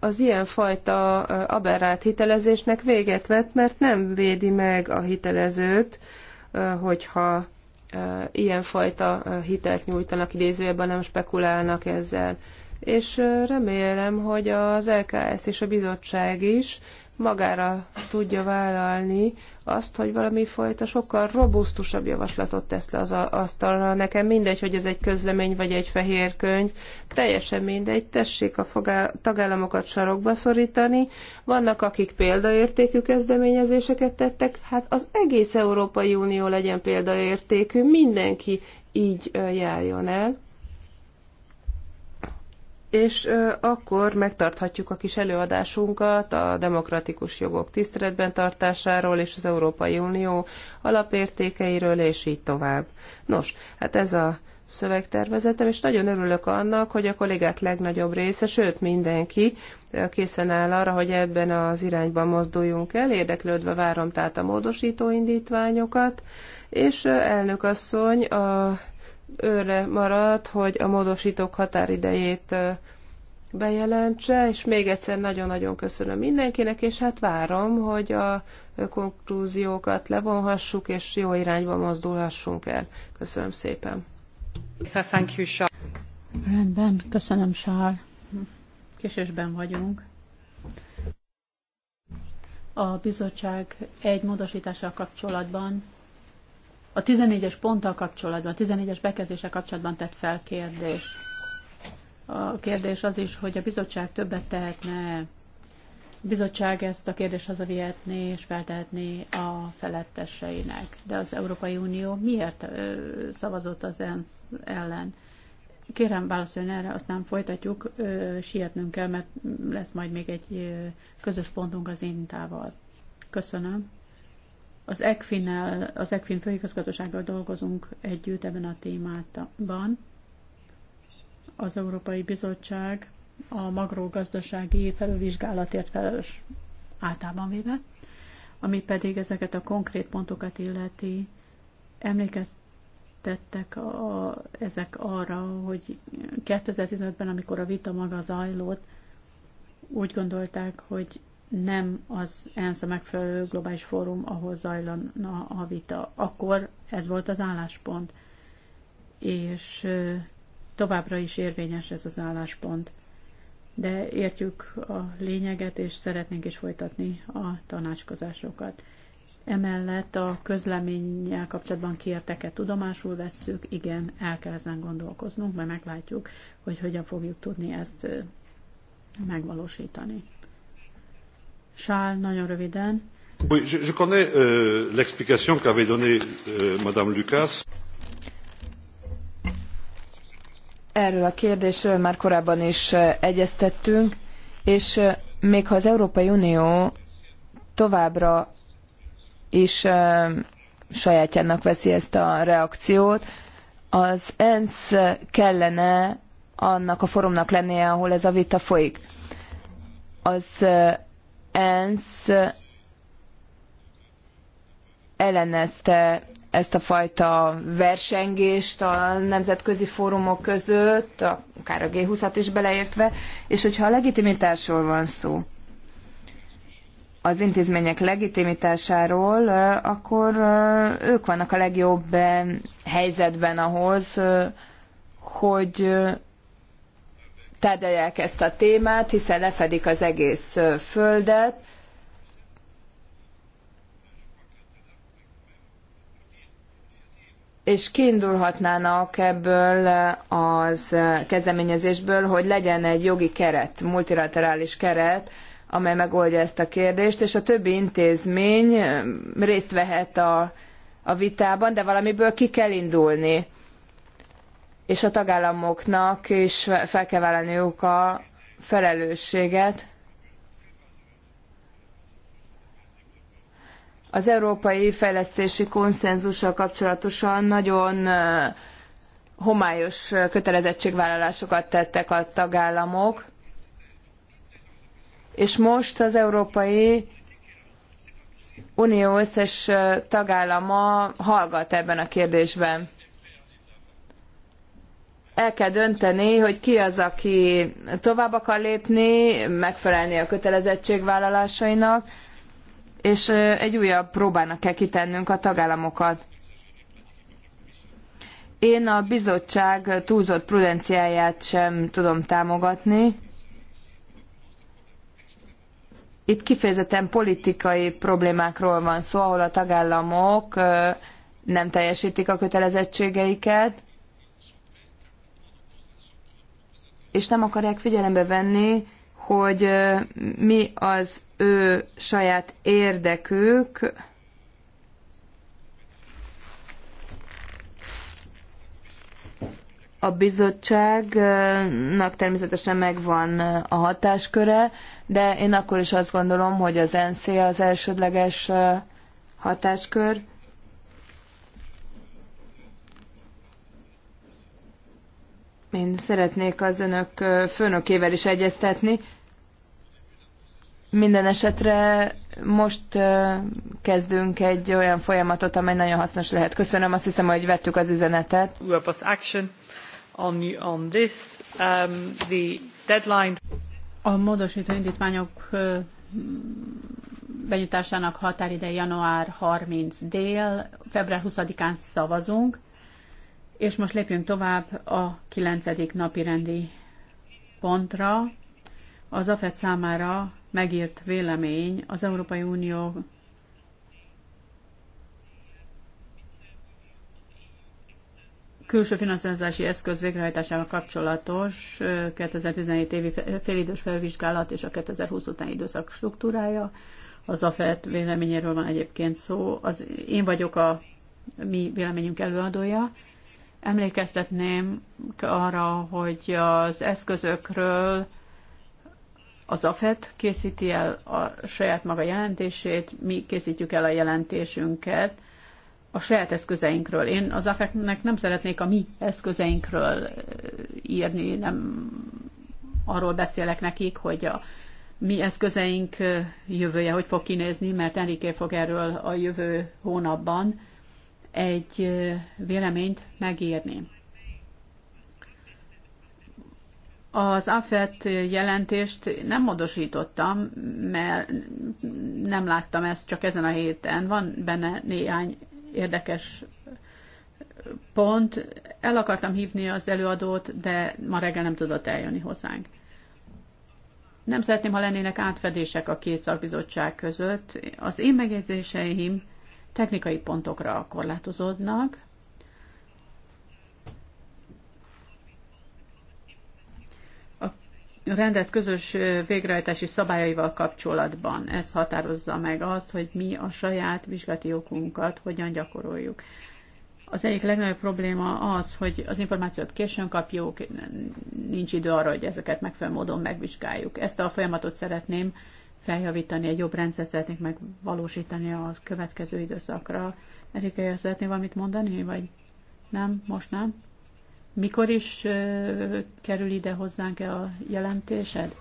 az ilyenfajta aberrált hitelezésnek véget vett, mert nem védi meg a hitelezőt, hogyha ilyenfajta hitelt nyújtanak, idézőjebben nem spekulálnak ezzel. És remélem, hogy az LKS és a bizottság is magára tudja vállalni azt, hogy valami fajta sokkal robusztusabb javaslatot tesz le az asztalra. Nekem mindegy, hogy ez egy közlemény vagy egy fehér könyv, teljesen mindegy, tessék a tagállamokat sarokba szorítani. Vannak, akik példaértékű kezdeményezéseket tettek, hát az egész Európai Unió legyen példaértékű, mindenki így járjon el és akkor megtarthatjuk a kis előadásunkat a demokratikus jogok tiszteletben tartásáról és az Európai Unió alapértékeiről, és így tovább. Nos, hát ez a szövegtervezetem, és nagyon örülök annak, hogy a kollégák legnagyobb része, sőt mindenki készen áll arra, hogy ebben az irányban mozduljunk el. Érdeklődve várom tehát a módosító indítványokat, és elnök asszony, a őre maradt, hogy a módosítók határidejét bejelentse, és még egyszer nagyon-nagyon köszönöm mindenkinek, és hát várom, hogy a konklúziókat levonhassuk, és jó irányba mozdulhassunk el. Köszönöm szépen. Thank you, Rendben, köszönöm, Sár. Késésben vagyunk. A bizottság egy módosítással kapcsolatban a 14-es ponttal kapcsolatban, a 14-es bekezdése kapcsolatban tett fel kérdést. A kérdés az is, hogy a bizottság többet tehetne a bizottság ezt a kérdést hazavihetné és feltehetné a feletteseinek. De az Európai Unió miért szavazott az ENSZ ellen? Kérem, válaszoljon erre, aztán folytatjuk, sietnünk kell, mert lesz majd még egy közös pontunk az Intával. Köszönöm. Az ecfin az ECFIN főigazgatósággal dolgozunk együtt ebben a témában. Az Európai Bizottság a magrógazdasági felülvizsgálatért felelős általában véve, ami pedig ezeket a konkrét pontokat illeti, emlékeztettek a, a, ezek arra, hogy 2015-ben, amikor a vita maga zajlott, úgy gondolták, hogy nem az ENSZ a megfelelő globális fórum, ahol zajlana a vita. Akkor ez volt az álláspont, és továbbra is érvényes ez az álláspont. De értjük a lényeget, és szeretnénk is folytatni a tanácskozásokat. Emellett a közleménnyel kapcsolatban kérteket tudomásul vesszük, igen, el kell ezen gondolkoznunk, mert meglátjuk, hogy hogyan fogjuk tudni ezt megvalósítani. Charles, nagyon röviden. Oui, je, je connais euh, l'explication qu'avait donnée euh, Madame Lucas. Erről a kérdésről már korábban is egyeztettünk, és még ha az Európai Unió továbbra is sajátjának veszi ezt a reakciót, az ENSZ kellene annak a forumnak lennie, ahol ez a vita folyik. Az ENSZ ellenezte ezt a fajta versengést a nemzetközi fórumok között, akár a G20-at is beleértve, és hogyha a legitimitásról van szó, az intézmények legitimitásáról, akkor ők vannak a legjobb eh, helyzetben ahhoz, hogy tárgyalják ezt a témát, hiszen lefedik az egész földet. és kiindulhatnának ebből az kezdeményezésből, hogy legyen egy jogi keret, multilaterális keret, amely megoldja ezt a kérdést, és a többi intézmény részt vehet a, a vitában, de valamiből ki kell indulni és a tagállamoknak is fel kell vállalniuk a felelősséget. Az európai fejlesztési konszenzussal kapcsolatosan nagyon homályos kötelezettségvállalásokat tettek a tagállamok, és most az európai Unió összes tagállama hallgat ebben a kérdésben el kell dönteni, hogy ki az, aki tovább akar lépni, megfelelni a kötelezettségvállalásainak, és egy újabb próbának kell kitennünk a tagállamokat. Én a bizottság túlzott prudenciáját sem tudom támogatni. Itt kifejezetten politikai problémákról van szó, ahol a tagállamok nem teljesítik a kötelezettségeiket, és nem akarják figyelembe venni, hogy mi az ő saját érdekük, a bizottságnak természetesen megvan a hatásköre, de én akkor is azt gondolom, hogy az NC az elsődleges hatáskör, Én szeretnék az önök főnökével is egyeztetni. Minden esetre most kezdünk egy olyan folyamatot, amely nagyon hasznos lehet. Köszönöm, azt hiszem, hogy vettük az üzenetet. Um, A módosító indítványok benyújtásának határideje január 30 dél, február 20-án szavazunk. És most lépjünk tovább a kilencedik napi rendi pontra. Az AFET számára megírt vélemény az Európai Unió külső finanszírozási eszköz végrehajtásával kapcsolatos 2017 évi félidős felvizsgálat és a 2020 utáni időszak struktúrája. Az AFET véleményéről van egyébként szó. Az, én vagyok a mi véleményünk előadója. Emlékeztetném arra, hogy az eszközökről az AFET készíti el a saját maga jelentését, mi készítjük el a jelentésünket a saját eszközeinkről. Én az AFET-nek nem szeretnék a mi eszközeinkről írni, nem arról beszélek nekik, hogy a mi eszközeink jövője hogy fog kinézni, mert Enrique fog erről a jövő hónapban egy véleményt megírni. Az AFET jelentést nem módosítottam, mert nem láttam ezt csak ezen a héten. Van benne néhány érdekes pont. El akartam hívni az előadót, de ma reggel nem tudott eljönni hozzánk. Nem szeretném, ha lennének átfedések a két szakbizottság között. Az én megjegyzéseim technikai pontokra korlátozódnak. A rendet közös végrehajtási szabályaival kapcsolatban ez határozza meg azt, hogy mi a saját vizsgati okunkat, hogyan gyakoroljuk. Az egyik legnagyobb probléma az, hogy az információt későn kapjuk, nincs idő arra, hogy ezeket megfelelő módon megvizsgáljuk. Ezt a folyamatot szeretném feljavítani, egy jobb rendszer szeretnék megvalósítani a következő időszakra. Erika, szeretnél valamit mondani, vagy nem, most nem? Mikor is ö, kerül ide hozzánk -e a jelentésed?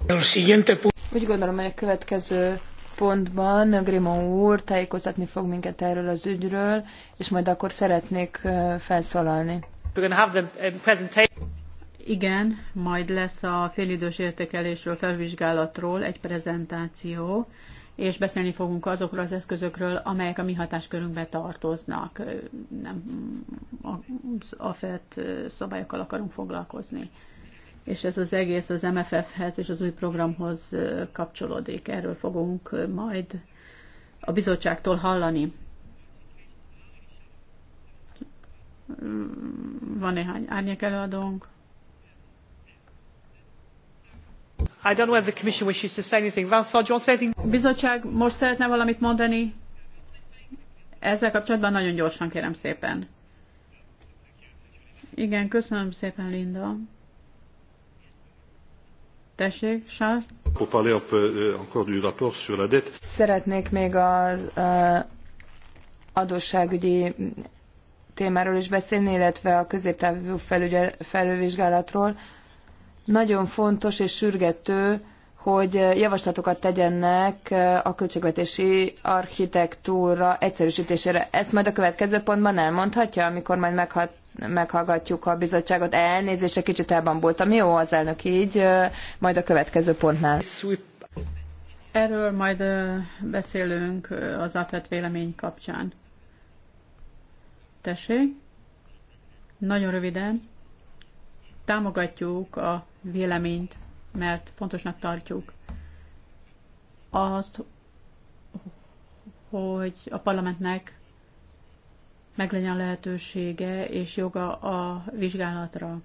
Úgy gondolom, hogy a következő pontban Grimo úr tájékoztatni fog minket erről az ügyről, és majd akkor szeretnék felszólalni. Uh, igen, majd lesz a félidős értékelésről, felvizsgálatról egy prezentáció, és beszélni fogunk azokról az eszközökről, amelyek a mi hatáskörünkbe tartoznak. Nem a AFET szabályokkal akarunk foglalkozni. És ez az egész az MFF-hez és az új programhoz kapcsolódik. Erről fogunk majd a bizottságtól hallani. Van néhány árnyék előadónk, Bizottság most szeretne valamit mondani? Ezzel kapcsolatban nagyon gyorsan kérem szépen. Igen, köszönöm szépen, Linda. Tessék, Charles. Euh, Szeretnék még az euh, adósságügyi témáról is beszélni, illetve a középtávú felügyel, felülvizsgálatról. Nagyon fontos és sürgető, hogy javaslatokat tegyenek a költségvetési architektúra egyszerűsítésére. Ezt majd a következő pontban elmondhatja, amikor majd meghat, meghallgatjuk a bizottságot. Elnézése, egy kicsit elbambultam. Jó az elnök így, majd a következő pontnál. Erről majd beszélünk az AFET vélemény kapcsán. Tessék? Nagyon röviden. Támogatjuk a véleményt, mert fontosnak tartjuk azt, hogy a parlamentnek meglegyen lehetősége és joga a vizsgálatra.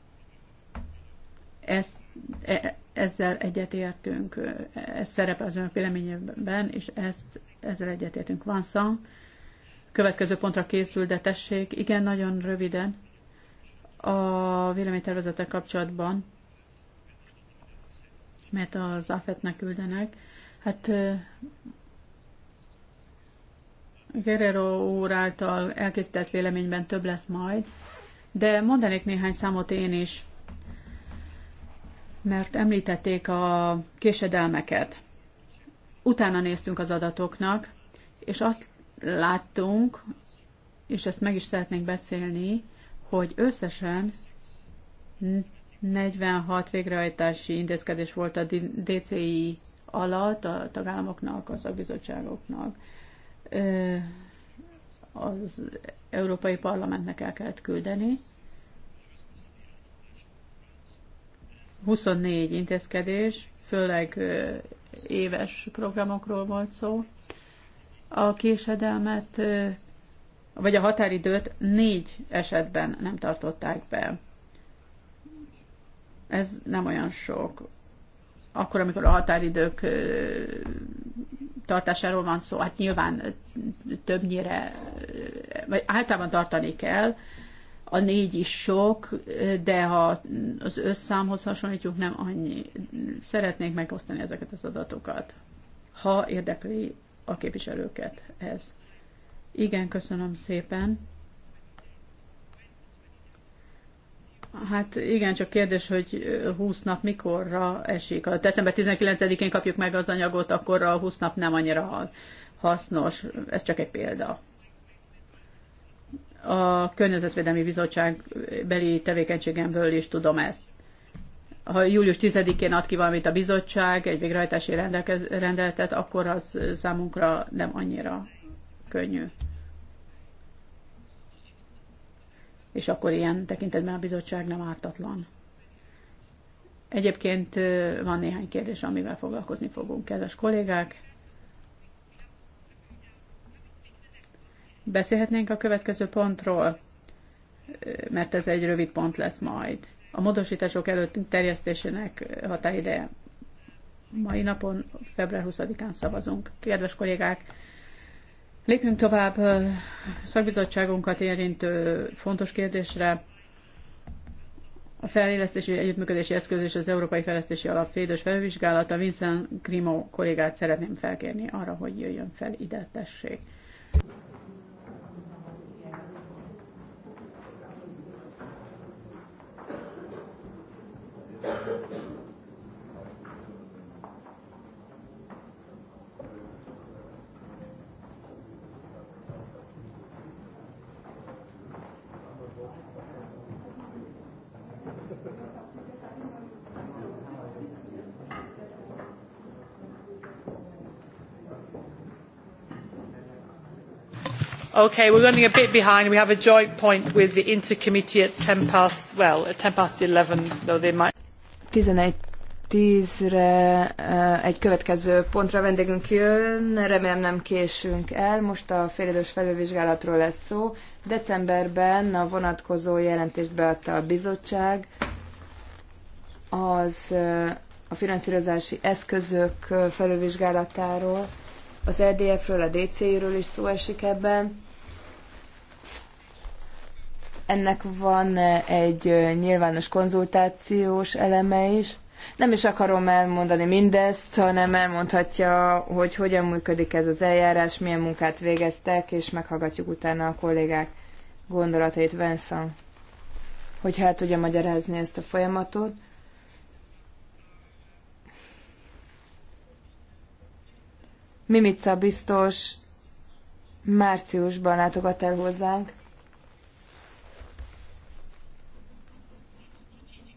Ezt, e, ezzel egyetértünk, ez szerepel az önök véleményében, és ezt, ezzel egyetértünk. szám. következő pontra készül, de tessék, igen, nagyon röviden a véleménytervezetek kapcsolatban mert az afetnek küldenek. Hát Guerrero úr által elkészített véleményben több lesz majd, de mondanék néhány számot én is, mert említették a késedelmeket. Utána néztünk az adatoknak, és azt láttunk, és ezt meg is szeretnénk beszélni, hogy összesen 46 végrehajtási intézkedés volt a DCI alatt a tagállamoknak, a szakbizottságoknak. Az Európai Parlamentnek el kellett küldeni. 24 intézkedés, főleg éves programokról volt szó. A késedelmet, vagy a határidőt négy esetben nem tartották be. Ez nem olyan sok. Akkor, amikor a határidők tartásáról van szó, hát nyilván többnyire, vagy általában tartani kell, a négy is sok, de ha az összámhoz hasonlítjuk, nem annyi. Szeretnék megosztani ezeket az adatokat, ha érdekli a képviselőket ez. Igen, köszönöm szépen. Hát igen, csak kérdés, hogy 20 nap mikorra esik. A december 19-én kapjuk meg az anyagot, akkor a 20 nap nem annyira hasznos. Ez csak egy példa. A Környezetvédelmi Bizottság beli tevékenységemből is tudom ezt. Ha július 10-én ad ki valamit a bizottság, egy végrehajtási rendeletet, akkor az számunkra nem annyira könnyű. és akkor ilyen tekintetben a bizottság nem ártatlan. Egyébként van néhány kérdés, amivel foglalkozni fogunk, kedves kollégák. Beszélhetnénk a következő pontról, mert ez egy rövid pont lesz majd. A módosítások előtt terjesztésének határideje mai napon, február 20-án szavazunk. Kedves kollégák, Lépjünk tovább szakbizottságunkat érintő fontos kérdésre. A fejlesztési együttműködési eszköz és az Európai Fejlesztési Alap félidős felvizsgálata Vincent Grimo kollégát szeretném felkérni arra, hogy jöjjön fel ide, tessék. Thank you. Okay, we're running a bit behind. We have a joint point with the intercommittee at 10 past, well, at 10 past 11, though they might... 1110 tízre eh, egy következő pontra vendégünk jön, remélem nem késünk el. Most a félidős felülvizsgálatról lesz szó. Decemberben a vonatkozó jelentést beadta a bizottság. Az eh, a finanszírozási eszközök eh, felülvizsgálatáról, az EDF-ről, a DC-ről is szó esik ebben. Ennek van eh, egy eh, nyilvános konzultációs eleme is. Nem is akarom elmondani mindezt, hanem elmondhatja, hogy hogyan működik ez az eljárás, milyen munkát végeztek, és meghallgatjuk utána a kollégák gondolatait, Vincent, hogy hát tudja magyarázni ezt a folyamatot. Mimica biztos márciusban látogat el hozzánk,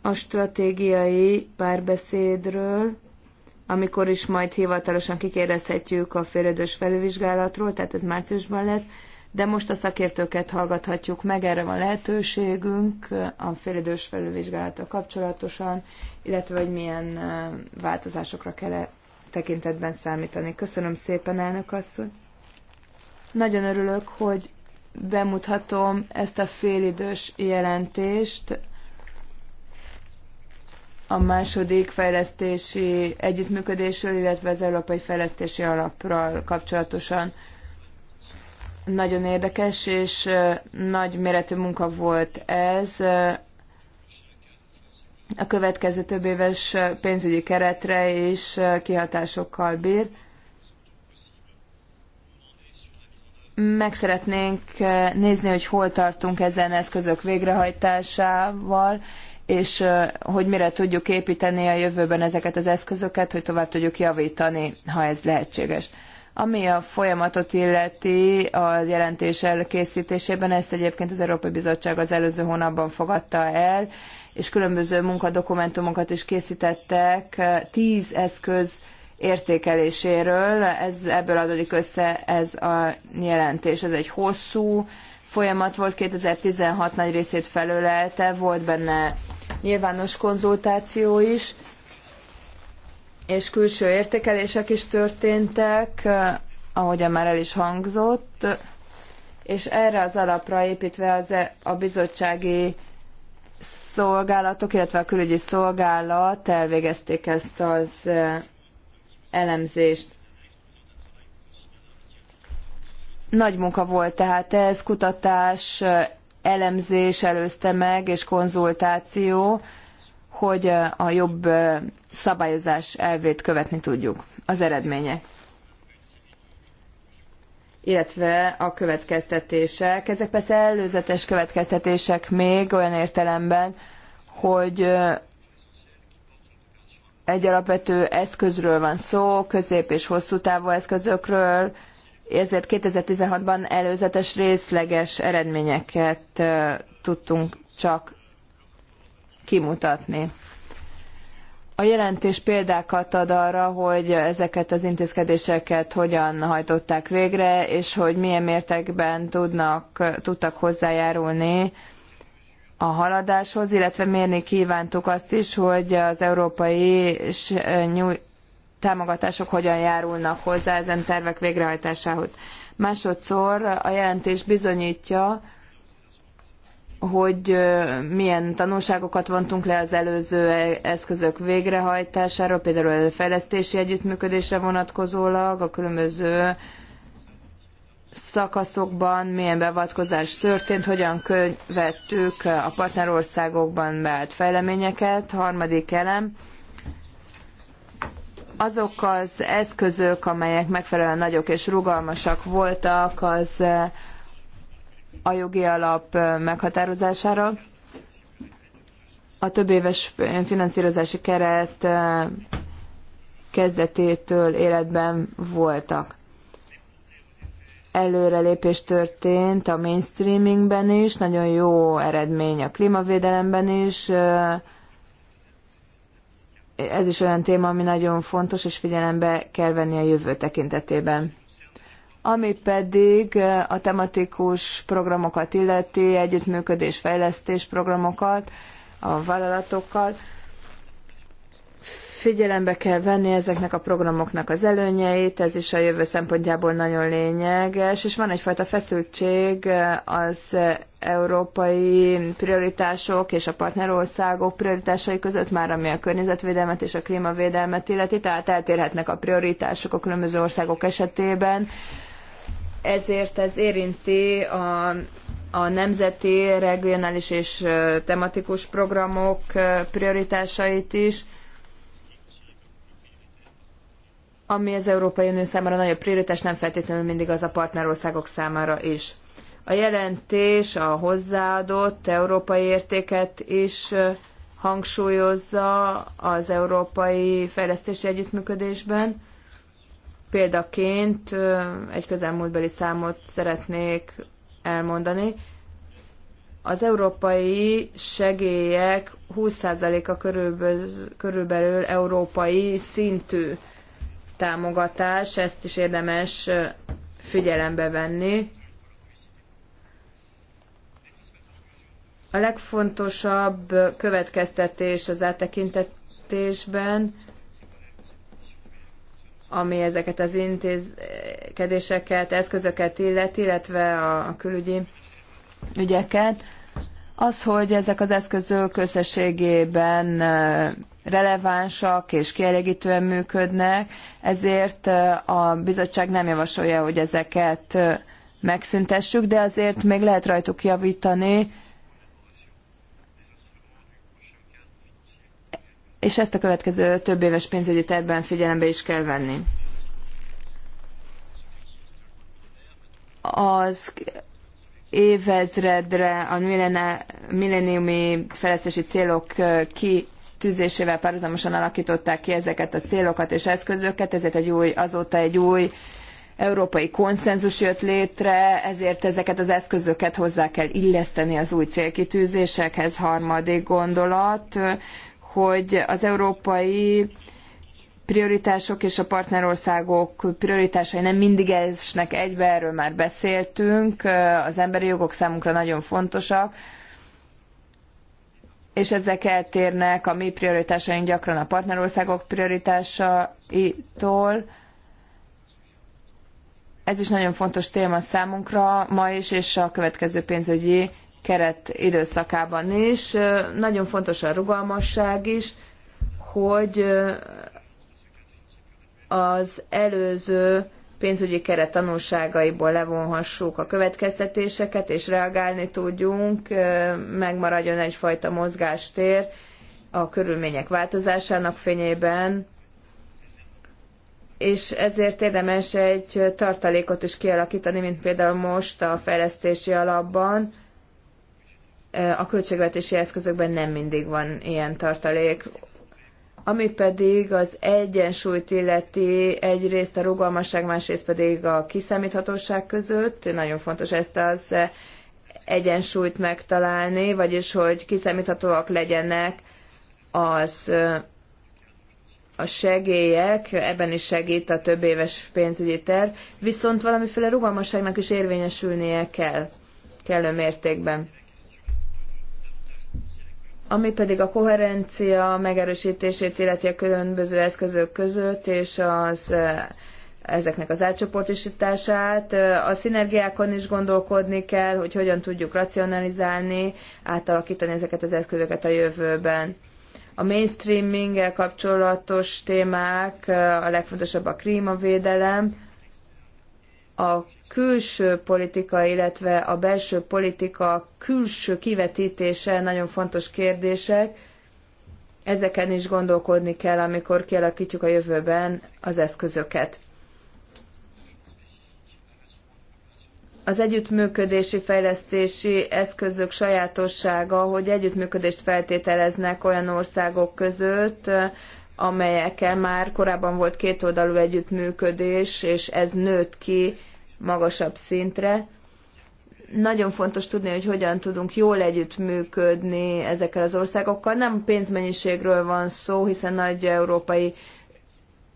a stratégiai párbeszédről, amikor is majd hivatalosan kikérdezhetjük a félidős felülvizsgálatról, tehát ez márciusban lesz, de most a szakértőket hallgathatjuk meg, erre van lehetőségünk a félidős felülvizsgálata kapcsolatosan, illetve hogy milyen változásokra kell -e tekintetben számítani. Köszönöm szépen, elnök asszony! Nagyon örülök, hogy bemutathatom ezt a félidős jelentést a második fejlesztési együttműködésről, illetve az Európai Fejlesztési Alapról kapcsolatosan. Nagyon érdekes és nagy méretű munka volt ez. A következő több éves pénzügyi keretre is kihatásokkal bír. meg szeretnénk nézni, hogy hol tartunk ezen eszközök végrehajtásával, és hogy mire tudjuk építeni a jövőben ezeket az eszközöket, hogy tovább tudjuk javítani, ha ez lehetséges. Ami a folyamatot illeti a jelentés elkészítésében, ezt egyébként az Európai Bizottság az előző hónapban fogadta el, és különböző munkadokumentumokat is készítettek tíz eszköz értékeléséről. Ez, ebből adódik össze ez a jelentés. Ez egy hosszú, folyamat volt, 2016 nagy részét felölelte, volt benne nyilvános konzultáció is, és külső értékelések is történtek, eh, ahogyan már el is hangzott, és erre az alapra építve az e- a bizottsági szolgálatok, illetve a külügyi szolgálat elvégezték ezt az eh, elemzést. Nagy munka volt tehát ez, kutatás, elemzés előzte meg, és konzultáció, hogy a jobb szabályozás elvét követni tudjuk. Az eredmények illetve a következtetések. Ezek persze előzetes következtetések még olyan értelemben, hogy egy alapvető eszközről van szó, közép és hosszú távú eszközökről, ezért 2016-ban előzetes részleges eredményeket tudtunk csak kimutatni. A jelentés példákat ad arra, hogy ezeket az intézkedéseket hogyan hajtották végre, és hogy milyen mértékben tudnak, tudtak hozzájárulni a haladáshoz, illetve mérni kívántuk azt is, hogy az európai támogatások hogyan járulnak hozzá ezen tervek végrehajtásához. Másodszor a jelentés bizonyítja, hogy milyen tanulságokat vontunk le az előző e, eszközök végrehajtásáról, például a fejlesztési együttműködésre vonatkozólag, a különböző szakaszokban milyen beavatkozás történt, hogyan követtük a partnerországokban beállt fejleményeket. Harmadik elem, azok az eszközök, amelyek megfelelően nagyok és rugalmasak voltak, az eh, a jogi alap eh, meghatározására. A több éves finanszírozási keret eh, kezdetétől életben voltak. Előrelépés történt a mainstreamingben is, nagyon jó eredmény a klímavédelemben is, ez is olyan téma, ami nagyon fontos, és figyelembe kell venni a jövő tekintetében. Ami pedig a tematikus programokat illeti, együttműködés, fejlesztés programokat a vállalatokkal, Figyelembe kell venni ezeknek a programoknak az előnyeit, ez is a jövő szempontjából nagyon lényeges, és van egyfajta feszültség az európai prioritások és a partnerországok prioritásai között már, ami a környezetvédelmet és a klímavédelmet illeti, tehát eltérhetnek a prioritások a különböző országok esetében. Ezért ez érinti a a nemzeti, regionális és tematikus programok prioritásait is. ami az Európai Unió számára nagyobb prioritás, nem feltétlenül mindig az a partnerországok számára is. A jelentés a hozzáadott európai értéket is hangsúlyozza az európai fejlesztési együttműködésben. Példaként egy közelmúltbeli számot szeretnék elmondani. Az európai segélyek 20%-a körülbelül, körülbelül európai szintű támogatás, ezt is érdemes figyelembe venni. A legfontosabb következtetés az áttekintetésben, ami ezeket az intézkedéseket, eszközöket illeti, illetve a külügyi ügyeket, az, hogy ezek az eszközök összességében relevánsak és kielégítően működnek, ezért a bizottság nem javasolja, hogy ezeket megszüntessük, de azért még lehet rajtuk javítani, és ezt a következő több éves pénzügyi tervben figyelembe is kell venni. Az évezredre a milleniumi fejlesztési célok tűzésével párhuzamosan alakították ki ezeket a célokat és eszközöket, ezért egy új, azóta egy új európai konszenzus jött létre, ezért ezeket az eszközöket hozzá kell illeszteni az új célkitűzésekhez. Harmadik gondolat, hogy az európai prioritások és a partnerországok prioritásai nem mindig esnek egybe, erről már beszéltünk, az emberi jogok számunkra nagyon fontosak, és ezek eltérnek a mi prioritásaink gyakran a partnerországok prioritásaitól. Ez is nagyon fontos téma számunkra ma is, és a következő pénzügyi keret időszakában is. Nagyon fontos a rugalmasság is, hogy az előző pénzügyi keret tanulságaiból levonhassuk a következtetéseket, és reagálni tudjunk, megmaradjon egyfajta mozgástér a körülmények változásának fényében, és ezért érdemes egy tartalékot is kialakítani, mint például most a fejlesztési alapban. A költségvetési eszközökben nem mindig van ilyen tartalék, ami pedig az egyensúlyt illeti egyrészt a rugalmasság, másrészt pedig a kiszámíthatóság között, nagyon fontos ezt az egyensúlyt megtalálni, vagyis hogy kiszámíthatóak legyenek az a segélyek, ebben is segít a több éves pénzügyi terv, viszont valamiféle rugalmasságnak is érvényesülnie kell kellő mértékben. Ami pedig a koherencia megerősítését illeti a különböző eszközök között, és az ezeknek az átcsoportosítását. A szinergiákon is gondolkodni kell, hogy hogyan tudjuk racionalizálni, átalakítani ezeket az eszközöket a jövőben. A mainstreaming kapcsolatos témák, a legfontosabb a klímavédelem, a külső politika, illetve a belső politika külső kivetítése nagyon fontos kérdések. Ezeken is gondolkodni kell, amikor kialakítjuk a jövőben az eszközöket. az együttműködési fejlesztési eszközök sajátossága, hogy együttműködést feltételeznek olyan országok között, amelyekkel már korábban volt kétoldalú együttműködés, és ez nőtt ki magasabb szintre. Nagyon fontos tudni, hogy hogyan tudunk jól együttműködni ezekkel az országokkal. Nem pénzmennyiségről van szó, hiszen nagy európai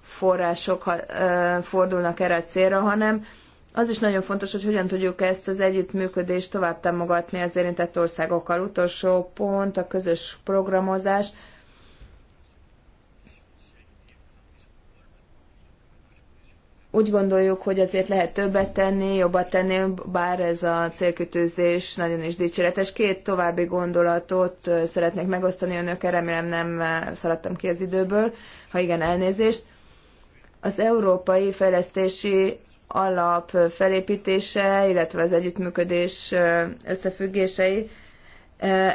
források fordulnak erre a célra, hanem az is nagyon fontos, hogy hogyan tudjuk ezt az együttműködést tovább támogatni az érintett országokkal. Utolsó pont a közös programozás. Úgy gondoljuk, hogy azért lehet többet tenni, jobbat tenni, bár ez a célkütőzés nagyon is dicséretes. Két további gondolatot szeretnék megosztani önökkel, remélem nem szaladtam ki az időből, ha igen, elnézést. Az Európai Fejlesztési Alap felépítése, illetve az együttműködés összefüggései,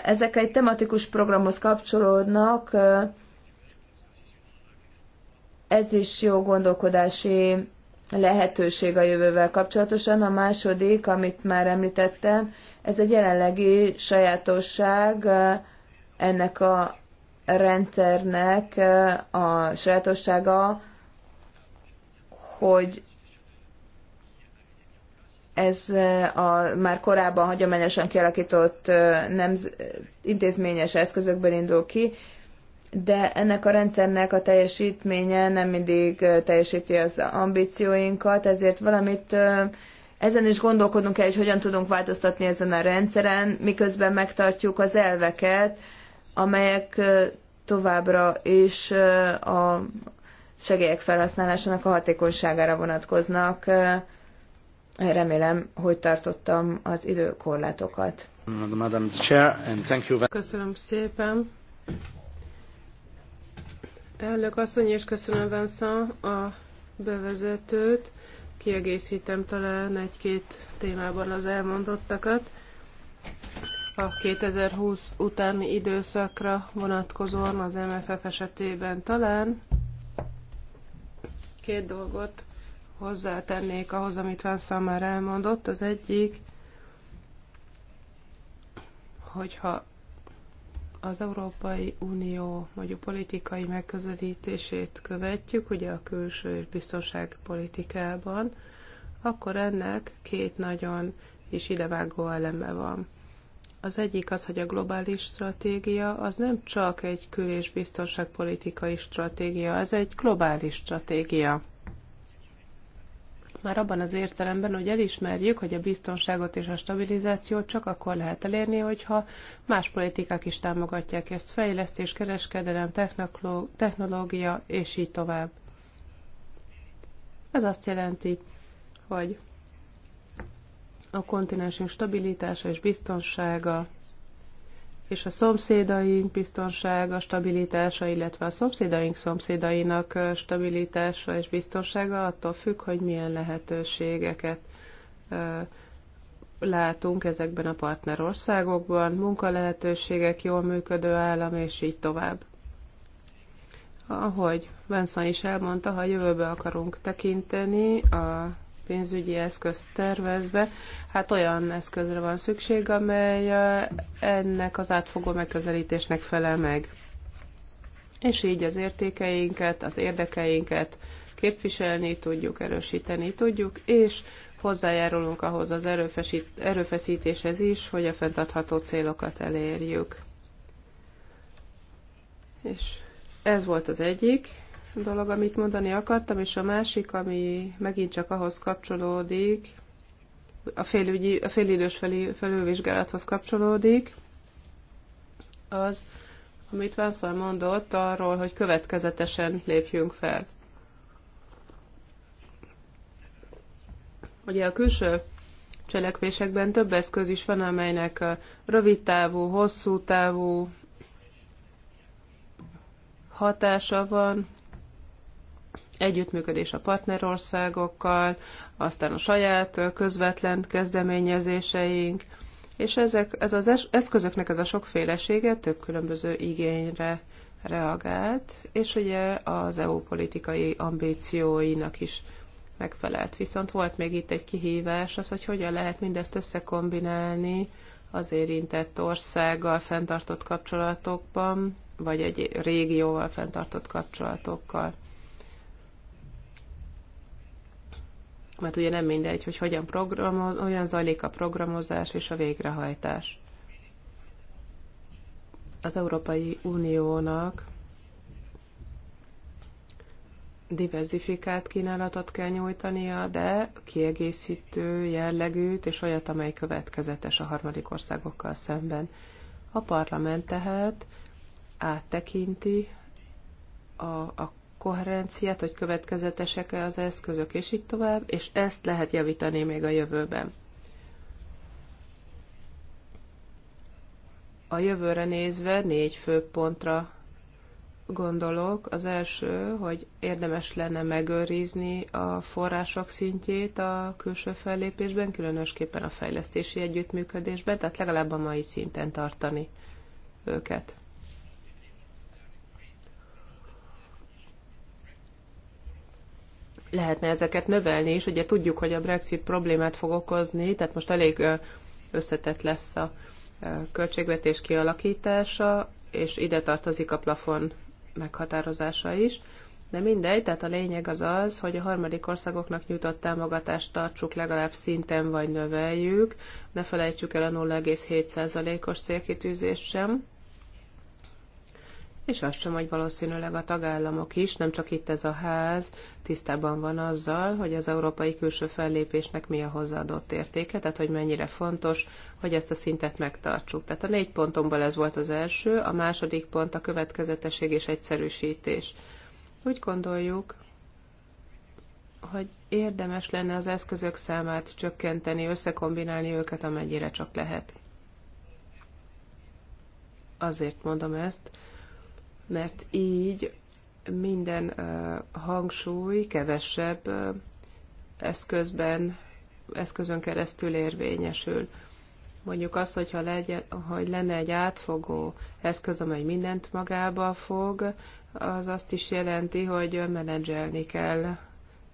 ezek egy tematikus programhoz kapcsolódnak, ez is jó gondolkodási lehetőség a jövővel kapcsolatosan. A második, amit már említettem, ez egy jelenlegi sajátosság ennek a rendszernek a sajátossága, hogy ez a már korábban hagyományosan kialakított nem intézményes eszközökből indul ki, de ennek a rendszernek a teljesítménye nem mindig teljesíti az ambícióinkat, ezért valamit ezen is gondolkodnunk kell, hogy hogyan tudunk változtatni ezen a rendszeren, miközben megtartjuk az elveket, amelyek továbbra is a segélyek felhasználásának a hatékonyságára vonatkoznak. Remélem, hogy tartottam az időkorlátokat. Köszönöm szépen. Elnök asszony, és köszönöm Vincent a bevezetőt. Kiegészítem talán egy-két témában az elmondottakat. A 2020 utáni időszakra vonatkozóan az MFF esetében talán két dolgot hozzátennék ahhoz, amit Vincent már elmondott. Az egyik, hogyha az Európai Unió mondjuk politikai megközelítését követjük, ugye a külső és biztonságpolitikában, akkor ennek két nagyon is idevágó eleme van. Az egyik az, hogy a globális stratégia az nem csak egy kül- és biztonságpolitikai stratégia, ez egy globális stratégia már abban az értelemben, hogy elismerjük, hogy a biztonságot és a stabilizációt csak akkor lehet elérni, hogyha más politikák is támogatják ezt, fejlesztés, kereskedelem, technológia, és így tovább. Ez azt jelenti, hogy a kontinensünk stabilitása és biztonsága és a szomszédaink biztonsága, stabilitása, illetve a szomszédaink szomszédainak stabilitása és biztonsága attól függ, hogy milyen lehetőségeket látunk ezekben a partnerországokban, munkalehetőségek, jól működő állam, és így tovább. Ahogy Vincent is elmondta, ha jövőbe akarunk tekinteni, a pénzügyi eszközt tervezve, hát olyan eszközre van szükség, amely ennek az átfogó megközelítésnek felel meg. És így az értékeinket, az érdekeinket képviselni tudjuk, erősíteni tudjuk, és hozzájárulunk ahhoz az erőfeszítéshez is, hogy a fenntartható célokat elérjük. És ez volt az egyik dolog, amit mondani akartam, és a másik, ami megint csak ahhoz kapcsolódik, a, félügyi, a félidős felül, felülvizsgálathoz kapcsolódik, az, amit Vanszal mondott arról, hogy következetesen lépjünk fel. Ugye a külső cselekvésekben több eszköz is van, amelynek a rövid távú, hosszú távú hatása van, együttműködés a partnerországokkal, aztán a saját közvetlen kezdeményezéseink, és ezek, ez az eszközöknek ez a sokfélesége több különböző igényre reagált, és ugye az EU politikai ambícióinak is megfelelt. Viszont volt még itt egy kihívás, az, hogy hogyan lehet mindezt összekombinálni az érintett országgal fenntartott kapcsolatokban, vagy egy régióval fenntartott kapcsolatokkal. mert ugye nem mindegy, hogy hogyan programoz, olyan zajlik a programozás és a végrehajtás. Az Európai Uniónak diversifikált kínálatot kell nyújtania, de kiegészítő jellegűt és olyat, amely következetes a harmadik országokkal szemben. A parlament tehát áttekinti a, a koherenciát, hogy következetesek-e az eszközök, és így tovább, és ezt lehet javítani még a jövőben. A jövőre nézve négy fő pontra gondolok. Az első, hogy érdemes lenne megőrizni a források szintjét a külső fellépésben, különösképpen a fejlesztési együttműködésben, tehát legalább a mai szinten tartani őket. lehetne ezeket növelni is. Ugye tudjuk, hogy a Brexit problémát fog okozni, tehát most elég összetett lesz a költségvetés kialakítása, és ide tartozik a plafon meghatározása is. De mindegy, tehát a lényeg az az, hogy a harmadik országoknak nyújtott támogatást tartsuk legalább szinten, vagy növeljük. Ne felejtsük el a 0,7%-os célkitűzést sem és azt sem, hogy valószínűleg a tagállamok is, nem csak itt ez a ház, tisztában van azzal, hogy az európai külső fellépésnek mi a hozzáadott értéke, tehát hogy mennyire fontos, hogy ezt a szintet megtartsuk. Tehát a négy pontomból ez volt az első, a második pont a következetesség és egyszerűsítés. Úgy gondoljuk, hogy érdemes lenne az eszközök számát csökkenteni, összekombinálni őket, amennyire csak lehet. Azért mondom ezt, mert így minden hangsúly kevesebb eszközben, eszközön keresztül érvényesül. Mondjuk azt, hogyha legyen, hogy lenne egy átfogó eszköz, amely mindent magába fog, az azt is jelenti, hogy menedzselni kell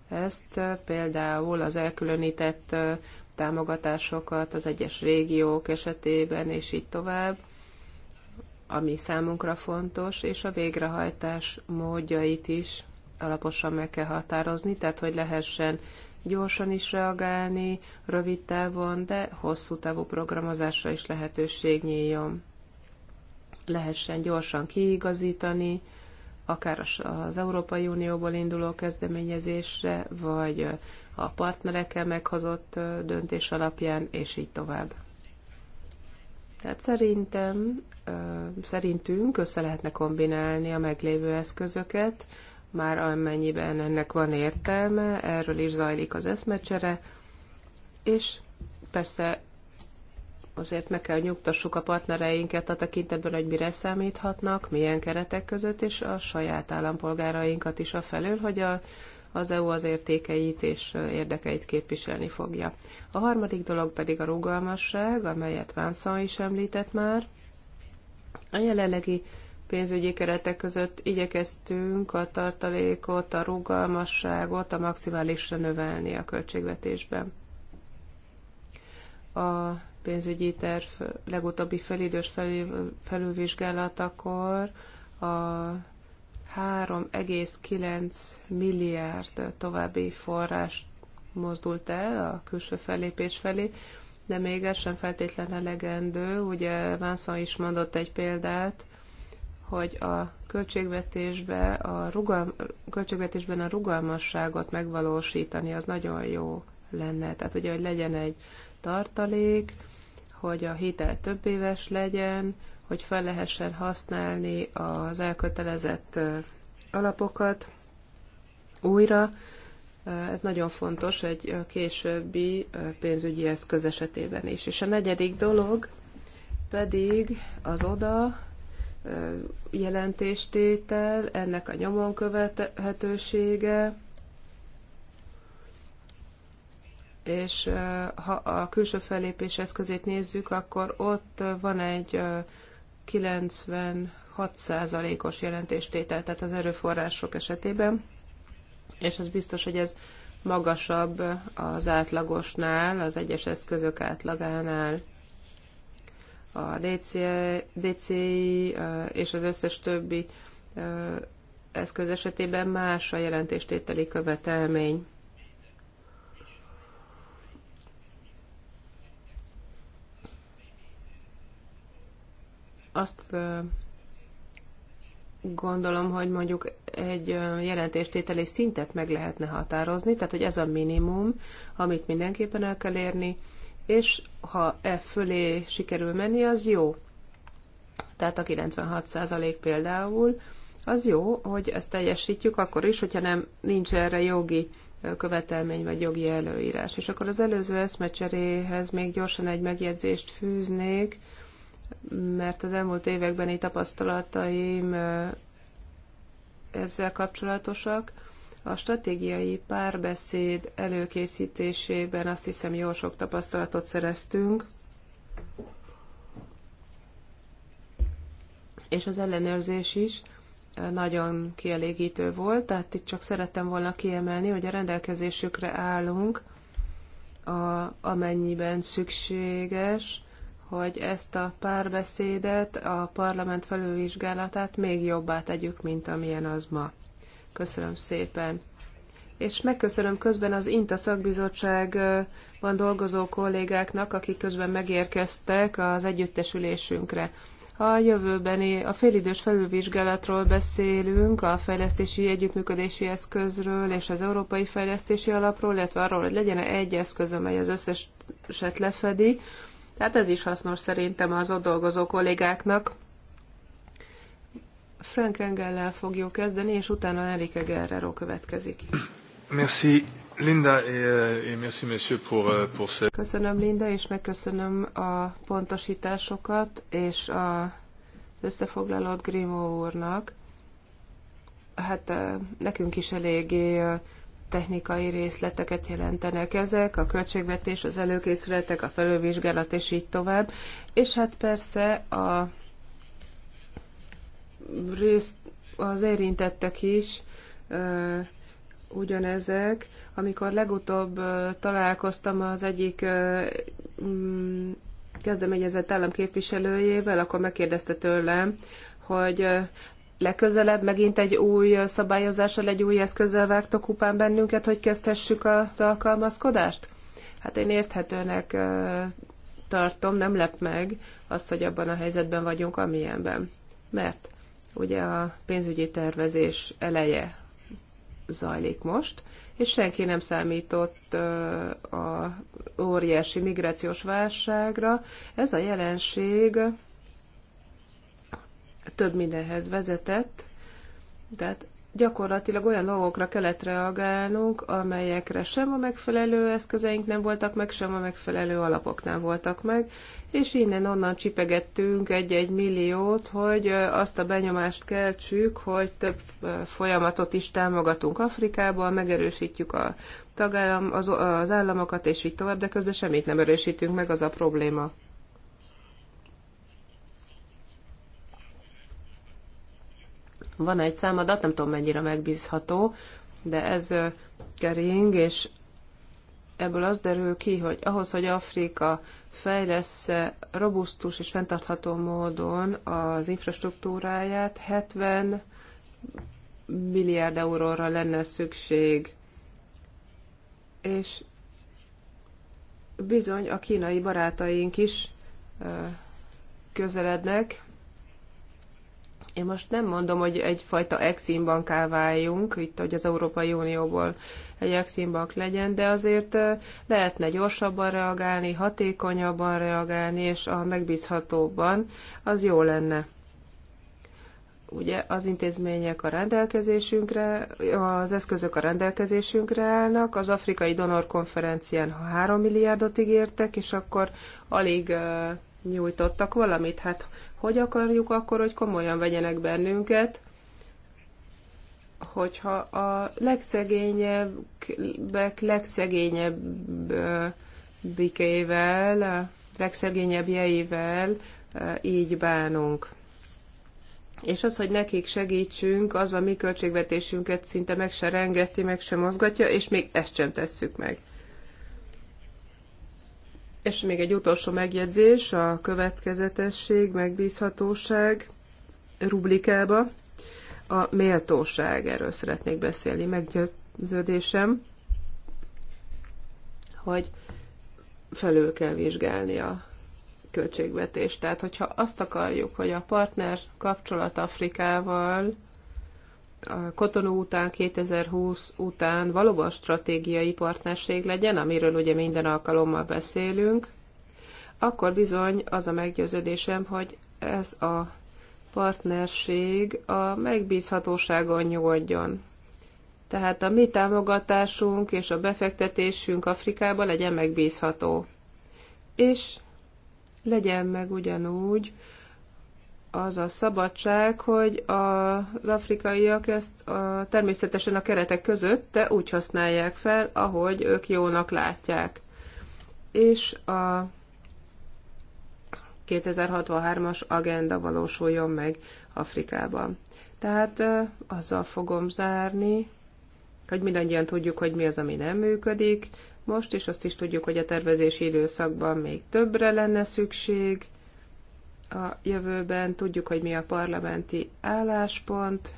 ezt, például az elkülönített támogatásokat az egyes régiók esetében, és így tovább ami számunkra fontos, és a végrehajtás módjait is alaposan meg kell határozni, tehát hogy lehessen gyorsan is reagálni, rövid távon, de hosszú távú programozásra is lehetőség nyíljon. Lehessen gyorsan kiigazítani, akár az Európai Unióból induló kezdeményezésre, vagy a partnerekkel meghozott döntés alapján, és így tovább. Tehát szerintem, szerintünk össze lehetne kombinálni a meglévő eszközöket, már amennyiben ennek van értelme, erről is zajlik az eszmecsere, és persze azért meg kell nyugtassuk a partnereinket a tekintetben, hogy mire számíthatnak, milyen keretek között, és a saját állampolgárainkat is a felől, hogy a az EU az értékeit és érdekeit képviselni fogja. A harmadik dolog pedig a rugalmasság, amelyet Vincent is említett már. A jelenlegi pénzügyi keretek között igyekeztünk a tartalékot, a rugalmasságot a maximálisra növelni a költségvetésben. A pénzügyi terv legutóbbi felidős felül, felülvizsgálatakor a 3,9 milliárd további forrás mozdult el a külső fellépés felé, de még ez sem feltétlen elegendő. Ugye Vincent is mondott egy példát, hogy a költségvetésbe a rugal, költségvetésben a rugalmasságot megvalósítani az nagyon jó lenne. Tehát ugye, hogy legyen egy tartalék, hogy a hitel több éves legyen, hogy fel lehessen használni az elkötelezett alapokat újra. Ez nagyon fontos egy későbbi pénzügyi eszköz esetében is. És a negyedik dolog pedig az oda jelentéstétel, ennek a nyomon követhetősége, és ha a külső fellépés eszközét nézzük, akkor ott van egy 96%-os jelentéstétel, tehát az erőforrások esetében, és ez biztos, hogy ez magasabb az átlagosnál, az egyes eszközök átlagánál. A DCI, DCI és az összes többi eszköz esetében más a jelentéstételi követelmény. azt gondolom, hogy mondjuk egy jelentéstételi szintet meg lehetne határozni, tehát hogy ez a minimum, amit mindenképpen el kell érni, és ha e fölé sikerül menni, az jó. Tehát a 96% például, az jó, hogy ezt teljesítjük akkor is, hogyha nem nincs erre jogi követelmény vagy jogi előírás. És akkor az előző eszmecseréhez még gyorsan egy megjegyzést fűznék, mert az elmúlt években így tapasztalataim ezzel kapcsolatosak. A stratégiai párbeszéd előkészítésében azt hiszem jó sok tapasztalatot szereztünk, és az ellenőrzés is nagyon kielégítő volt, tehát itt csak szerettem volna kiemelni, hogy a rendelkezésükre állunk, a, amennyiben szükséges, hogy ezt a párbeszédet, a parlament felülvizsgálatát még jobbá tegyük, mint amilyen az ma. Köszönöm szépen. És megköszönöm közben az INTA szakbizottságban dolgozó kollégáknak, akik közben megérkeztek az együttesülésünkre. A jövőbeni, a félidős felülvizsgálatról beszélünk, a fejlesztési együttműködési eszközről és az európai fejlesztési alapról, illetve arról, hogy legyen -e egy eszköz, amely az összeset lefedi, tehát ez is hasznos szerintem az ott dolgozó kollégáknak. Frank Engellel fogjuk kezdeni, és utána Erik Egerrero következik. Merci. Linda, et euh, merci monsieur pour, euh, pour ce... Köszönöm Linda, és megköszönöm a pontosításokat, és a összefoglalót Grimo úrnak. Hát euh, nekünk is eléggé technikai részleteket jelentenek ezek, a költségvetés, az előkészületek, a felülvizsgálat, és így tovább. És hát persze a részt, az érintettek is ö, ugyanezek. Amikor legutóbb ö, találkoztam az egyik ö, mm, kezdeményezett államképviselőjével, akkor megkérdezte tőlem, hogy legközelebb megint egy új szabályozással, egy új eszközzel vágtok kupán bennünket, hogy kezdhessük az alkalmazkodást? Hát én érthetőnek tartom, nem lep meg azt, hogy abban a helyzetben vagyunk, amilyenben. Mert ugye a pénzügyi tervezés eleje zajlik most, és senki nem számított a óriási migrációs válságra. Ez a jelenség több mindenhez vezetett, tehát gyakorlatilag olyan dolgokra kellett reagálnunk, amelyekre sem a megfelelő eszközeink nem voltak meg, sem a megfelelő alapok nem voltak meg, és innen-onnan csipegettünk egy-egy milliót, hogy azt a benyomást keltsük, hogy több folyamatot is támogatunk Afrikában, megerősítjük a tagállam, az, az államokat, és így tovább, de közben semmit nem erősítünk meg, az a probléma. Van egy számadat, nem tudom mennyire megbízható, de ez kering, és ebből az derül ki, hogy ahhoz, hogy Afrika fejlesz robusztus és fenntartható módon az infrastruktúráját, 70 milliárd euróra lenne szükség. És bizony a kínai barátaink is közelednek én most nem mondom, hogy egyfajta eximbanká váljunk, itt, hogy az Európai Unióból egy eximbank legyen, de azért lehetne gyorsabban reagálni, hatékonyabban reagálni, és a megbízhatóban az jó lenne ugye az intézmények a rendelkezésünkre, az eszközök a rendelkezésünkre állnak, az afrikai donorkonferencián konferencián 3 milliárdot ígértek, és akkor alig nyújtottak valamit. Hát hogy akarjuk akkor, hogy komolyan vegyenek bennünket, hogyha a legszegényebbek legszegényebbikével, legszegényebbjeivel így bánunk. És az, hogy nekik segítsünk, az a mi költségvetésünket szinte meg se rengeti, meg se mozgatja, és még ezt sem tesszük meg. És még egy utolsó megjegyzés, a következetesség, megbízhatóság rublikába. A méltóság, erről szeretnék beszélni, meggyőződésem, hogy felül kell vizsgálni a költségvetést. Tehát, hogyha azt akarjuk, hogy a partner kapcsolat Afrikával a után, 2020 után valóban stratégiai partnerség legyen, amiről ugye minden alkalommal beszélünk, akkor bizony az a meggyőződésem, hogy ez a partnerség a megbízhatóságon nyugodjon. Tehát a mi támogatásunk és a befektetésünk Afrikába legyen megbízható. És legyen meg ugyanúgy, az a szabadság, hogy az afrikaiak ezt a, természetesen a keretek között de úgy használják fel, ahogy ők jónak látják. És a 2063-as agenda valósuljon meg Afrikában. Tehát azzal fogom zárni, hogy mindannyian tudjuk, hogy mi az, ami nem működik. Most is azt is tudjuk, hogy a tervezési időszakban még többre lenne szükség, a jövőben, tudjuk, hogy mi a parlamenti álláspont,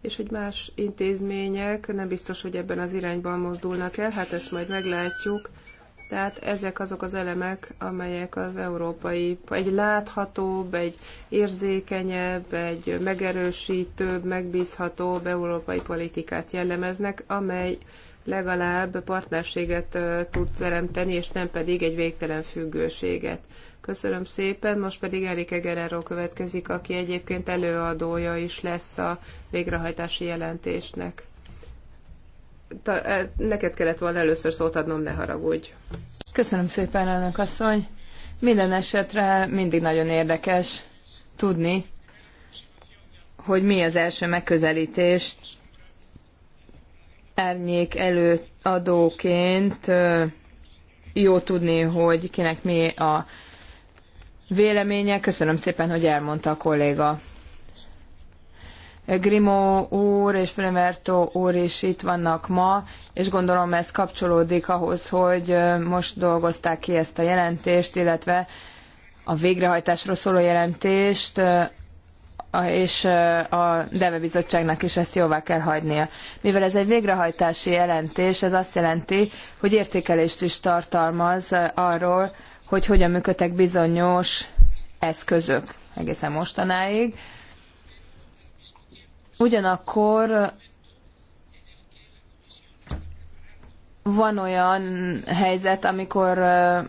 és hogy más intézmények nem biztos, hogy ebben az irányban mozdulnak el, hát ezt majd meglátjuk. Tehát ezek azok az elemek, amelyek az európai, egy láthatóbb, egy érzékenyebb, egy megerősítőbb, megbízhatóbb európai politikát jellemeznek, amely legalább partnerséget tud teremteni, és nem pedig egy végtelen függőséget. Köszönöm szépen, most pedig Erike Guerrero következik, aki egyébként előadója is lesz a végrehajtási jelentésnek. Ta, e, neked kellett volna először szót adnom, ne haragudj. Köszönöm szépen, elnök asszony. Minden esetre mindig nagyon érdekes tudni, hogy mi az első megközelítés árnyék előadóként jó tudni, hogy kinek mi a véleménye. Köszönöm szépen, hogy elmondta a kolléga. Grimo úr és Fremerto úr is itt vannak ma, és gondolom ez kapcsolódik ahhoz, hogy most dolgozták ki ezt a jelentést, illetve a végrehajtásról szóló jelentést, és a DEVE bizottságnak is ezt jóvá kell hagynia. Mivel ez egy végrehajtási jelentés, ez azt jelenti, hogy értékelést is tartalmaz arról, hogy hogyan működtek bizonyos eszközök egészen mostanáig. Ugyanakkor van olyan helyzet, amikor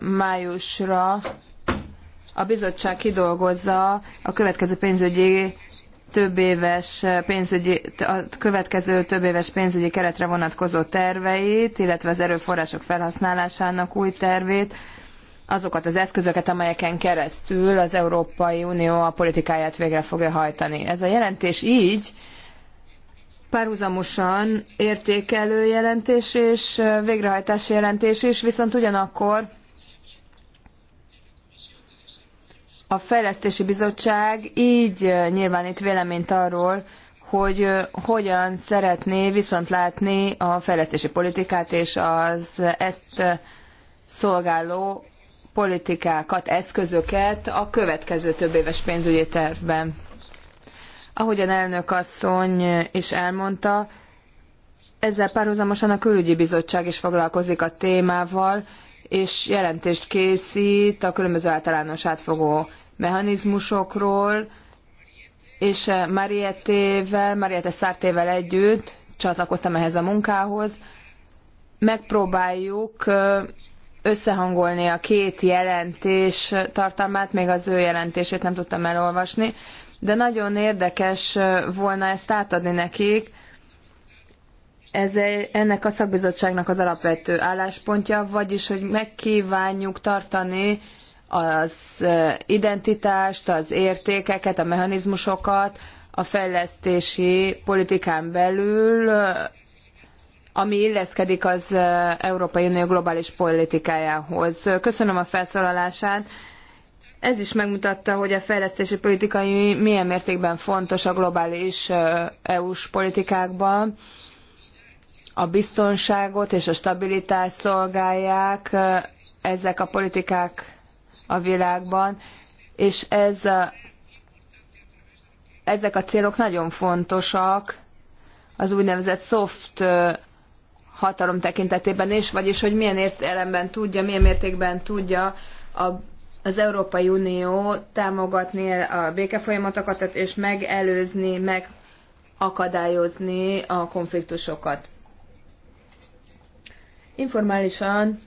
májusra a bizottság kidolgozza a következő pénzügyi több éves pénzügyi, a következő több éves pénzügyi keretre vonatkozó terveit, illetve az erőforrások felhasználásának új tervét azokat az eszközöket, amelyeken keresztül az Európai Unió a politikáját végre fogja hajtani. Ez a jelentés így párhuzamosan értékelő jelentés és végrehajtási jelentés is, viszont ugyanakkor a Fejlesztési Bizottság így nyilvánít véleményt arról, hogy hogyan szeretné viszont látni a fejlesztési politikát és az ezt szolgáló politikákat, eszközöket a következő több éves pénzügyi tervben. Ahogyan elnök asszony is elmondta, ezzel párhuzamosan a külügyi bizottság is foglalkozik a témával, és jelentést készít a különböző általános átfogó mechanizmusokról, és Marietta, Mariette Szártével együtt csatlakoztam ehhez a munkához. Megpróbáljuk összehangolni a két jelentés tartalmát, még az ő jelentését nem tudtam elolvasni, de nagyon érdekes volna ezt átadni nekik. Ez ennek a szakbizottságnak az alapvető álláspontja, vagyis, hogy megkívánjuk tartani az identitást, az értékeket, a mechanizmusokat, a fejlesztési politikán belül ami illeszkedik az Európai Unió globális politikájához. Köszönöm a felszólalását. Ez is megmutatta, hogy a fejlesztési politika milyen mértékben fontos a globális EU-s politikákban. A biztonságot és a stabilitást szolgálják ezek a politikák a világban, és ez a, ezek a célok nagyon fontosak az úgynevezett soft hatalom tekintetében is, vagyis hogy milyen értelemben tudja, milyen mértékben tudja a, az Európai Unió támogatni a békefolyamatokat és megelőzni, megakadályozni a konfliktusokat. Informálisan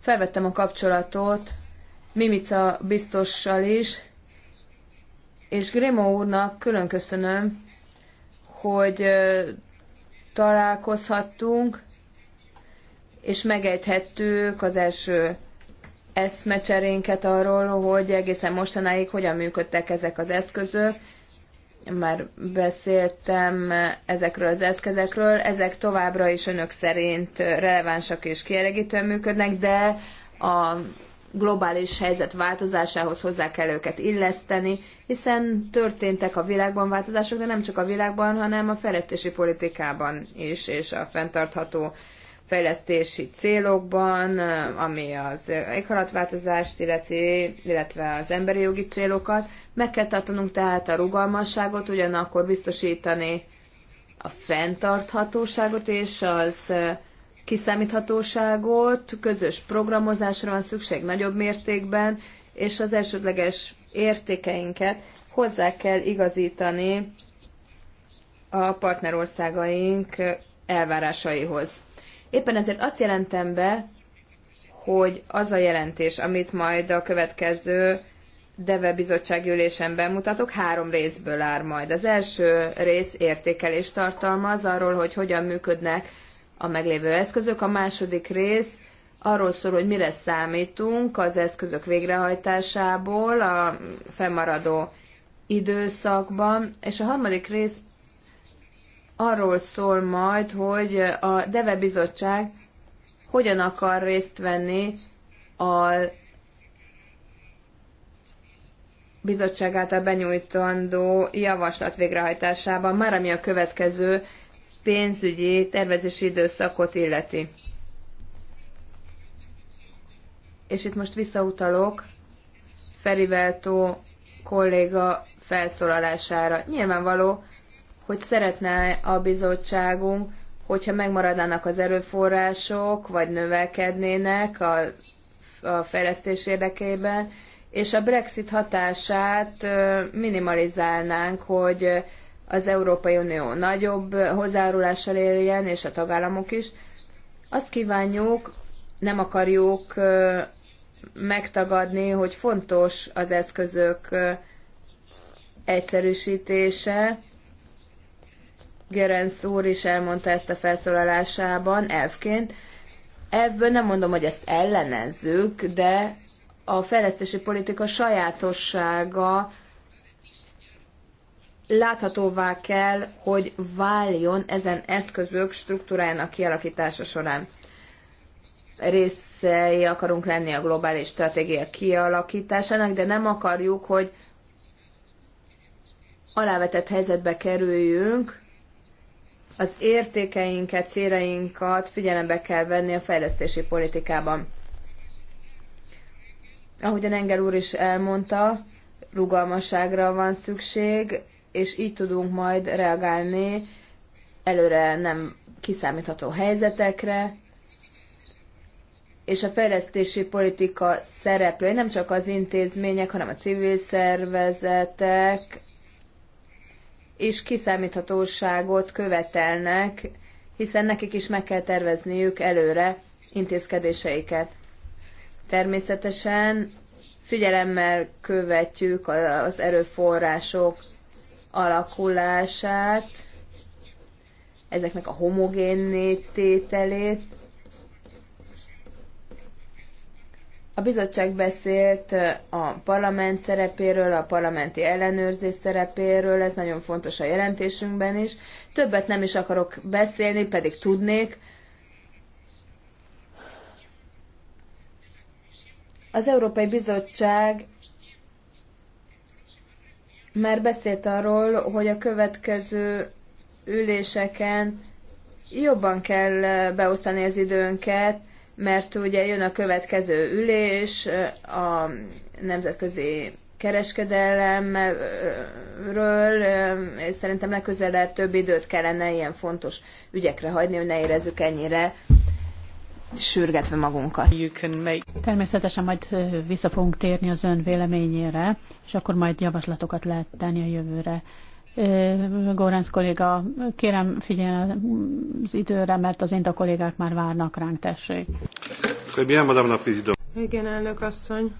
felvettem a kapcsolatot Mimica biztossal is, és Grimo úrnak külön köszönöm, hogy találkozhattunk, és megejthettük az első eszmecserénket arról, hogy egészen mostanáig hogyan működtek ezek az eszközök. Már beszéltem ezekről az eszközekről, ezek továbbra is önök szerint relevánsak és kielégítően működnek, de a globális helyzet változásához hozzá kell őket illeszteni, hiszen történtek a világban változások, de nem csak a világban, hanem a fejlesztési politikában is, és a fenntartható fejlesztési célokban, ami az éghajlatváltozást illeti, illetve az emberi jogi célokat. Meg kell tartanunk tehát a rugalmasságot, ugyanakkor biztosítani a fenntarthatóságot és az kiszámíthatóságot, közös programozásra van szükség nagyobb mértékben, és az elsődleges értékeinket hozzá kell igazítani a partnerországaink elvárásaihoz. Éppen ezért azt jelentem be, hogy az a jelentés, amit majd a következő DEVE bizottsági ülésen bemutatok, három részből áll majd. Az első rész értékelés tartalmaz arról, hogy hogyan működnek a meglévő eszközök, a második rész arról szól, hogy mire számítunk az eszközök végrehajtásából a fennmaradó időszakban, és a harmadik rész arról szól majd, hogy a DEVE bizottság hogyan akar részt venni a bizottság által benyújtandó javaslat végrehajtásában, már ami a következő pénzügyi tervezési időszakot illeti. És itt most visszautalok Feriveltó kolléga felszólalására. Nyilvánvaló, hogy szeretne a bizottságunk, hogyha megmaradnának az erőforrások, vagy növekednének a, a fejlesztés érdekében, és a Brexit hatását minimalizálnánk, hogy az Európai Unió nagyobb hozzárulással érjen, és a tagállamok is. Azt kívánjuk, nem akarjuk megtagadni, hogy fontos az eszközök egyszerűsítése, Gerenc úr is elmondta ezt a felszólalásában elfként. Elfből nem mondom, hogy ezt ellenezzük, de a fejlesztési politika sajátossága láthatóvá kell, hogy váljon ezen eszközök struktúrájának kialakítása során. Részei akarunk lenni a globális stratégia kialakításának, de nem akarjuk, hogy alávetett helyzetbe kerüljünk, az értékeinket, céljainkat figyelembe kell venni a fejlesztési politikában. Ahogyan Engel úr is elmondta, rugalmasságra van szükség, és így tudunk majd reagálni előre nem kiszámítható helyzetekre, és a fejlesztési politika szereplői nem csak az intézmények, hanem a civil szervezetek, és kiszámíthatóságot követelnek, hiszen nekik is meg kell tervezniük előre intézkedéseiket. Természetesen figyelemmel követjük az erőforrások alakulását, ezeknek a homogénné tételét, A bizottság beszélt a parlament szerepéről, a parlamenti ellenőrzés szerepéről, ez nagyon fontos a jelentésünkben is. Többet nem is akarok beszélni, pedig tudnék. Az Európai Bizottság már beszélt arról, hogy a következő üléseken jobban kell beosztani az időnket, mert ugye jön a következő ülés a nemzetközi kereskedelemről, és szerintem legközelebb több időt kellene ilyen fontos ügyekre hagyni, hogy ne érezzük ennyire sürgetve magunkat. Make... Természetesen majd vissza fogunk térni az ön véleményére, és akkor majd javaslatokat lehet tenni a jövőre. Górenc kolléga, kérem figyelj az időre, mert az a kollégák már várnak ránk, tessék. Igen, elnök asszony.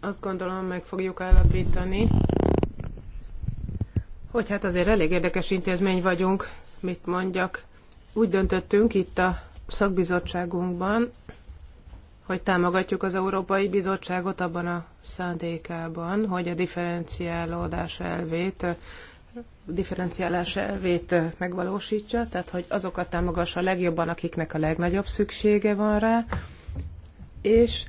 Azt gondolom, meg fogjuk állapítani, hogy hát azért elég érdekes intézmény vagyunk, mit mondjak. Úgy döntöttünk itt a szakbizottságunkban, hogy támogatjuk az Európai Bizottságot abban a szándékában, hogy a differenciálódás elvét differenciálás elvét megvalósítsa, tehát hogy azokat támogassa legjobban, akiknek a legnagyobb szüksége van rá, és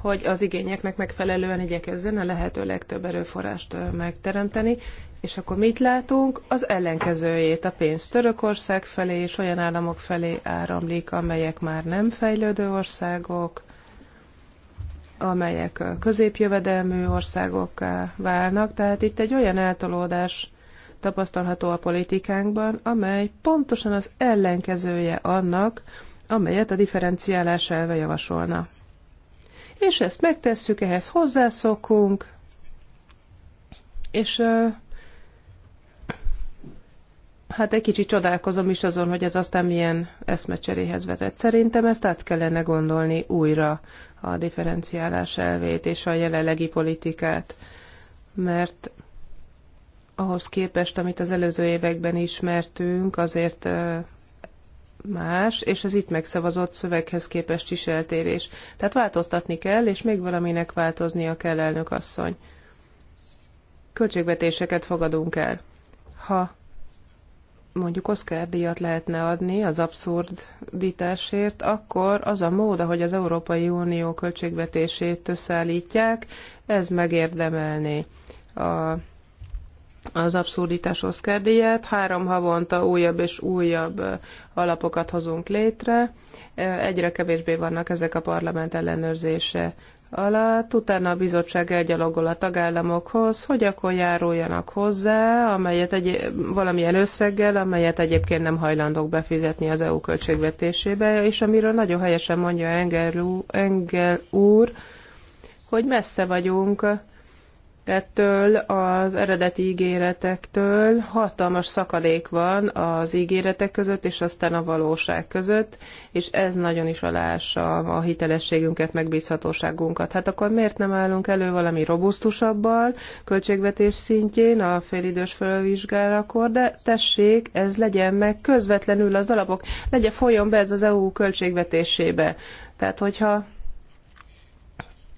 hogy az igényeknek megfelelően igyekezzen a lehető legtöbb erőforrást megteremteni, és akkor mit látunk? Az ellenkezőjét, a pénz Törökország felé és olyan államok felé áramlik, amelyek már nem fejlődő országok, amelyek középjövedelmű országokká válnak. Tehát itt egy olyan eltolódás tapasztalható a politikánkban, amely pontosan az ellenkezője annak, amelyet a differenciálás elve javasolna. És ezt megtesszük, ehhez hozzászokunk, és Hát egy kicsit csodálkozom is azon, hogy ez aztán milyen eszmecseréhez vezet. Szerintem ezt át kellene gondolni újra a differenciálás elvét és a jelenlegi politikát, mert ahhoz képest, amit az előző években ismertünk, azért más, és az itt megszavazott szöveghez képest is eltérés. Tehát változtatni kell, és még valaminek változnia kell, elnök asszony. Költségvetéseket fogadunk el. Ha mondjuk Oscar díjat lehetne adni az abszurditásért, akkor az a mód, ahogy az Európai Unió költségvetését összeállítják, ez megérdemelné a, az abszurditás Oscar díját. Három havonta újabb és újabb alapokat hozunk létre. Egyre kevésbé vannak ezek a parlament ellenőrzése alatt, utána a bizottság elgyalogol a tagállamokhoz, hogy akkor járuljanak hozzá, amelyet egy, valamilyen összeggel, amelyet egyébként nem hajlandók befizetni az EU költségvetésébe, és amiről nagyon helyesen mondja Engel, Engel úr, hogy messze vagyunk ettől az eredeti ígéretektől hatalmas szakadék van az ígéretek között, és aztán a valóság között, és ez nagyon is alássa a hitelességünket, megbízhatóságunkat. Hát akkor miért nem állunk elő valami robusztusabbal, költségvetés szintjén, a félidős fölvizsgálakor, de tessék, ez legyen meg közvetlenül az alapok, legyen folyjon be ez az EU költségvetésébe. Tehát, hogyha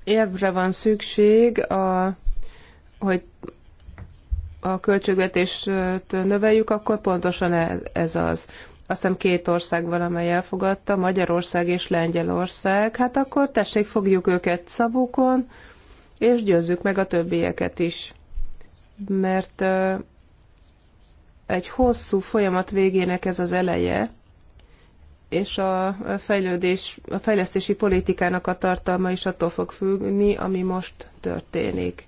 évre van szükség a hogy a költségvetést növeljük, akkor pontosan ez, ez az. Azt hiszem két ország valamely elfogadta, Magyarország és Lengyelország. Hát akkor tessék, fogjuk őket szavukon, és győzzük meg a többieket is. Mert egy hosszú folyamat végének ez az eleje, és a, fejlődés, a fejlesztési politikának a tartalma is attól fog függni, ami most történik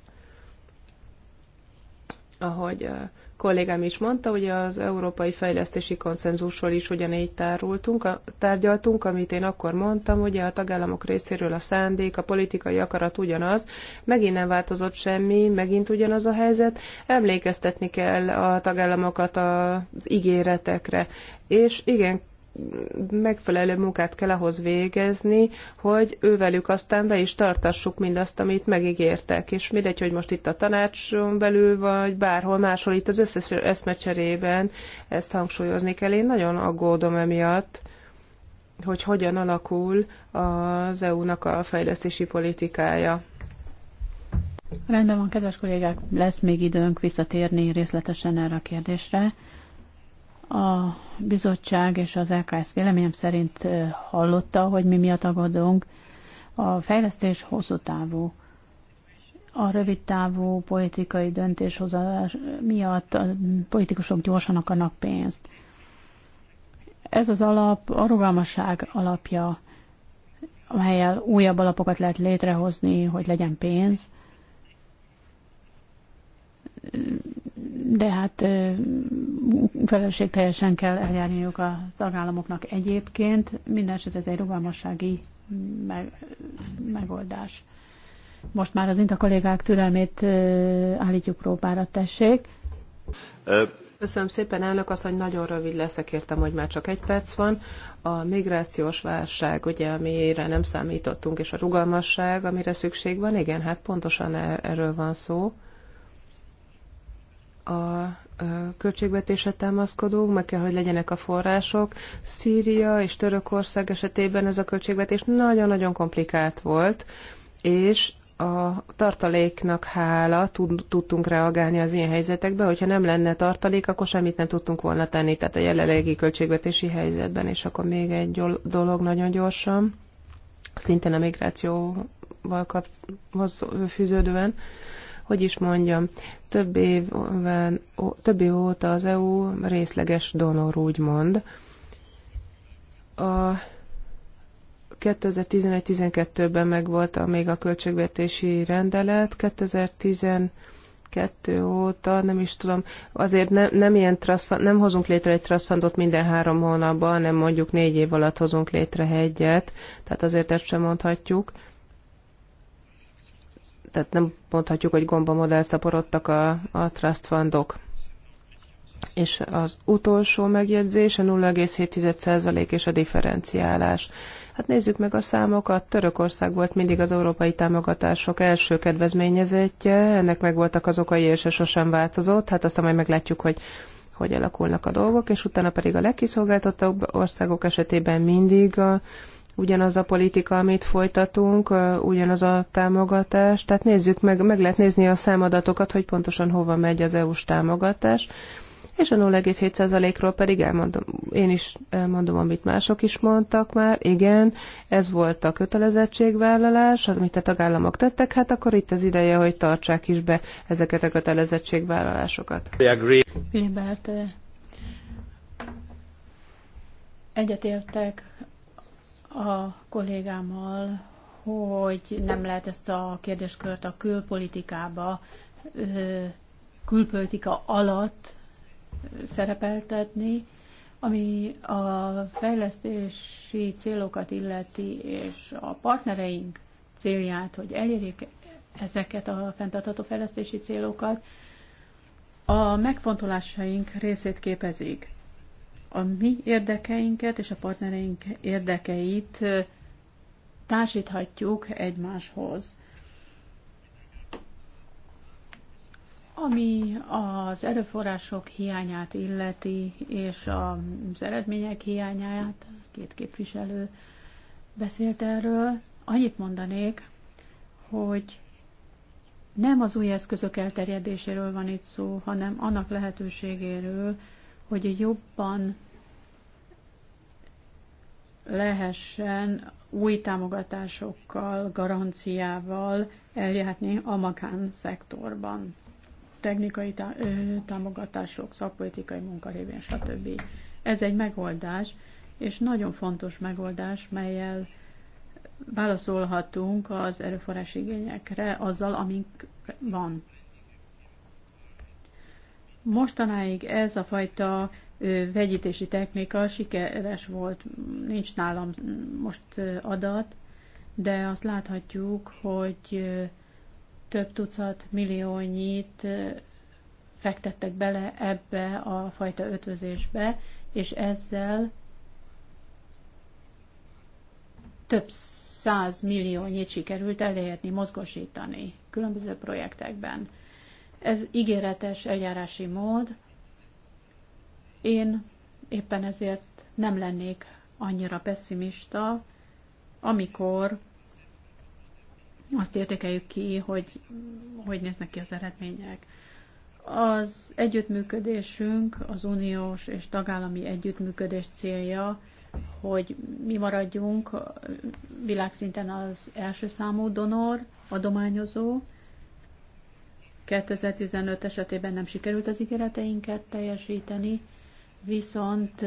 ahogy kollégám is mondta, hogy az Európai Fejlesztési Konszenzusról is ugyanígy tárultunk, a, tárgyaltunk, amit én akkor mondtam, ugye a tagállamok részéről a szándék, a politikai akarat ugyanaz, megint nem változott semmi, megint ugyanaz a helyzet, emlékeztetni kell a tagállamokat az ígéretekre. És igen, megfelelő munkát kell ahhoz végezni, hogy ővelük aztán be is tartassuk mindazt, amit megígértek. És mindegy, hogy most itt a tanácson belül, vagy bárhol máshol, itt az összes eszmecserében ezt hangsúlyozni kell. Én nagyon aggódom emiatt, hogy hogyan alakul az EU-nak a fejlesztési politikája. Rendben van, kedves kollégák, lesz még időnk visszatérni részletesen erre a kérdésre. A bizottság és az LKS véleményem szerint hallotta, hogy mi miatt aggódunk. A fejlesztés hosszú távú. A rövid távú politikai döntéshozás miatt a politikusok gyorsan akarnak pénzt. Ez az alap a rugalmasság alapja, amelyel újabb alapokat lehet létrehozni, hogy legyen pénz de hát teljesen kell eljárniuk a tagállamoknak egyébként. Mindenesetre ez egy rugalmassági megoldás. Most már az a kollégák türelmét állítjuk próbára, tessék. Köszönöm szépen, elnök asszony, nagyon rövid leszek, értem, hogy már csak egy perc van. A migrációs válság, ugye, amire nem számítottunk, és a rugalmasság, amire szükség van, igen, hát pontosan e-, erről van szó a költségvetése támaszkodunk, meg kell, hogy legyenek a források. Szíria és Törökország esetében ez a költségvetés nagyon-nagyon komplikált volt, és a tartaléknak hála tudtunk reagálni az ilyen helyzetekbe, hogyha nem lenne tartalék, akkor semmit nem tudtunk volna tenni, tehát a jelenlegi költségvetési helyzetben, és akkor még egy dolog nagyon gyorsan, szintén a migrációval kap, fűződően, hogy is mondjam, több, évben, több év óta az EU részleges donor, úgymond. A 2011-12-ben megvolt még a költségvetési rendelet, 2010 kettő óta, nem is tudom, azért nem, nem ilyen trust fund, nem hozunk létre egy trust fundot minden három hónapban, hanem mondjuk négy év alatt hozunk létre egyet, tehát azért ezt sem mondhatjuk tehát nem mondhatjuk, hogy gombamodell szaporodtak a, a trust fundok. És az utolsó megjegyzés a 0,7% és a differenciálás. Hát nézzük meg a számokat. Törökország volt mindig az európai támogatások első kedvezményezetje, ennek meg voltak az okai, és sosem változott. Hát aztán majd meglátjuk, hogy hogy alakulnak a dolgok, és utána pedig a legkiszolgáltatottabb országok esetében mindig a ugyanaz a politika, amit folytatunk, ugyanaz a támogatás. Tehát nézzük meg, meg lehet nézni a számadatokat, hogy pontosan hova megy az EU-s támogatás. És a 0,7%-ról pedig elmondom, én is elmondom, amit mások is mondtak már. Igen, ez volt a kötelezettségvállalás, amit a tagállamok tettek, hát akkor itt az ideje, hogy tartsák is be ezeket a kötelezettségvállalásokat. Filibert, egyetértek a kollégámmal, hogy nem lehet ezt a kérdéskört a külpolitikába, külpolitika alatt szerepeltetni, ami a fejlesztési célokat illeti, és a partnereink célját, hogy elérjék ezeket a fenntartható fejlesztési célokat, a megfontolásaink részét képezik a mi érdekeinket és a partnereink érdekeit társíthatjuk egymáshoz. Ami az erőforrások hiányát illeti, és az eredmények hiányát, két képviselő beszélt erről, annyit mondanék, hogy nem az új eszközök elterjedéséről van itt szó, hanem annak lehetőségéről, hogy jobban lehessen új támogatásokkal, garanciával eljárni a magán szektorban. Technikai tá- támogatások, szakpolitikai munka révén, stb. Ez egy megoldás, és nagyon fontos megoldás, melyel válaszolhatunk az erőforrás igényekre azzal, amink van. Mostanáig ez a fajta vegyítési technika sikeres volt, nincs nálam most adat, de azt láthatjuk, hogy több tucat milliónyit fektettek bele ebbe a fajta ötvözésbe, és ezzel több száz milliónyit sikerült elérni, mozgosítani különböző projektekben. Ez ígéretes eljárási mód, én éppen ezért nem lennék annyira pessimista, amikor azt értékeljük ki, hogy hogy néznek ki az eredmények. Az együttműködésünk, az uniós és tagállami együttműködés célja, hogy mi maradjunk világszinten az első számú donor, adományozó. 2015 esetében nem sikerült az ígéreteinket teljesíteni, viszont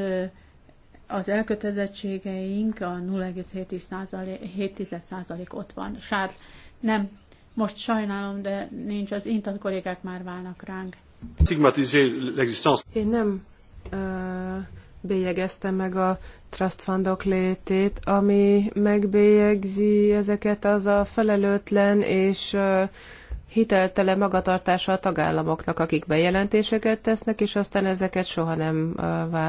az elkötelezettségeink a 0,7% ott van. Sár, nem, most sajnálom, de nincs, az intat kollégák már válnak ránk. Én nem ö, bélyegeztem meg a trust fundok létét, ami megbélyegzi ezeket, az a felelőtlen és ö, hiteltele magatartása a tagállamoknak, akik bejelentéseket tesznek, és aztán ezeket soha nem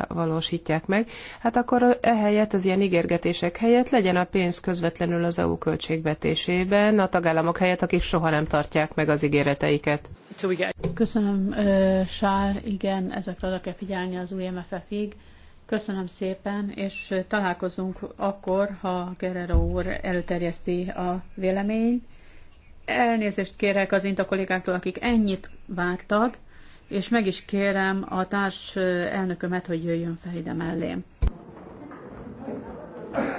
valósítják meg. Hát akkor ehelyett, az ilyen ígérgetések helyett legyen a pénz közvetlenül az EU költségvetésében, a tagállamok helyett, akik soha nem tartják meg az ígéreteiket. Köszönöm, Sár, igen, ezekre oda kell figyelni az új MFF-ig. Köszönöm szépen, és találkozunk akkor, ha Gerero úr előterjeszti a véleményt. Elnézést kérek az INTA kollégáktól, akik ennyit vágtak, és meg is kérem a társ elnökömet, hogy jöjjön fel ide mellém.